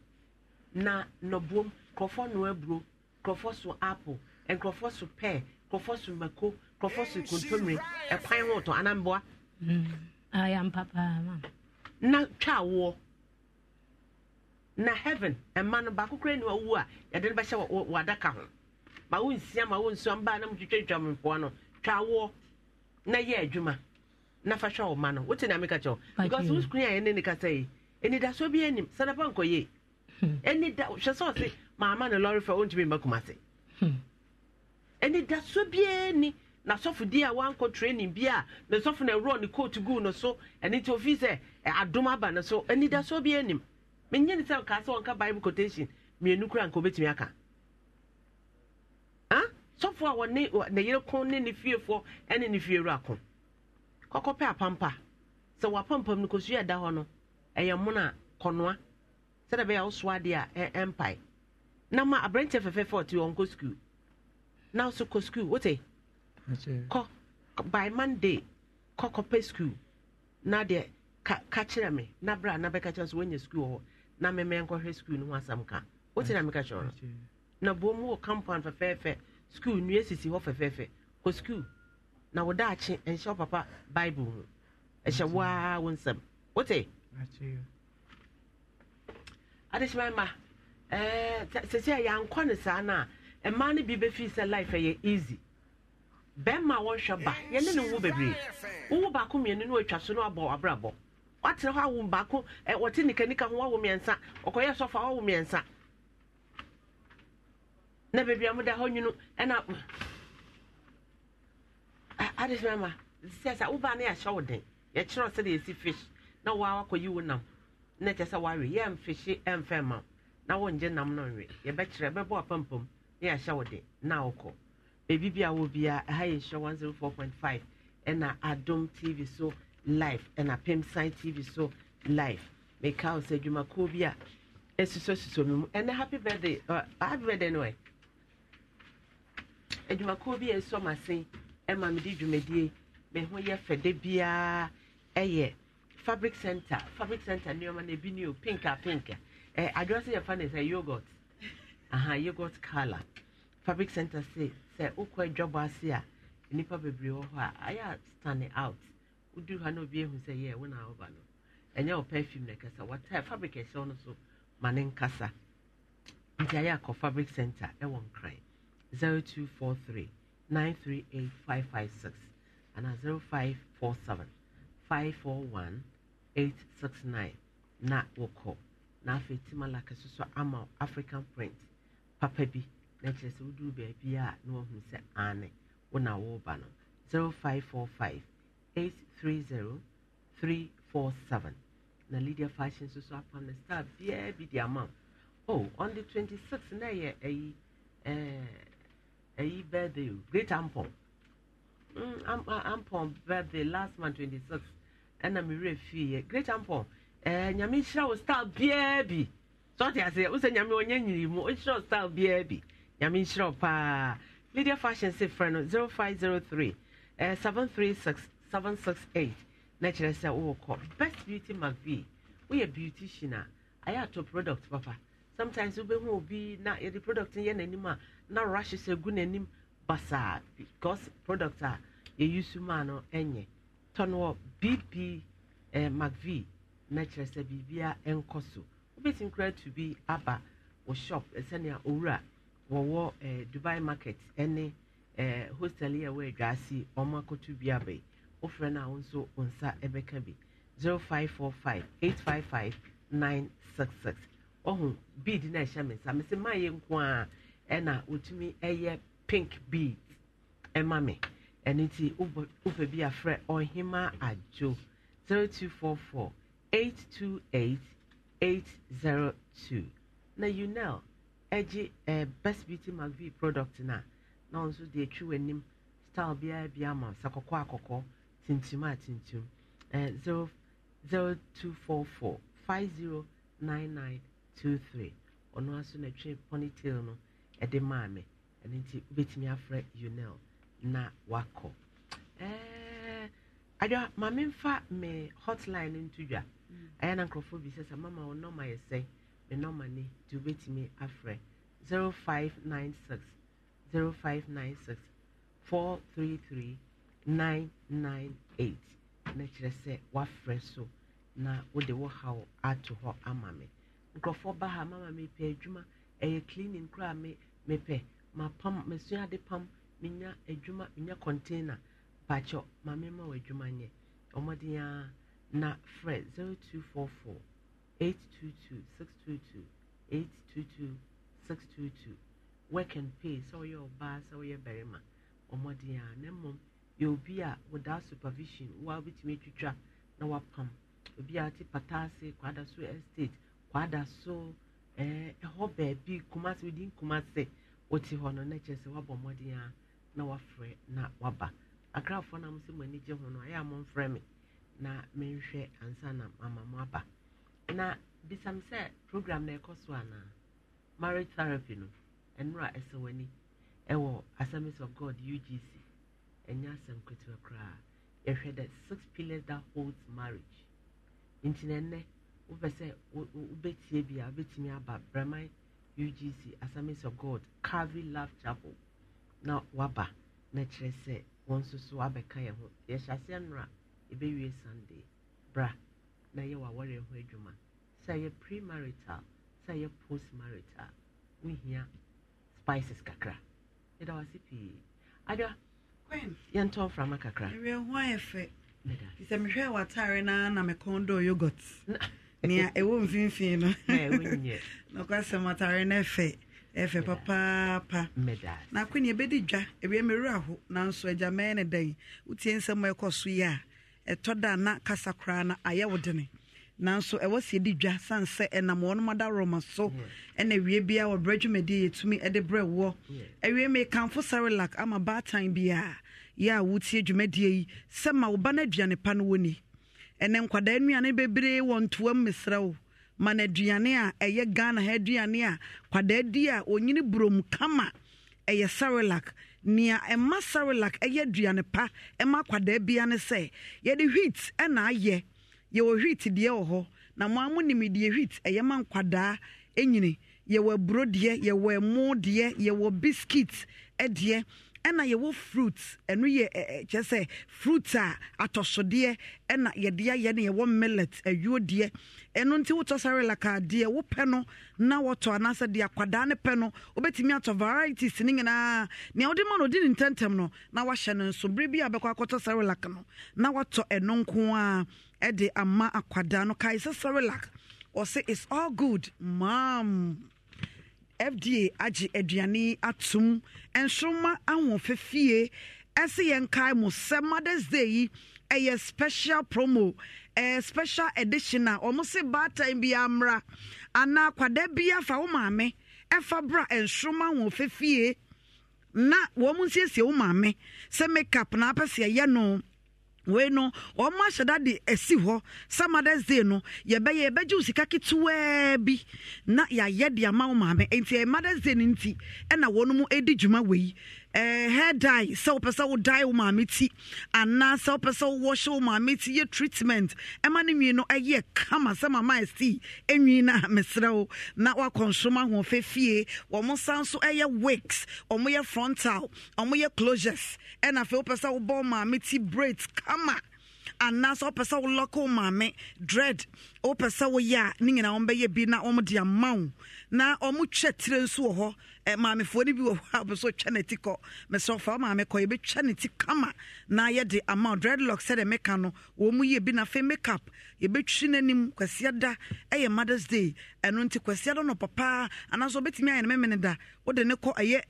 na nɔboom nkurɔfoɔ no aburo nkurɔfoɔ so apple nkurɔfoɔ so pear nkurɔfoɔ so mako nkurɔfoɔ so kontomire ɛkwan ho tɔ anamboa hmm. ayɛ ah, Papa ma na twa woɔ na heaven mma no baako kura ni wawu a yɛde no bɛhyɛ wadaka ho ma wo nsia ma wo nsua mbaa na motwitwatwa mpoa no twa awoɔ na yɛ adwuma na fa hwɛ wo no wote na meka kyɛw because wo screen a yɛne ne kasa yi anidasoɔ bi anim sɛdepa nkɔ yie ɛni hmm. da hwɛ sɛ ɔse maama ne lɔre fɛ ɔntumi mba kuma se hmm. anidasoɔ biara eni, na sɔfo di a wankɔ training bi a ne sɔfo na ɛworɔ ne coat guu no so ɛne nti ofi sɛ eh, adom aba ne so anidasoɔ bi anim menye ne sɛ ka sɛ wɔnka bible quotation mmienu kora nka obɛtumi aka ah, sɔfo a wɔne ne yere ne ne fiefoɔ ne ne fie wura ko kɔkɔpɛ apampa sɛ wapampam no kosua da hɔ no ɛyɛ mmono a kɔnoa e, sɛdeɛ bɛyɛ wosoa adeɛ a ɛmpae na ma aberanteɛ fɛfɛɛfɛ ɔte wɔn kɔ sukuu na nso kɔ sukuu wote kɔ by monday kɔ kɔpɛ sukuu na deɛ ka ka me na bra na bɛka kyerɛ so wɔnya sukuu wɔ hɔ na mmɛmɛ nkɔhwɛ sukuu no ho asɛm ka wote na meka kyerɛ no na bom wɔ compound fɛfɛɛfɛ sukuu nnua sisi hɔ fɛfɛɛfɛ kɔ sukuu na wo daakye nhyɛ wo papa bible mu ɛhyɛ waa wo nsɛm wote adehyema ma sɛsi a yɛankɔ no saa no mmaa no bi bɛfii sɛ life ɛyɛ easy bɛrima a wɔnhwɛ ba yɛne ne wo bebree wowo baako mmienu ne wɔatwa so no abɔ abrabɔ watena hɔ awo baako ɛ wɔte nikanika ho wawo mmiɛnsa ɔkɔyɛ sɔfo a mmiɛnsa na baabi a moda hɔ eh, nwunu ɛna adesima ma sɛsɛ wobaa no yɛahyɛ wo den yɛkyerɛ sɛde yɛsi fish na waa wakɔyi wo nam na kyɛ sɛ wawe yɛmfihye ɛmfɛ ma na wongye nam no nwe yɛbɛkyerɛ bɛbɔ apampam na yɛahyɛ wo den na wokɔ baabi bi a wɔ biara ɛha yɛ hyɛ 104.5 ɛna adom tv so live ɛna pem sign tv so live meka wo sɛ adwumakuo bi a ɛsusɔsusɔ me mu ɛnɛ happy birthday uh, happy birthday no eh, ɛ adwumakuo bi a ɛsɔ eh, masen eh, ɛma di dwumadie me ho yɛ fɛde biara ɛyɛ fabric center fabric center nneɛma no ebi ne o pink a pink a ɛ adwa sɛ yɛfa ne sɛ yogurt aha yogurt colour fabric center sɛ sɛ okɔ adwabɔ ase a nnipa bebree wɔ hɔ a ayɛ a stand out woduru ha na obi ehu sɛ yɛ wo na ɔba no ɛnyɛ wo perfume na ɛkasa wata fabric ɛhyɛw no so ma ne nkasa nti ayɛ akɔ fabric center ɛwɔ nkran five four one eight six nine na wɔkɔ na afei timalaka so so ama african print papa bi na kyerɛ sɛ woduru baabi a na wahunu sɛ ane wo zero five four five 830-347 na lydia fashion nso so afa ne star biara bi de ama oh on the 26 na yɛ ɛyi ɛyi birthday o great ampon mm, am, ampon birthday last month 26 ɛna mmerɛ fie yɛ great ampon ɛɛ eh, nyame nhyira wo star biara bi so ɔte aseɛ wosɛ nyame ɔnyɛ nyiri mu ɔnhyira wo star biara bi nyame nhyira wo paa lydia fashion se frɛ no 0503 ɛɛ eh, 736 768 na say sɛ call best beauty mcvie woyɛ beautician a have atɔ product papa sometimes will be na The product in n'anim now. na rush a gu n'anim basaa because product are yɛyi su maa no ɛnyɛ tɔn wɔ bb eh, mcvie na kyerɛ sɛ biribia nkɔ so wobɛtim to be abba wɔ shop eh, sɛnea owura wɔwɔ eh, dubai market ne eh, hostel yi a ɛwɔ adwaase wofrɛ no a wo nso wo nsa ɛbɛka bi 0545 855 966 ɔho bead na ɛhyɛ me nsa mese maayɛ nko a ɛna wɔtumi ɛyɛ pink bead ɛma me ɛno nti wopɛ bi afrɛ ɔhema adwo 0244 828 802 na unel ɛgye eh, best beauty magv product na na ɔnso de atwi w'anim style biara bi ma sɛ kɔkɔɔ akɔkɔɔ kyinkyim a kyinkyim zero zero two four four five zero nine nine two three ɔno aso na twɛ ponytail no ɛde maa mi ɛno nti wobɛtumi afrɛ unel na wakɔ ɛɛ eh, adwa maame nfa me hotline nto dwa ɛyɛ mm. na nkurɔfoɔ bi sɛ sɛ mama wo nɔma yɛ sɛ me nɔma ne nti wobɛtumi afrɛ zero five nine six zero five nine six four three three. 998 na kyerɛ sɛ wafrɛ so na wode wɔ haw ato hɔ ama me nkurɔfoɔ ba ha mama mepɛ adwuma ɛyɛ cleaning koraa me mepɛ mapam masua ade pam menya adwuma menya container bakyɛ ma mema wɔ adwuma nyɛ ɔmmɔden a na frɛ 0244 822 622 822 622 work and pay sɛ woyɛ ɔbaa sɛ woyɛ barima ɔmmɔden a na mmom 0244 yɛ obi a without supervision wabɛtumi atwitwa na wapam obi a pata pataase kwada so estate kwada so ɛɛ ɛhɔ baabi kumase odi nkumase wote hɔ no na sɛ wabɔ mmɔden a na wafrɛ na waba akrafoɔ no a mosɛ mo ani gye ho no ɛyɛ a momfrɛ me na menhwɛ ansa na mama mo aba na bisam sɛ program na ɛkɔ so anaa marriage therapy no ɛnora ɛsɛ w'ani ɛwɔ assemblies of god ugc ɛnyɛ asɛm ketewa koraa yɛhwɛ dɛ six pillars that hold marriage nti na ɛnɛ wopɛ sɛ wobɛtie bi a wobɛtumi aba braman ugc assemblies of god carvey love chapel na waba na kyerɛ sɛ wɔn nso so abɛka yɛn ho yɛhyɛ aseɛ nnora ɛbɛwie sunday bra na yɛwɔ awɔre ho adwuma sɛ yɛ premarital sɛ yɛ postmarital wohia spices kakra yɛda wase pii adwa yɛntɔn frama kakra ɛwɛ ho ayɛ fɛ sɛ mehwɛ watare na na mekɔn dɔ yogot nea ɛwɔ mfimfini no nokwasɛm atare no ɛfɛ ɛfɛ papaapa na akoni ɛbɛdi dwa ɛwia mmerɛ aho nanso agya mɛɛ ne dan wotie nsɛm ɛkɔ so yi a ɛtɔ da na kasa koraa na ayɛ wo dene nanso ɛwɔ si di dwa san sɛ ɛnam wɔn ada rɔma so ɛna wie bia ɔbrɛ dwumadie yɛtumi ɛde brɛ woɔ ɛwie mi kanfo sarilak ama baatan bia yɛ a wotie dwumadie yi sɛ ma ɔba no aduane pa no wɔ ni ɛnɛ nkwadaa nnuane bebree wɔ ntoa mu mesrɛ ma no aduane a ɛyɛ ghana ha aduane a kwadaa di a onyini burom kama ɛyɛ sarilak nea ɛma sarilak ɛyɛ aduane pa ɛma kwadaa bia ne sɛ yɛde wheat ɛna ayɛ yɛwɔ wheat deɛ wɔ hɔ na mo a mo nim deɛ wheat ɛyɛ ma nkwadaa ɛnyini yɛwɔ aburo deɛ yɛwɔ ɛmo deɛ yɛwɔ biscuit ɛdeɛ ɛna yɛwɔ fruit ɛno yɛ kyɛ sɛ fruit a atɔsodeɛ ɛna yɛde ayɛ no yɛwɔ millet ayuodeɛ ɛno nti wotɔ sarelaka deɛ wopɛ no na wɔtɔ anaasɛ deɛ akwadaa no pɛ no wobɛtumi atɔ varieties no nyinaa nea wode ma no ɔdi ne ntɛmtɛm no na wahyɛ no nso berɛ bi a bɛkɔ akɔtɔ sarelak no na watɔ ɛno nko a ɛde ama akwadaa no kae sɛ sarelak ɔse is all good ma'am fda agye aduane atom nsoroma ahoɔfɛfie ɛsɛ yɛn kae mu sɛ mothers day yi ɛyɛ special promo ɛɛ special edition a wɔn se baatan bi amra anaa kwadaa bi afa wo maame ɛfa bra nsoroma ahoɔfɛfie na wɔn nsiesie wo maame sɛ makeup na apɛ sɛ no wei no wɔn ahyɛda de asi hɔ samadas day no yɛbɛyɛ yɛbɛgye sika ketewaa bi na yɛayɛ de ama wo maame nti ɛyɛ madas day no nti ɛna wɔn mu di dwuma wei Eh, hair dye sɛ wopɛ sɛ wo dye wo maame ti anaa sɛ wopɛ sɛ wowɔhyɛ wo maame ti yɛ treatment ɛma no nwii no ɛyɛ kama sɛ mama ɛsii ɛnwii no a meserɛ wo na woakɔnsoma ahoɔfɛ fie wɔmo san so ɛyɛ wigs ɔmoyɛ frontal ɔmoyɛ closures ɛna afei wopɛ sɛ wobɔ maame ti braids kama anaasɛ wopɛ sɛ wolɔke wo maame dread wopɛ sɛ woyɛ a ne nyinaa wɔmbɛyɛ bi na wɔmde ama wo na ɔmotwa tire nso wɔ hɔ eh, maamefoɔ no bi wɔ hɔ a wopɛ sɛ wotwa ne ti kɔ mesrɛ fa wo maame kɔ yɛbɛtwa ne ti kama na yɛde ama wo dreadlock sɛdeɛ meka no wɔ mu yɛ bi na afei makeup yɛbɛtwi no anim kwasia da ɛyɛ mothers day ɛno nti kwasia da no papaa anaasɛ wobɛtumi ayɛ no memene da wode ne kɔ ɛyɛ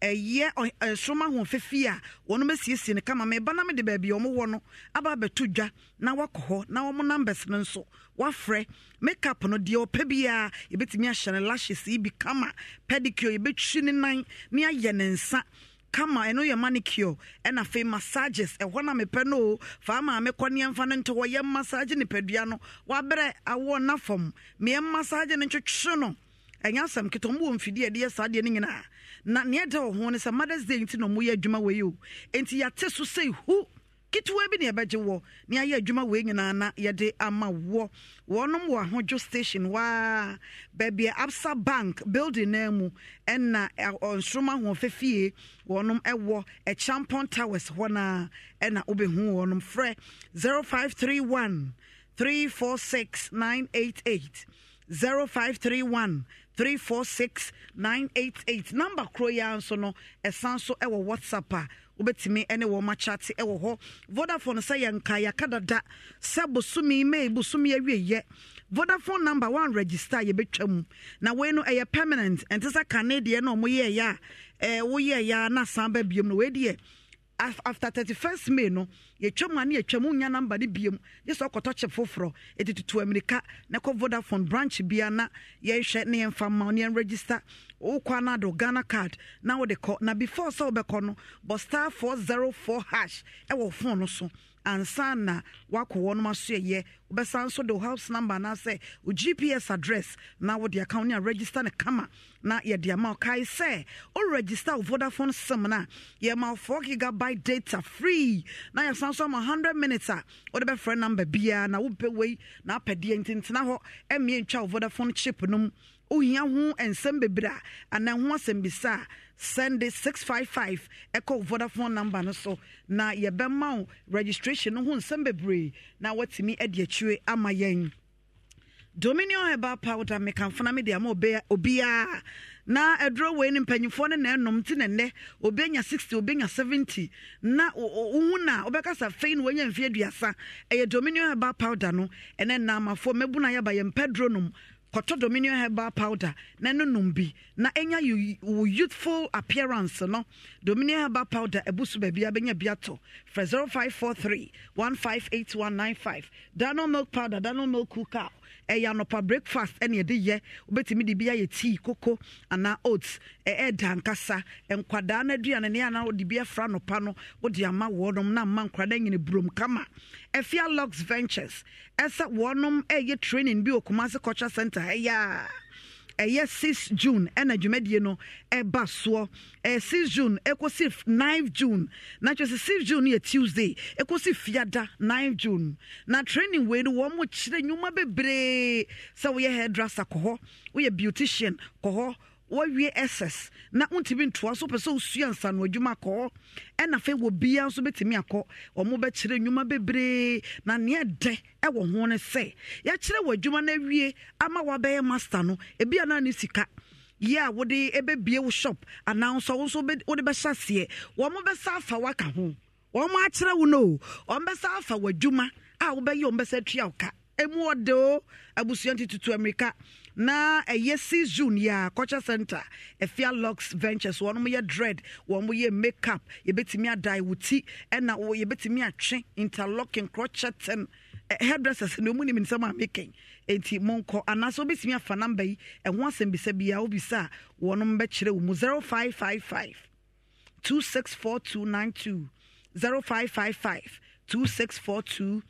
ɛyɛ nsoroma ahoɔfɛfi a wɔn asiesie no kama meba nam de baabi a wɔn wɔ no aba abɛto dwa na wakɔ hɔ na wɔn numbers no nso wafrɛ makeup no deɛ ɔpɛ biara yɛbɛtumi ahyɛ ne lashes yi bi kama pedicure yɛbɛtwi ne nan ne ayɛ ne nsa kama ɛno yɛ manicure ɛna afei massages ɛhɔ na mepɛ no o faa maame kɔneɛmfa no nto hɔ massage nipadua no wabrɛ awoɔ na fam meɛ massage no ntwetwe no ɛnyɛ asɛm ketɔ mbɔ mfidie ɛde yɛ saa deɛ no nyinaa na nea ɛda wɔ ho no sɛ mothers day nti na ɔmoyɛ adwuma wei o enti yɛate so sɛ hu ketewa bi ne yɛbɛgye wɔ ne ayɛ adwuma wei nyinaa na yɛde ama woɔ wɔnom wɔ ahodwo station waa baabi a absa bank building naa mu ɛna ɔnsoroma ahoɔfɛ wɔnom ɛwɔ ɛkyampɔn towers hɔ naa ɛna wobɛhu wɔnom frɛ 0531 0531 three four six nine eight eight number koro yi nso no ɛsan so ɛwɔ whatsapp a wobɛtumi ne wɔn akyate ɛwɔ hɔ vodafone sɛ yɛnka yɛaka dada sɛ bosomi may bosomi awieyɛ vodafone number one register yɛbɛtwa mu na wei no ɛyɛ permanent ɛnte sɛ kane deɛ na ɔmo yɛɛyɛ a ɛɛ woyɛɛyɛ a na san bɛ biom no wei deɛ after 31st May no yɛtwa mu ane yɛtwa mu nya number no biom gye sɛ ɔkɔtɔ kyɛ foforɔ ɛde tutu amirika na kɔ vodafone branch bia na yɛhwɛ ne yɛmfa ma ne yɛnregister wokɔ anado ghana card na wode kɔ na before sɛ wobɛkɔ no bɔ star four hash ɛwɔ phone no so ansa na wakɔ wɔnom aso ɛyɛ wobɛsan so de house number anaasɛ wo gps address na wode account ne a register no kama na yɛde ama kae sɛ woregister wo vodaphone sim no a yɛma wo 4 gigabyte data free na yɛsan so ama 100 minutes a wode bɛfrɛ number biara na wopɛ wei na apɛdeɛ nti ntena hɔ ɛmmeɛ ntwa wo vodaphone chip no mu wohia ho nsɛm bebree a anaa ho asɛm bisa a sɛnde 655 ɛkɔ vodaphone number no so na yɛbɛma wo registration no ho nsɛm bebree na watumi adi akyire ama yɛn dominion herbal powder mekamfo na mede ama obiaa na ɛduro wei no mpanyimfoɔ no na ɛnom nti ne nnɛ obenya 60 obenya 70 na wohu no a wobɛka sa fei no wanya mfeɛ aduasa ɛyɛ dominion herbal powder no ɛnɛ naamafoɔ mɛbu no ayɛba yɛmpɛ duro nom kɔtɔ dominion herbal powder na ɛno nom bi na ɛnya wo youthful appearance no dominion herbal powder ɛbu so baabi abɛnya bi atɔ frɛ 0543 158195 dano milk powder dano milk cooker ɛyɛ anɔpa breakfast ɛne yɛde yɛ wobɛtumi de bi ayɛ tea koko anaa oats ɛɛda nkasa nkwadaa no aduane ne anaa wode bi afra anɔpa no wode ama wɔnom na ama nkwadaa nyina burom kama ɛfia lox ventures ɛsɛ wɔnom ɛyɛ training bi wɔ kumase culture center ɛyɛ a ɛyɛ six june ɛna dwumadie no ɛba soɔ Six june ɛkɔsi nine june na kyerɛ six june yɛ tuesday ɛkɔsi fiada nine june na training wei no wɔn mo kyerɛ nnwuma bebree sɛ woyɛ hairdresser kɔ hɔ beautician kɔ wɔwie ss na wontumi ntoa so pɛ sɛ wosua nsano adwuma kɔɔ ɛna afei wɔ biara nso bɛtumi akɔ ɔmo bɛkyerɛ nnwuma bebree na neɛ dɛ ɛwɔ ho no sɛ yɛakyerɛ wɔ adwuma no awie ama woabɛyɛ master no ebia na ne sika yɛ a wode ɛbɛbie wo shop anaa nso wo nso wode bɛhyɛ aseɛ wɔn bɛsa afa waka ho wɔn akyerɛ wo no wɔn bɛsa afa w'adwuma a wobɛyɛ wɔn bɛsa atua wo emu ɔde o abusua tutu amerika na ɛyɛ si june yɛ culture center ɛfia lux ventures wɔn yɛ dread wɔn yɛ makeup yɛbɛtumi ada ewu ti ɛna yɛbɛtumi atwe interlocking crochet ten hairdressers na ɔmu nim nsɛm a meken enti monkɔ anaasɛ wobɛtumi afa namba yi ɛho asɛm bisa biaa wobisa a wɔnom bɛkyerɛ wo mu 0555 264292 0555 264292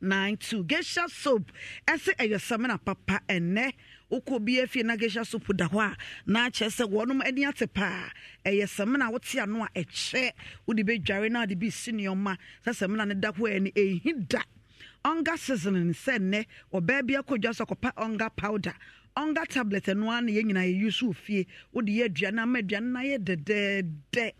nine two geisha soap ɛsɛ ɛyɛ samina papa ɛnɛ wokɔ bi afie na geisha soap da hɔ a na akyerɛ sɛ wɔnom ani ate paa ɛyɛ samina wote ano a ɛkyɛ wode bɛdware na wode bi si nneɔma sɛ samina no da hɔ ɛne ɛhi da ɔnga seasoning sɛ nnɛ ɔbaa bi akɔdwa sɛ kɔpa ɔnga powder ɔnga tablet ɛno a na yɛn nyinaa yɛyi so fie wode yɛ aduane ama aduane na yɛ dɛdɛɛdɛ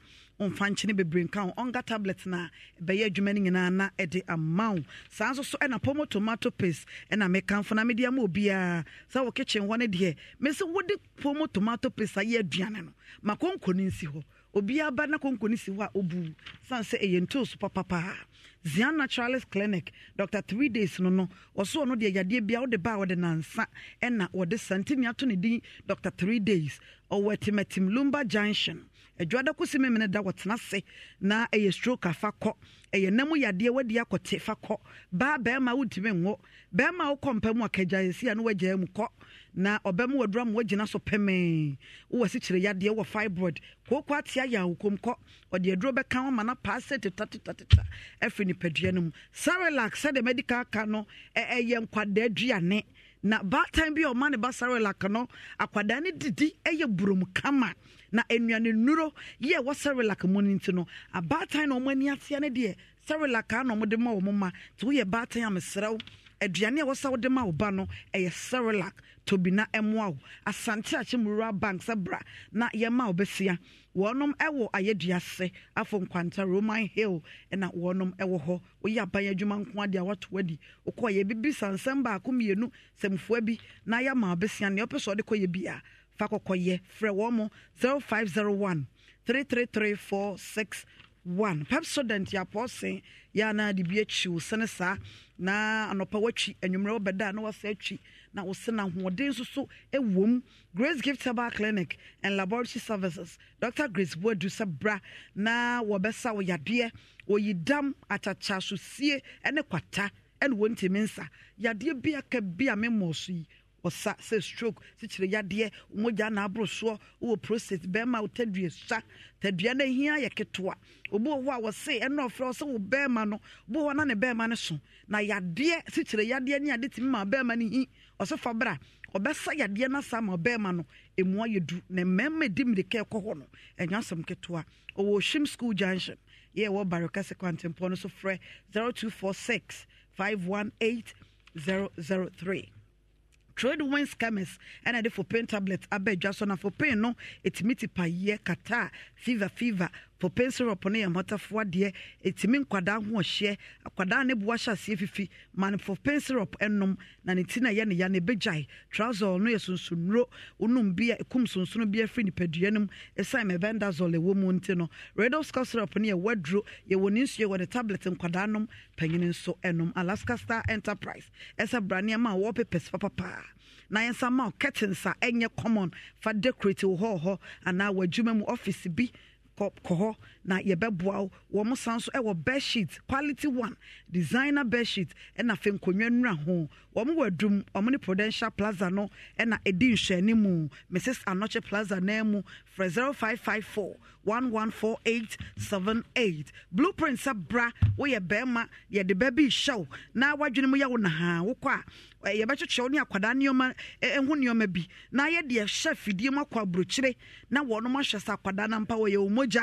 ɔmfa nkyene bebree nka ho ɔnka tablet no a adwuma no nyinaa na ɛde ama wo saa nso so ɛna pomo tomato paste ɛna mekamfo na mede ama obiaa sɛ wɔ kitchen hɔ no deɛ me wode pomo tomato paste ayɛ aduane no ma kɔnkɔ no nsi hɔ obiara ba na konko ne si hɔ a obu san sɛ ɛyɛ ntoo so papapaa zian naturalist clinic dr three days no no ɔso ɔno deɛ yadeɛ bia wode ba a wɔde nansa ɛna wɔde santini ato ne din dr three days ɔwɔ atimatim lumba junction adwada kosi me mene da wɔtena se na ɛyɛ stroke afa kɔ ɛyɛ nam yadeɛ wadi akɔte fa kɔ baa bɛrima wontumi nwo bɛrima wokɔ mpa mu akagya yɛsi a na wagyaa mu kɔ na ɔbɛm wadura mu wagyina so pɛmɛɛ wowɔ sikyire yadeɛ wɔ fibroid kooko atea yɛ awokom kɔ ɔde aduro bɛka ho ma na paa sɛ tetatetateta ɛfiri nipadua no mu sarelac sɛdeɛ medical ka no ɛyɛ nkwadaa aduane na baatan bi a ɔma ne ba sarelac no akwadaa no didi ɛyɛ burom kama na nnuane nnuro yɛ wɔ cerelac mu no nti no abaatan na ɔmo ani ateɛ no deɛ cerelac a na ɔmo de ma ɔmo ma nti woyɛ baatan a mesrɛ wo aduane a wɔsa wode ma ɔba no ɛyɛ cerelac tobi na ɛmoa wo asante akye rural bank sɛ bra na yɛma wobɛsia wɔnom ɛwɔ ayɛdua sɛ afo nkwanta roman hill ɛna wɔnom ɛwɔ hɔ woyɛ aban adwuma nko adeɛ a wato adi wokɔ yɛ bibi sansɛm baako mmienu sɛmfoa bi na yɛama wobɛsia neɛ wopɛ sɛ ɔde kɔ yɛ biaa fa kɔkɔyɛ frɛ wɔ mo 0501 333461 pap student yɛapɔɔ wo sene saa na anɔpa woatwi anwummerɛ wobɛda a na woasa atwi na wo se hoɔden nso so ɛwom grace gift herbal clinic and laboratory services dr grace boadu sɛ bra na wɔbɛsa wo yadeɛ oyidam sosie ne kwata ɛne wɔntimi nsa yadeɛ bi aka bi a memmɔɔ so yi ɔsa sɛ stroke sikyire yadeɛ mogya na aboro soɔ wɔ prostate bɛrima wo tadua sa tadua no ahia yɛ ketewa obi wɔ hɔ a wɔse ɛna ɔfrɛ sɛ wo bɛrima no obi wɔ na ne bɛrima no so na yadeɛ sikyire yadeɛ ne yade tumi ma bɛrima no hi ɔsɛ fa ɔbɛsa yadeɛ no asa ma ɔbɛrima no ɛmu ayɛ du na mmarima di mmirika ɛkɔ hɔ no ɛnyɛ asɛm ketewa ɔwɔ hyim school junction yɛ ɛwɔ barokɛse kwantempɔ no so frɛ 0246 518 003 trade wine scammers ɛna de fopin tablet abɛdwa so na pain, no ɛtumi ti pa yie kata fever fever popen syrup no yɛ mmɔtafoɔ adeɛ ɛtumi nkwadaa ho ɔhyeɛ akwadaa ne boa hyɛ aseɛ fifi ma no popen syrup nom na ne ti na ɛyɛ ne ya ne bɛgyae trouser no yɛ sonsonnuro wonom bi a ɛkum sonsono bi afiri nipadua no mu ɛsiane ma ɛbɛndazol ɛwɔ mu nti no redosca syrup no yɛ waduro yɛwɔ ne nsua wɔde tablet nkwadaa nom panyini nso nom alaska star enterprise ɛsɛ bra nneɛma a wɔpepɛs papapaa na yɛnsa ma curtains a ɛnyɛ common fa decorative hɔ hɔ anaa wɔ adwuma mu office bi kɔ hɔ na yɛbɛboa wo wɔn san so wɔ bed sheet quality one designer bed sheet ɛna afei nkonnwa nnura ho wɔn wɔ adum wɔn ne prudential plaza no ɛna ɛdi nhwɛni mu mrs anɔkye plaza nan mu frɛ zero five five four one one four eight seven eight blueprint sɛ bra woyɛ bɛrima yɛde bɛ bi hyɛw na wadwene mu yɛ wo na ha wokɔ a. Eh, yɛbɛkyekyɛ wo ne akwadaa nneɔma eh, ho nneɔma bi na yɛde ɛhyɛ fidie mu akɔ aburokyire na wɔnom ahyɛ sɛ akwadaa no mpa wɔyɛ wɔ mogya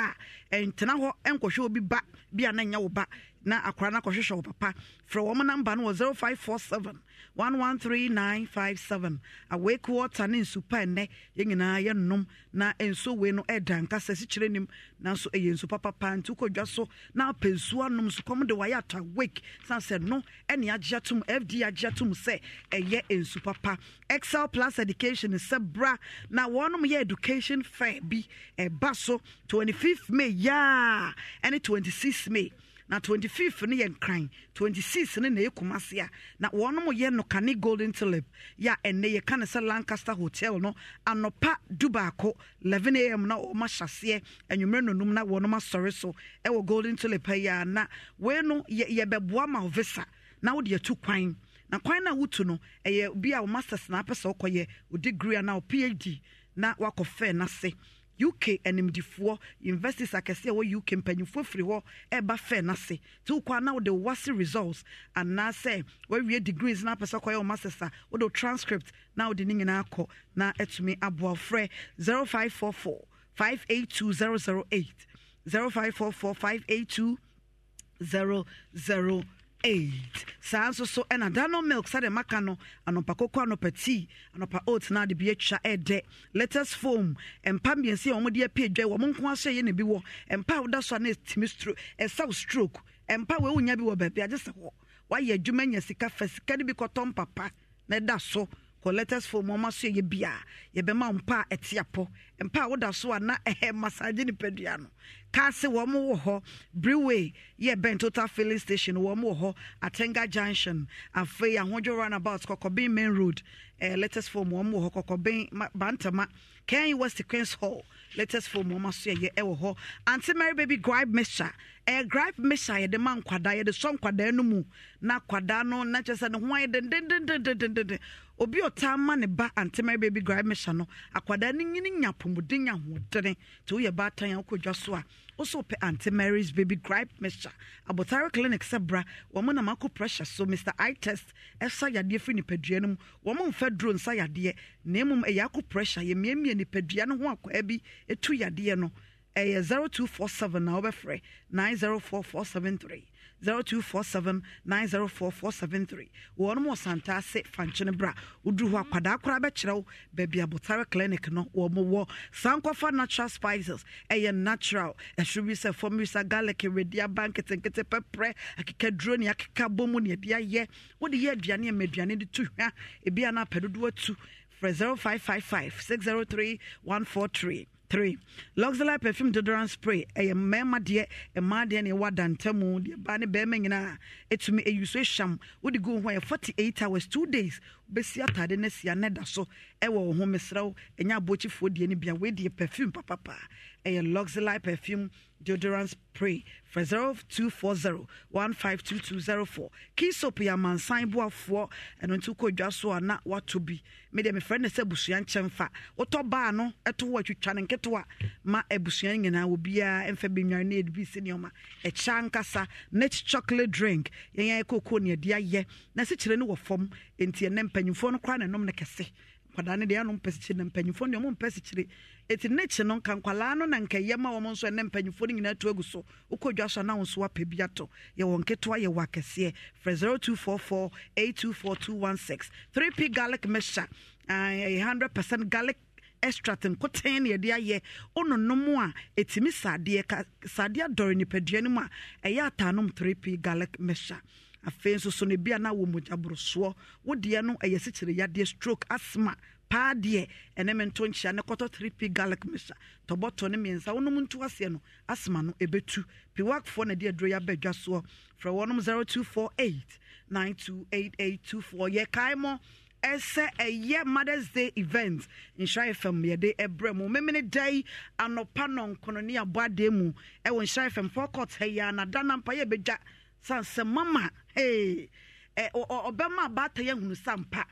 a ɛntena hɔ ɛnkɔhwɛ obi ba bi a na nyɛ wo ba na akwara no akɔhwehwɛ wo papa frɛ wɔm namba no wɔ 0547 113957 awake water ne nsu pa ɛnnɛ yɛn nyinaa yɛnom na nsuo wei no ɛda nkasa sikyerɛ nim nanso ɛyɛ nsu papapa nti wokɔdwa so na apɛ nsuo anom sukɔm de wayɛ ato awake san sɛ no ɛne agyea tom fd agyea tom sɛ ɛyɛ nsu papa excel plus education sɛ bra na wɔnom yɛ education fair bi ɛba so 25 may yaa ɛne 26 may na 25 no yɛ nkran 26 no na ɛkuma se a na wɔnom yɛ nokane golden tulip. yɛ a ɛnɛ yɛka ne sɛ lancaster hotel no anɔpa dubaako 11am na ɔma hyɛseɛ anwummerɛ nonum na wɔnom asɔre so ɛwɔ golden tulip ha yi a na wei no yɛbɛboa ma visa na wode atu kwan na kwan na a wotu no ɛyɛ bi a wo masters na apɛ sɛ wokɔyɛ wo degree anaa o phd na wakɔfɛ n'ase uk animdifoɔ 4 invests a wɔ uk for free. hɔ ever fair nasi to wokɔ now the wase results and wawie degrees na apɛ sɛ kɔyɛ masters a wode transcript now the ne nyinaa kɔ na atumi aboa frɛ 0544 582008 0544 eight saa nso so ɛna dano milk sɛdeɛ maka no anɔpa koko anɔpa tea anɔpa oat na de bi atwa ɛdɛ letters foam mpa mmiɛnsa a wɔn de apie dwa wɔn nko ahyɛ yɛ na bi wɔ mpa a woda so a na etimi stroke ɛsaw stroke mpa wɔn ewunya bi wɔ baabi agye sɛ wɔ wayɛ adwuma nya sika fɛ sika de bi kɔtɔ mpapa na ɛda so collectors fo mu ɔmo aso yɛ bia yɛbɛma mpa a ɛte apɔ mpa a woda so a na ɛhɛ masaagye nipadua no kaase wɔn mo wɔ hɔ brewery yɛ total filling station wɔn mo wɔ atenga junction afei ahodwo runabout kɔkɔbin main road ɛɛ eh, letters fo mu wɔn mo wɔ bantama kɛnyi West Queens hall letters fo mu e wɔn aso yɛ ɛwɔ hɔ aunty mary baby gripe mixture ɛɛ eh, gripe mixture yɛde ma nkwadaa yɛde sɔ nkwadaa no mu na nkwadaa no na kyerɛ sɛ ne ho ayɛ dendendendendenden obi ɔtaa ma ne ba antemare baabi gra mehyɛ no akwadaa no nyini nya apɔmuden nya ahoɔdene nti woyɛ baatan a wokɔ so a wosɛ wopɛ gripe mehyɛ abotare clinic sɛ bra pressure so mr I test ɛsa yadeɛ firi nipadua no mu wɔn mfa duro nsa yadeɛ na mmom ɛyɛ akɔ pressure yɛ mmiemmie nipadua no ho akwadaa bi etu yadeɛ no ɛyɛ zero two four seven na wɔbɛfrɛ nine zero four four seven three. 0247 904473 wɔn mu ɔsanta ase fankyene bra woduru hɔ akwadaa koraa bɛkyerɛ wo baabi abotare clinic no wɔn wɔ sankɔfa natural spices ɛyɛ natural ɛhwɛ bi sɛ fam bi sɛ garlic rediaba nketenkete pɛprɛ akekaduro ne akeka bɔ mu ne ɛde ayɛ wode yɛ aduane ɛma aduane de to hwa ebi anapɛ dodoɔ tu frɛ 0555 603 143 three luxury perfume deodorant spray ɛyɛ mmarima deɛ mmaa deɛ na ɛwɔ adantamu deɛ baa ne bɛrima nyinaa ɛtumi ɛyi so ɛhyam wode gu go yɛ forty eight hours two days bɛsi ataade no asia ne da so ɛwɔ wo ho mesrɛ wo ɛnyɛ abɔkyifoɔ deɛ no bia weideɛ papa. papapaa ɛyɛ luxury perfume deodorant spray for 0240 152204 keysop yɛ amansan boafoɔ ɛno nti wokɔ dwa so a na woatɔ bi mede mefrɛ no sɛ Oto nkyɛm fa wotɔ baa no ɛto wo ma abusua no nyinaa obiaa ɛmfa bɛnware no yɛde bi sɛ nneɔma ɛkyɛ ankasa net chocolate drink yɛn yɛn kokoo ne ɛde ayɛ na ɛsekyerɛ no wɔ fam enti ɛnɛ mpanyimfoɔ kwadaa no deɛ ano mpɛ sikyire na mpanyinfoɔ deɛ ɔmo mpɛ sikyire eti ne kyi no nka no na nka yɛma wɔn nso ne mpanyinfoɔ no nyinaa to egu so okɔ dwa so anaw nso wapɛ bi ato yɛwɔ nketewa yɛwɔ akɛseɛ frɛ zero two four four eight two four two one six three p garlic mixture ɛɛ hundred percent garlic extract nkoten na yɛde ayɛ ɔnonom a etimi saadeɛ ka saadeɛ dɔre nipadua no mu a ɛyɛ ataanom three p garlic mixture afei nso so no bia na wɔ mogya borosoɔ wodeɛ no ɛyɛ sikyere yadeɛ stroke asthma paa deɛ ɛne me nto nhyia ne kɔtɔ 3p garlic mehya tɔbɔtɔ no mmiɛnsa wonom nto aseɛ no asma no ɛbɛtu piwakfoɔ na de aduro yɛ aba adwa soɔ frɛ wɔnom 0248 928824 yɛkae mɔ ɛsɛ ɛyɛ mothers day event nhyira fm yɛde ɛbrɛ mu memene da anɔpa nɔnkono ne abɔ adeɛ mu ɛwɔ nhyira fm four court ha yi a nada nampa yɛ sansɛ mama ɔbɛma eh, abaata yɛ hunu sampa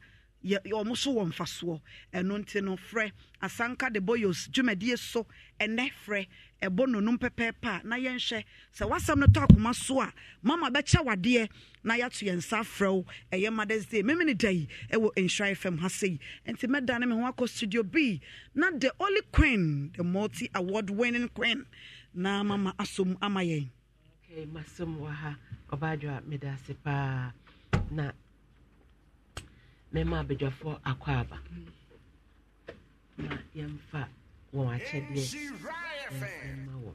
ɔmo so wɔ mfasoɔ ɛno nti no frɛ asanka de boyos dwumadie so ɛnɛ frɛ ɛbɔ nonum pɛpɛɛpɛ a na yɛnhwɛ sɛ wasɛm no tɔ akoma so a mama bɛkyɛ wadeɛ na yɛato yɛn nsa frɛ wo ɛyɛ mothers day meme ne da yi ɛwɔ nhyira fm ha sɛ nti mɛda ne me ho akɔ studio b na the only queen the multi award winning queen na mama asom ama yɛn okay eh, masɛm wɔ ha ɔbaadwo a meda ase paa na mɛma abadwafoɔ akɔ aba na yɛmfa wɔn akyɛdeɛ ma wɔ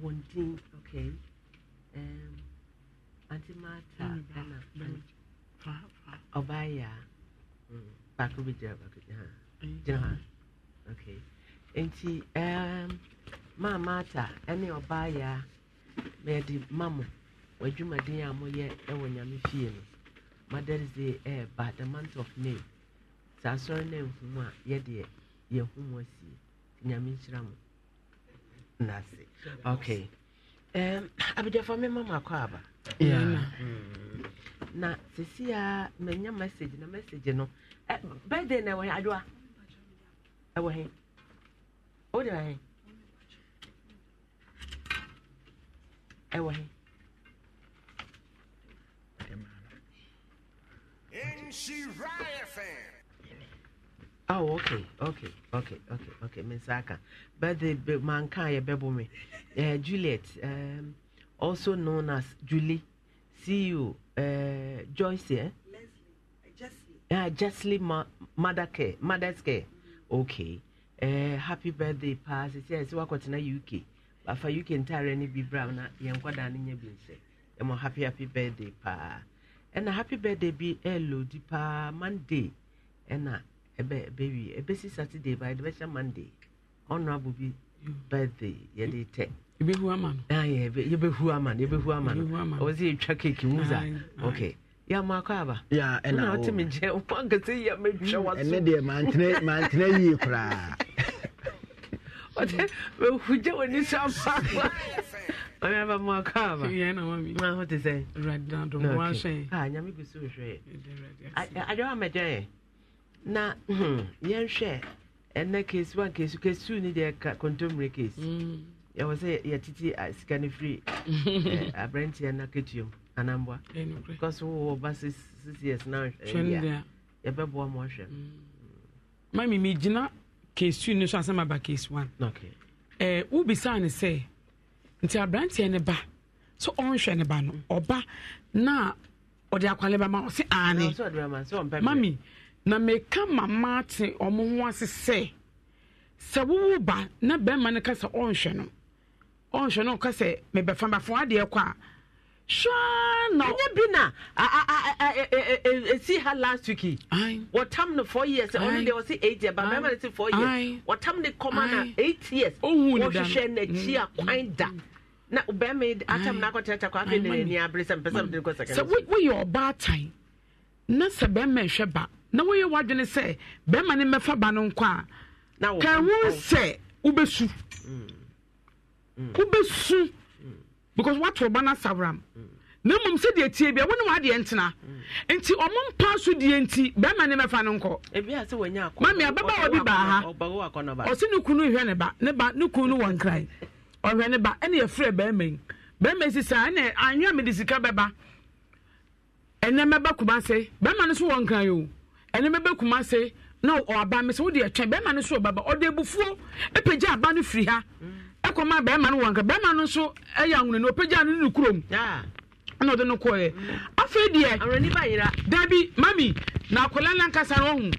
wɔn din okay um, ante mata ɛna ɔbaayɛ a baako bi gyina baako gyina mm. gyina ha okay nti um, maa mata ɛne ɔbaayɛ a mɛde ma w'adwumaden a moyɛ eh, wɔ nyame fie no mothers day ɛreba the month of may saa a yɛdeɛ nyame nhyira nase okay akɔ aba mm. na sesia manya message na message no eh, birthday na ɛwɔ he adoa ɛwɔ he wode wɔ Ewa Oh, okay, okay, okay, okay, okay, Miss Aka. But the manka ye bebo me. Uh, Juliet, um, also known as Julie, see you, uh, Joyce, eh? Uh, Justly Ma- mother's Madaske. Mm-hmm. Okay. Uh, happy birthday, Pass. Yes, welcome to the UK. afa uk ntaare no bi bra na yɛn nkwadaa no nya bi nsɛ ɛmɔ happy happy birthday paa ɛna happy birthday bi ɛlodi eh, paa monday ɛna ɛbɛ ɛbɛwi ɛbɛsi saturday ba yɛde bɛhyɛ monday honourable bi birthday yɛde tɛ. yɛbɛhu ama no. yɛbɛhu ama no yɛbɛhu ama no ɔwɔ sɛ yɛtwa cake mu za okay. ya ma kɔ aba. ya ɛna o na ɔte mi nkyɛn wɔn kɛse yɛ mi twɛ wa so. ɛnɛ deɛ mantene mantene yie koraa ɔtɛ mehugya w'ani so ama ɔne aba mu akɔ aba ma ho te sɛ nyame gu so hwɛ adwama mɛgyaeɛ na hmm, yɛnhwɛ ɛnɛ case one case case two ne deɛ ka contemporary case yɛwɔ mm. sɛ yɛtete sika no firi eh, aberanteɛ no akatua mu anamboa because wowɔ ba six years na yɛbɛboa ma ɔhwɛ mami megyina case two no so asɛm case one ɛɛ wobisa ne sɛ nti aberanteɛ ne ba so ɔnhwɛ ne ba no ɔba na ɔde akwale bama ɔsi aane mami na meka mama ate ɔmo ho ase sɛ sɛ ba na bɛrima no ka ɔnhwɛ no ɔnhwɛ no mebɛfa sure no ɛnyɛ bi na ɛsi ha last week yi wɔtam no four years ɔno deɛ ɔsi eight years bamɛma no si four years wɔtam ne kɔma na eight years wɔhwehwɛ n'akyi a kwan da na bɛrima atam na akɔtɛtɛ kɔ afei ne n'ani abere sɛ mpɛsɛ ɔde kɔ sɛkɛndɛ sɛ woyɛ ɔbaatan na sɛ bɛrima ɛhwɛ ba na woyɛ wadwene sɛ bɛrima ne mmɛfa ba no nkɔ a ka ho oh, oh. sɛ wobɛsu wobɛsu mm, mm because watoro ba no asawram na mmom sɛdeɛ tie bia wone waadeɛ ntena nti ɔmo mpa so deɛ nti bɛrima ne mɛfa no nkɔ mami ababaawa bi baa ha ɔse ne kunu hwɛ ne ba ne ba ne kunu no wɔ nkran ɔhwɛ ne ba ɛne yɛfrɛ bɛrima yi bɛrima si saa ɛne anwea mede sika bɛba ɛnɛ mɛba kuma se bɛrima no so wɔ nkran o ɛnɛ mɛba kuma se na ɔaba me sɛ wode ɛtwɛn bɛrima no so ɔbaba ɔde abufuo ɛpɛgya aba no firi ha mm ɛkɔma bɛrima no wɔ nka bɛrima no nso ɛyɛ ahunu no ɔpagya no ne kurom ɛna ɔde no kɔɛ afei deɛ dabi mami na akwadaa no no ɔhu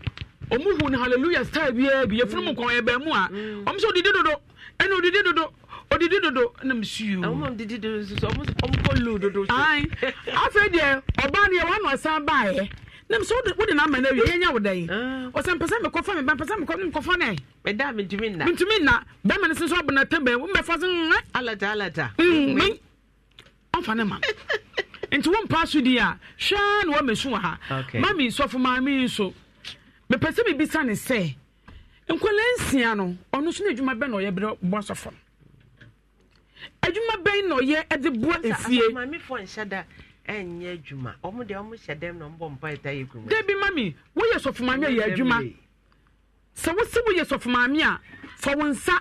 ɔmu hu no hallelujah style biara bi yɛfunu mm. mu kɔn ɛbɛn mu a mm. ɔmo sɛ odidi dodo ɛna odidi dodo odidi dodo ɛna mu si o. didi dodo soso ɔmo kɔ lo dodo. ayi afei deɛ ɔbaa no wɔn na ɔsan baa yɛ nam sɛ wode na no awie yɛnya wo dan ah. ɔsɛ mpɛ sɛ mekɔfa me mpɛ sɛ mekɔfa no meda mentumi nna mentumi nna bɛma no se sɛ ɔbona ta bɛn wombɛfa se nwɛ mm, eh. alata alata mm, ɔmfa ne ma nti wompa so di a hwɛa na wɔmɛsu wɔ ha ma mensɔfo maame yi so mepɛ sɛ mebisa ne sɛ nkɔla nsia no ɔno so no adwuma bɛn na ɔyɛ berɛ boa sɔfo no adwuma bɛn na ɔyɛ de boa efie ɛnyɛ adwuma ɔmo deɛ ɔmo hyɛ dɛm na ɔmo bɔ mpa ɛta yɛ kurum. debi mami woyɛ sɔfomaame yɛ adwuma sɛ wosi woyɛ sɔfomaame a fa wo nsa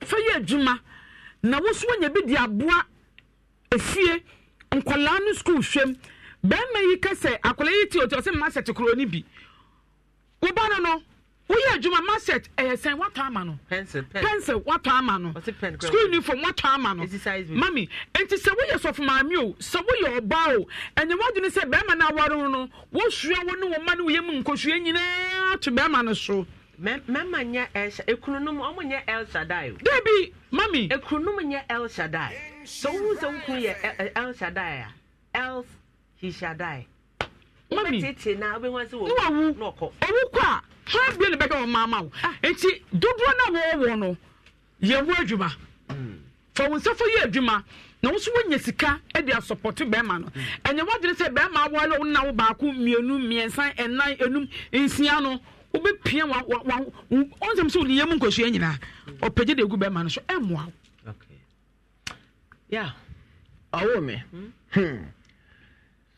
fa yɛ adwuma na woso wonya bi de aboa efie nkɔlaa no sukuu hwɛm bɛrima yi kɛsɛ akɔlaa yi ti o ti ɔsɛ mma hyɛ te kuro ni bi wo ba no no. woyɛ adwuma marset ɛyɛ sɛn watɔ ama no pencil watɔ ama no school uniform watɔ ama no mami nti sɛ woyɛ sɔfo maame o sɛ woyɛ ɔbaa o ɛnyɛ wadwene sɛ bɛrima no aware no wosua wo ne wo ma ne woyɛ mu nkosua nyinaa to bɛrima no so mɛma nyɛ ɛlsa ekunu nom ɔmo nyɛ ɛlsa dai o. debi mami. ekunu nom nyɛ ɛlsa dai sɛ ohun sɛ okun yɛ ɛlsa e, e, dai a ɛls hisa dai. mami wobɛtete na wobɛhu ase wɔ wu na ɔkɔ. owu kɔ a. four billion bɛka wɔn maama wo ah. eti dodoɔ na wɔwɔ no yɛwɔ adwuma hmm. fa wɔn nsɛfo yɛ adwuma na wɔn nso sika bɛrima no hmm. ɛnyɛ sɛ bɛrima wɔn na baako mmienu mmiɛnsa ɛnan enum nsia no wobɛpia wa wa wa ɔnsɛm sɛ wɔn yɛ mu nkosua nyinaa ɔpɛgye de egu bɛrima no so ɛmoa ya ɔwɔ mi.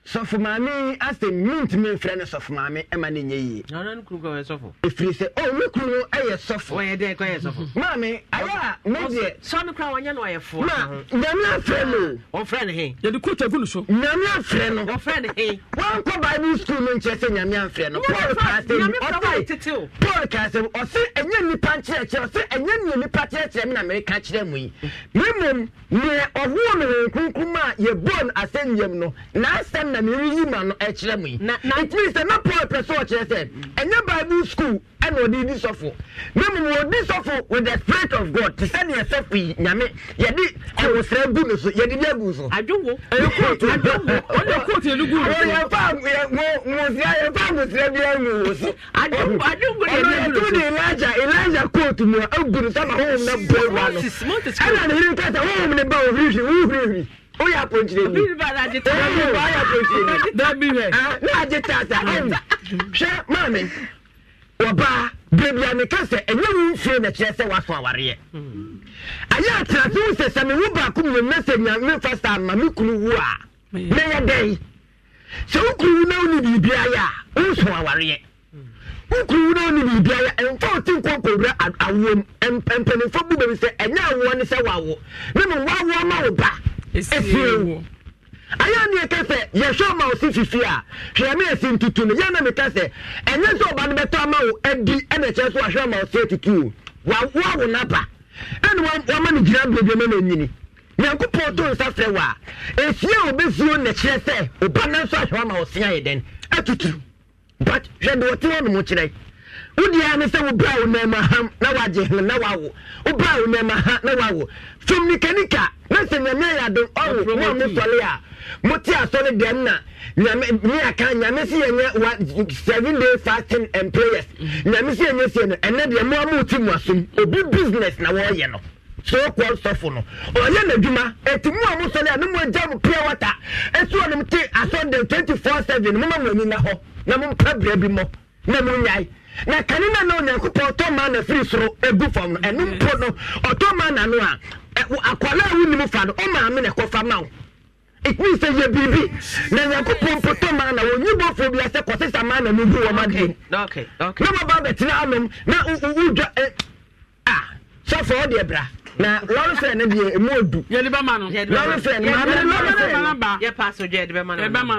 sɔfo maame asɛ mint mi nfrɛ no sɔfo maame ɛma ne nyɛ yie. ɔno ne kuru kɔ yɛ sɔfo. efiri sɛ o ne kuru ɛyɛ sɔfo. ɔyɛ dɛ kɔ yɛ sɔfo. maame ayɛ a ne deɛ. sɔmi kura wɔnyɛ no ɔyɛ fo. ma nyamia frɛ no. ɔfrɛ ne he. yɛde kóòtù egu ne so. nyamia frɛ no. ɔfrɛ ne he. wɔn kɔ bible school no nkyɛn sɛ nyamia frɛ no. paul kaasɛm ɔsɛ paul kaasɛm ɔsɛ ɛnyɛ nipa kyerɛkyerɛ ɔsɛ ɛnyɛ nea nipa kyerɛkyerɛ mi na mɛreka kyerɛ mu yi. mmom nea ɔhoɔ mi wɔ nkunkum a yɛ no, asɛnyɛm no n'asɛm asɛm na mereyi ma no ɛkyerɛ mo yi ɛtumi sɛ na paul pɛ sɛ ɔkyerɛ sɛ ɛnyɛ bible school ɛna ɔde di sɔfo na mmom ɔdi sɔfo with the spirit of god te sɛ neɛ sɛfo yi nyame yɛde ɛwosrɛ gu no so yɛde bi agu so adwowo ɛyɛ kootu adwowo ɔyɛ kootu yɛde gu no so yɛmfa mosira yɛmfa mosira bi amu wo so adwowo adwowo yɛde gu no so ɛna elija elija kootu mu a agu no so ama honhom na bɔ wa no ɛna ne hiri kasa honhom ne ba ohirihiri wohirihiri o yà pọnjire mi ebi ba yà pọnjire mi ne agye taata ɛn hwɛ maame wɔbaa beebi a ne ka sɛ ɛnyɛ wo nfie na kyerɛ sɛ waso awareɛ ayɛ hmm. atenase wo sɛ sɛ me wo baako mu mɛsɛ nya memfa saa ma me kunu wu a mɛyɛ hmm. dɛn sɛ wo kunu wu na wo ni biribia yɛ a wonso awareɛ wo kunu wu na wo ne biribia yɛ ɛmfa wo te nkɔ kɔwura awoɔ m mpanimfoɔ bu baabi sɛ ɛnyɛ awoɔ ne sɛ wawo ne mo wawoɔ ma wo ba efiri wo ayé ni eke sɛ yɛhwɛ ɔma ɔsi fifi a hwɛmi ɛsi ntutu no yɛn mi ka sɛ ɛnyɛ sɛ ɔba no bɛtɔ ama wo adi ɛna ɛkyɛ so ahwɛ ɔma ɔsi etutu o wa wa wo naba ɛna wama no gyina bebree ma n'enyini nyankopɔn tó nsa fɛ wa esie a obefuo na kyerɛ sɛ ɔba nan so ahwɛ ɔma ɔsi ayɛ dɛn ɛtutu but hwɛ de wɔte wɔn no kyerɛ yi. wodeɛ ne sɛ wobra wo nɛma ha na wagye hene na wawo wobra wo nɛma ha na wawo nikanika na sɛ nyame ayɛ ɔwo na ɔmo sɔre a mote asɔre dɛm na nyame nyame si yɛnyɛ seven day fasting and prayers nyame si yɛnyɛ sie no ɛnɛ deɛ mo amu ti mu asom obi business na wɔreyɛ no so sɔfo no ɔyɛ n'adwuma eti mu a mo sɔre a ne pure water te twenty four seven na hɔ na mo mpa bi mɔ na mo nyae. na kane na na onyankopɔn ma na firi soro egu fam ɛnu mpo no ma na no a akwara a fa no na ɛkɔfa ma wo sɛ yɛ biribi na nyankopɔn ma na bi ma na wɔn na na ɛ a sɔfo na lɔri fɛn ne deɛ emu no lɔri fɛn no lɔri fɛn no yɛ paaso jɛ yɛ de bɛ ma no yɛ bɛ ma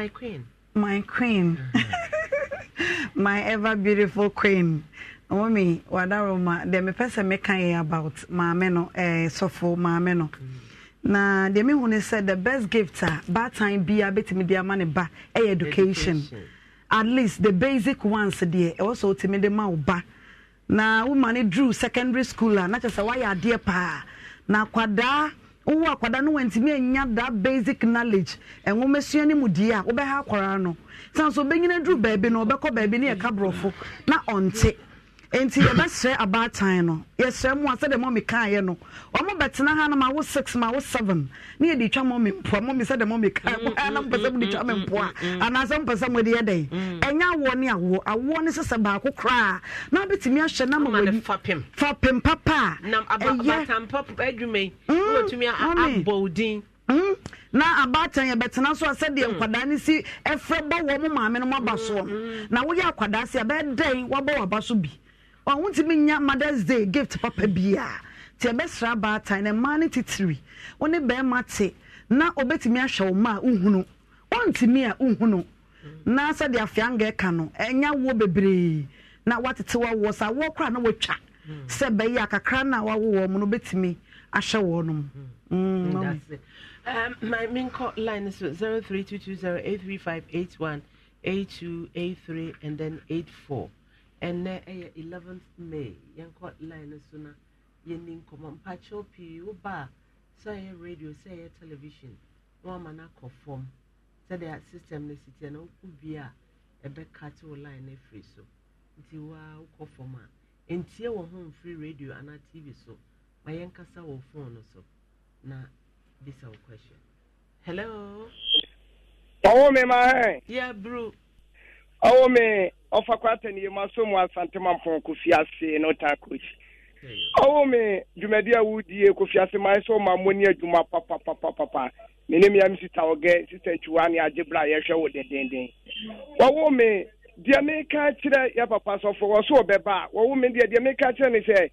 no. my queen, my ever beautiful queen. Mommy, wadaro ma, de me pese me kan about maame no, eh, sofo maame no. Mm. Na de me hune said the best gift ah. bad time be a bit me dia mane ba, eh, education. At least the basic ones there, eh, also to me de ma ba. Na woman drew secondary school, ah, na just a why adeɛ paa. Na kwadaa wo akwada no wantumi anya da basic knowledge nwoma sua no mu die a wobɛha akwara no san so obɛnyina duru baabi no ɔbɛkɔ baabi ne yɛka borɔfo na ɔnte nti yɛbɛsrɛ about time no yɛsrɛ mu a sɛdeɛ mɔmi kaeɛ no ɔmo bɛtena ha no ma wo six ma wo seven ne yɛde twa mɔmi mpoa mɔmi sɛdeɛ mɔmi kaeɛ mo ɛna mpɛ sɛ mode twa me mpoa mm, mm, mm, anaasɛ mpɛ sɛ mode yɛdɛn ɛnyɛ awoɔ ne awoɔ awoɔ ne sesɛ baako koraa na wobɛtumi ahyɛ na ma fa pem papa a ɛyɛ na abaatan yɛbɛtena so a sɛdeɛ nkwadaa no si ɛfrɛ bɔ wɔ mo maame no mo aba soɔ no na woyɛ akwadaa se a bɛɛdɛn woabɔ wɔ aba so bi ɔho ntumi nya mothers day gift papa biaa nti ɛbɛsra baatan na mmaa no titiri wo ne bɛrima te na obɛtumi ahwɛ wo a wohunu ɔntumi a wohunu na sɛde afeanga ɛka no ɛnya wo bebree na watete wawoɔ saa woɔ kora na watwa sɛ bɛyɛ a kakra no a mu no wobɛtumi ahyɛ wɔ no mu menkɔ line so 0322083581 8283 and then 84 ɛnɛ ɛyɛ 11th may yɛnkɔ line no so na yɛni nkɔmmɔ mpakyɛw pii woba a sɛ ɛyɛ radio sɛ ɛyɛ television na wama no akɔ fam sɛdeɛ system no sitiɛ na wokɔ wie a ɛbɛka te wo line no afiri so nti woa wokɔ fam a ɛntie wɔ ho mfiri radio anaa tv so ma yɛnkasa wɔ phone no so na bisa wo question hello ɔwo me ma hɛn yeah bro awo me ɔfa kwata ne yɛm aso mu asantemampɔn kofi ase na ɔta kofi awo me dwumadi a wodie kofi ase ma sɛ ɔma mmɔni adwuma papapapapa mene mea me sita ɔgɛ sista ntwiwa ne agye berɛ a yɛhwɛ wo dendenden wɔwo me deɛ meka kyerɛ yɛ papa sɔfo wɔ so ɔbɛba a wɔwo me deɛ deɛ meka kyerɛ ne sɛ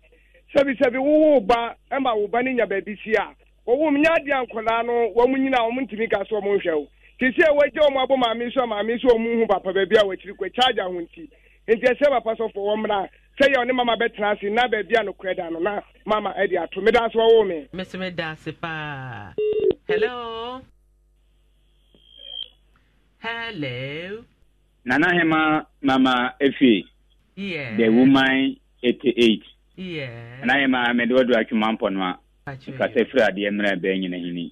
sɛbisɛbi wowo ba ma wo ba no nya baabi si a wɔwo me nyɛ adeɛ nkɔlaa no wɔm nyina wɔm ntumi ka sɛ ɔmo nhwɛ wo kesi a wagye wɔn abɔ maame nso a maame nso a wɔn ho papa baabi a wɔakyiri kɔ charge aho nti nti ɛsɛ papa sɔfo wɔn mmerɛ a ɔne mama bɛtena ase na baabi a nokorɛ da no na mama ɛde ato meda ase wɔwɔ me. mesi mi da ase paa hello hello. nana hema mama efie. yeah the woman eighty eight. yeah nana hema mɛdiwɔdo atwuma mpɔnua. nkasa efiri adeɛ mmerɛ bɛɛ nyina hini.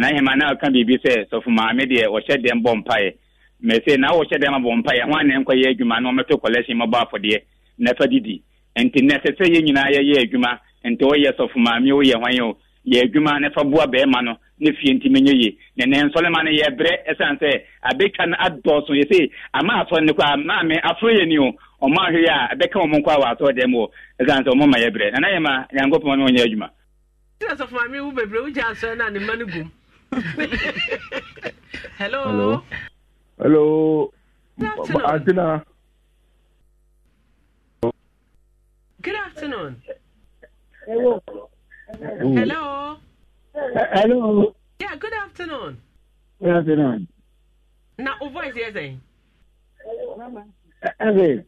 na ahema na aka biribi sɛ sɔfo maame deɛ ɔhyɛ dɛm bɔ mpaeɛ na wɔhyɛ dɛm abɔ mpaeɛ ho anan nkɔyɛ adwuma na wɔmɛto collection mɔbɔ afɔdeɛ na fa didi nti na ɛsɛ sɛ yɛn nyinaa yɛyɛ adwuma nti wɔyɛ sɔfo maame hwan o yɛ adwuma na fa boa bɛrima no ne fie nti menyɛ yie na ne nsɔlema no yɛ brɛ sɛ abɛtwa no adɔɔso yɛ ama asɔre a maame aforo yɛ ni o a ɛbɛka nkɔ a ma na hello. hello. Hello. Good afternoon. Good afternoon. Hello. Hello. Hello. Yeah, good afternoon. Good afternoon. Now, who voice is eh, it? Hello.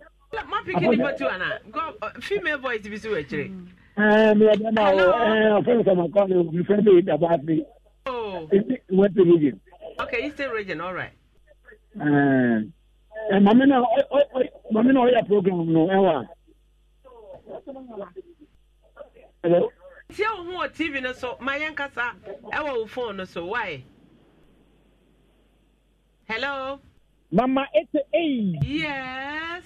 Ma pikin ni pọtu ana. Go uh, female voice bi si wọ ekyire. Ẹ mi ẹ bẹ́ẹ̀ ma ọ ẹ ọ̀fẹ́ mi sọ̀rọ̀ kọ́ ni mi fẹ́ Oh. Western region. Okay, Eastern region, all right. Uh, and Mamina, Mamina, all your program, no, Ewa. Eh, Hello? Tia wo ho TV so, ma yɛn kasa ɛwɔ phone so, why? Hello? Mama 88. Yes.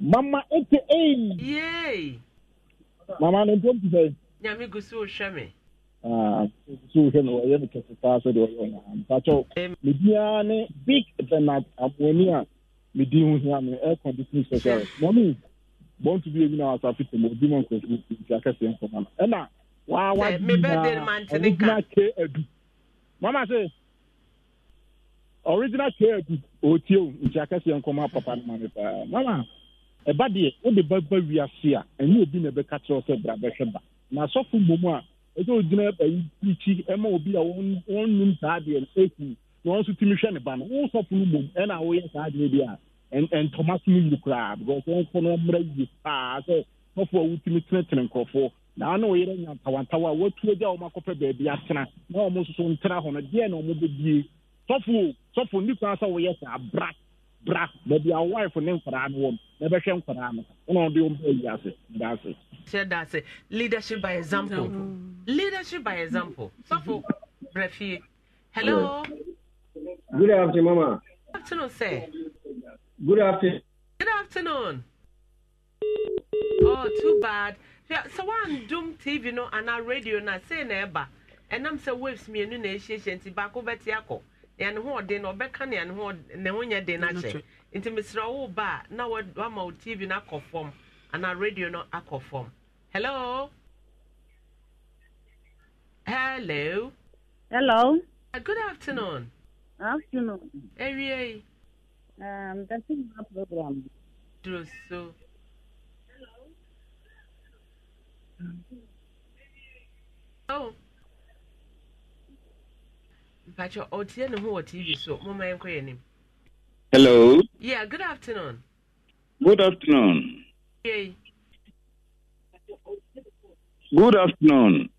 Mama 88. Yay. Mama no mpom ti sɛ. Nyame gu so wo nso hwɛ no wɔyɛ no kɛse paa sɛ deɛ ɔyɛ ɔyɛ mpakyɛw ne biara ne big bernard amoani a ne din ho hia me air conditioning specialist mɔmi bɔntu bi ebi na wasa fi tɛmɛ obi ma nkurɔfo nti akɛse nkɔma no ɛna waa waa di na original k adu mama se original k adu otie o nti akɛse nkɔma papa no ma mi paa mama ɛba deɛ o de ba ba wiase a ɛnyɛ obi na ɛbɛka kyerɛw sɛ bra bɛhwɛ ba na asɔfo mbom a ɛsɛ ogyina ɛyi eh, pirikyi ɛma eh, obi a wɔn nnum saa adeɛ no eku eh, na wɔn nso tumi hwɛ ne ba no wɔn sɔfo no mom ɛna wɔyɛ saa adeɛ bi a ntoma so mu koraa because wɔn kɔ mmerɛ yie paa sɛ sɔfo a wotumi tenetene nkurɔfoɔ na ana oyere nyantawantawa a watu agya wɔn akɔpɛ baabi atena na wɔn nso so ntena hɔ no deɛ na wɔn bɛbie sɔfo sɔfo nipa sɛ wɔyɛ saa bra bra baabi a wife ne nkwadaa no wɔ na ɛbɛhwɛ nkwadaa no ɛna ɔde wɔn bɛɛ ase da ase. hyɛ da ase leadership by example leadership by example mm-hmm. sɔfo brɛfie hello. good afternoon mama. good afternoon sir. good afternoon. good afternoon. oh too bad sɛ wandom tv no anaa radio no a sei na ɛba ɛnam sɛ waves mmienu na ɛhyiahyia nti baako bɛte akɔ ɛne ho ɔden na ɔbɛka ne ɛne ho ne ho nyɛ den akyɛ nti mesrɛ wo ba na wama wo tv na akɔ fam anaa radio na akɔ fam hello hello hello uh, good afternoon afternoon ewie yi um, program duro so hello oh Pacho, oh, no TV so mama Hello. Yeah, good afternoon. Good afternoon. Yay. Good afternoon.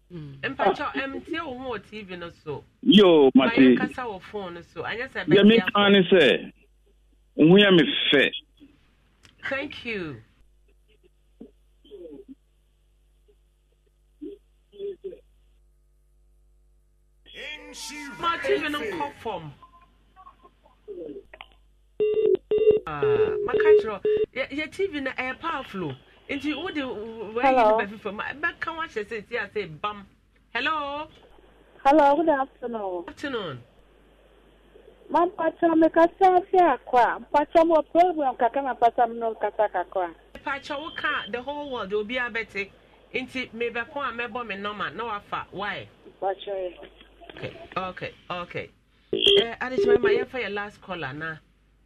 Mpacho, em tie wo TV no so. Yo, mate. Ma casa wo phone so. I sa be. Ya me kan se. Wo me Thank you. Martin no call form. Ah, my catcher, your TV na air powerful. Into all the way you be from my back bam. Hello. Hello, good afternoon. afternoon. Ma mpacha mekasa afia kwa. Mpacha mo program kaka na mpacha mno kasa kakwa. Mpacha ka the whole world obi abete. Inti mebeko a mebɔ me number na wafa why? Mpacha okay okay okay eh, adekyema ma yɛmfa yɛ last caller na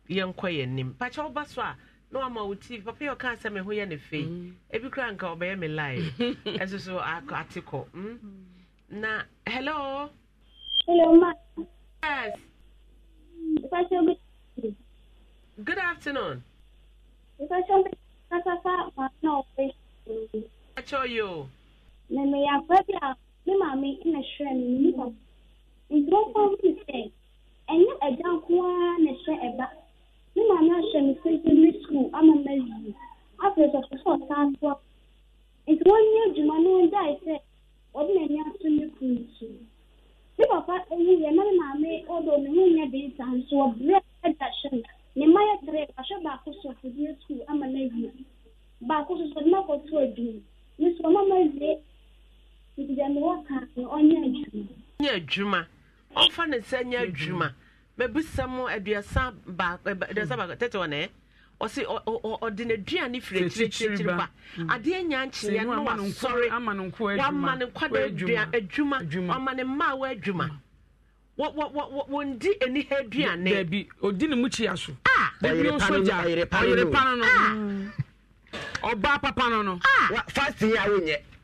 yɛnkɔ yɛ nim pakyɛ woba so a na wama wo tv papa yɛ ɔkaa sɛ me ho yɛ ne fei mm. ebi kora nka ɔbɛyɛ me live ɛso so ate kɔ mm? mm. na hello hello ma yes pakyɛ good good afternoon pakyɛ kasasa ma na ɔbɛ pakyɛ yo me me yɛ akwa bi a me maame ɛna hwɛ me nipa nkurɔfoɔ ahuru sɛ ɛnyɛ ɛda nko ara na ɛhyɛ ɛba ne maame ahyɛ me secondary school ama ma yi afei sɔfo sɛ ɔsan a nti wɔnyɛ adwuma no dae sɛ wɔde n'ani ato ne kuru nso ne papa ayi eh, yɛ na ne maame ɔdɔ ne ho nyɛ den saa nso ɔbrɛ ɛda hyɛ no ne mma yɛ tere ahwɛ baako ɔmfa ne nsa nyɛ adwuma mabisa mu aduasa baakduasa eh, baako tete wɔ nɛɛ ɔsi ɔdi na firi akyirikyiri ba adeɛ nyankyeɛ no wasɔre wama ne nkwadaa adwuma wama ne mmaawa adwuma aniha aduane. odi ne mu kyia so. no ɔbaa papa no no. Fa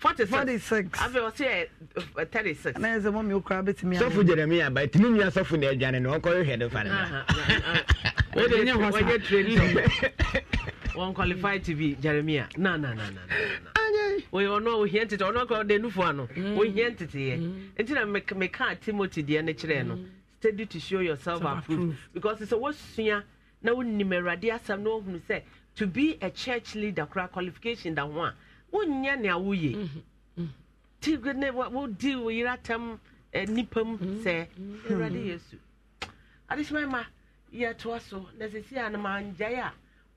Forty six. I thirty six. sɔfo jeremia ba ɛtumi nua sɔfo na you na ɔnkɔhwehwɛ ne fa ne not qualify to qualified to be No, no, no, no. We all know na wɔyɛ ɔno a ohia ntete ɔno akɔ ɔde nufu ano ohia nteteɛ nti na mekaa timothy deɛ ne kyerɛ no steady to show yourself approved because sɛ wɔsua na wonim awurade asɛm na wohunu sɛ to be a church leader qualification da one." wonyɛ nea woyɛ mhm. mhm. ti wodi wo yera tam eh, nipa mu mhm. sɛ awurade yesu adehyema ma yɛtoa so na sɛsi a no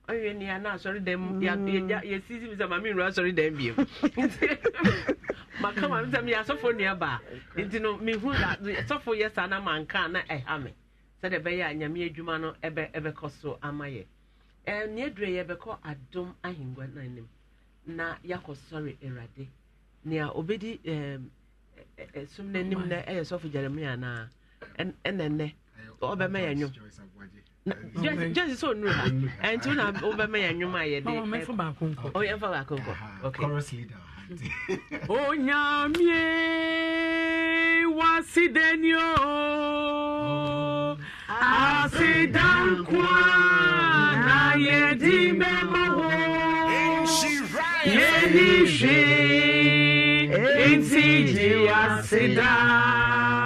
a ɔnwɛ nea na asɔre dɛm mm. yɛsisi mi sɛ nwura asɔre dɛm maka maame sɛ meyɛ asɔfo nnuaba a nti no mehu asɔfo yɛ saa na manka na ɛha me sɛdeɛ ɛbɛyɛ a nyame adwuma no ɛbɛkɔ so ama yɛ eh, nea dure yɛbɛkɔ adom ahengua no anim na yɛakɔ sɔre awurade nea obɛdi e, e, som no anim no ɛyɛ sɔfo jeremia anaa ɛnɛ nnɛ ɔbɛma yɛ nwom jẹsi sọ nuru ha ẹnti na wọbẹmẹ yẹn nwom ayẹ de ọmọ mẹfọ baako nkọ ọmọ mẹfọ baako nkọ ok chorus leader onyamie oh, o ah. asidankwa na yedi mẹmọ wo. Lenije, Intiji Asida.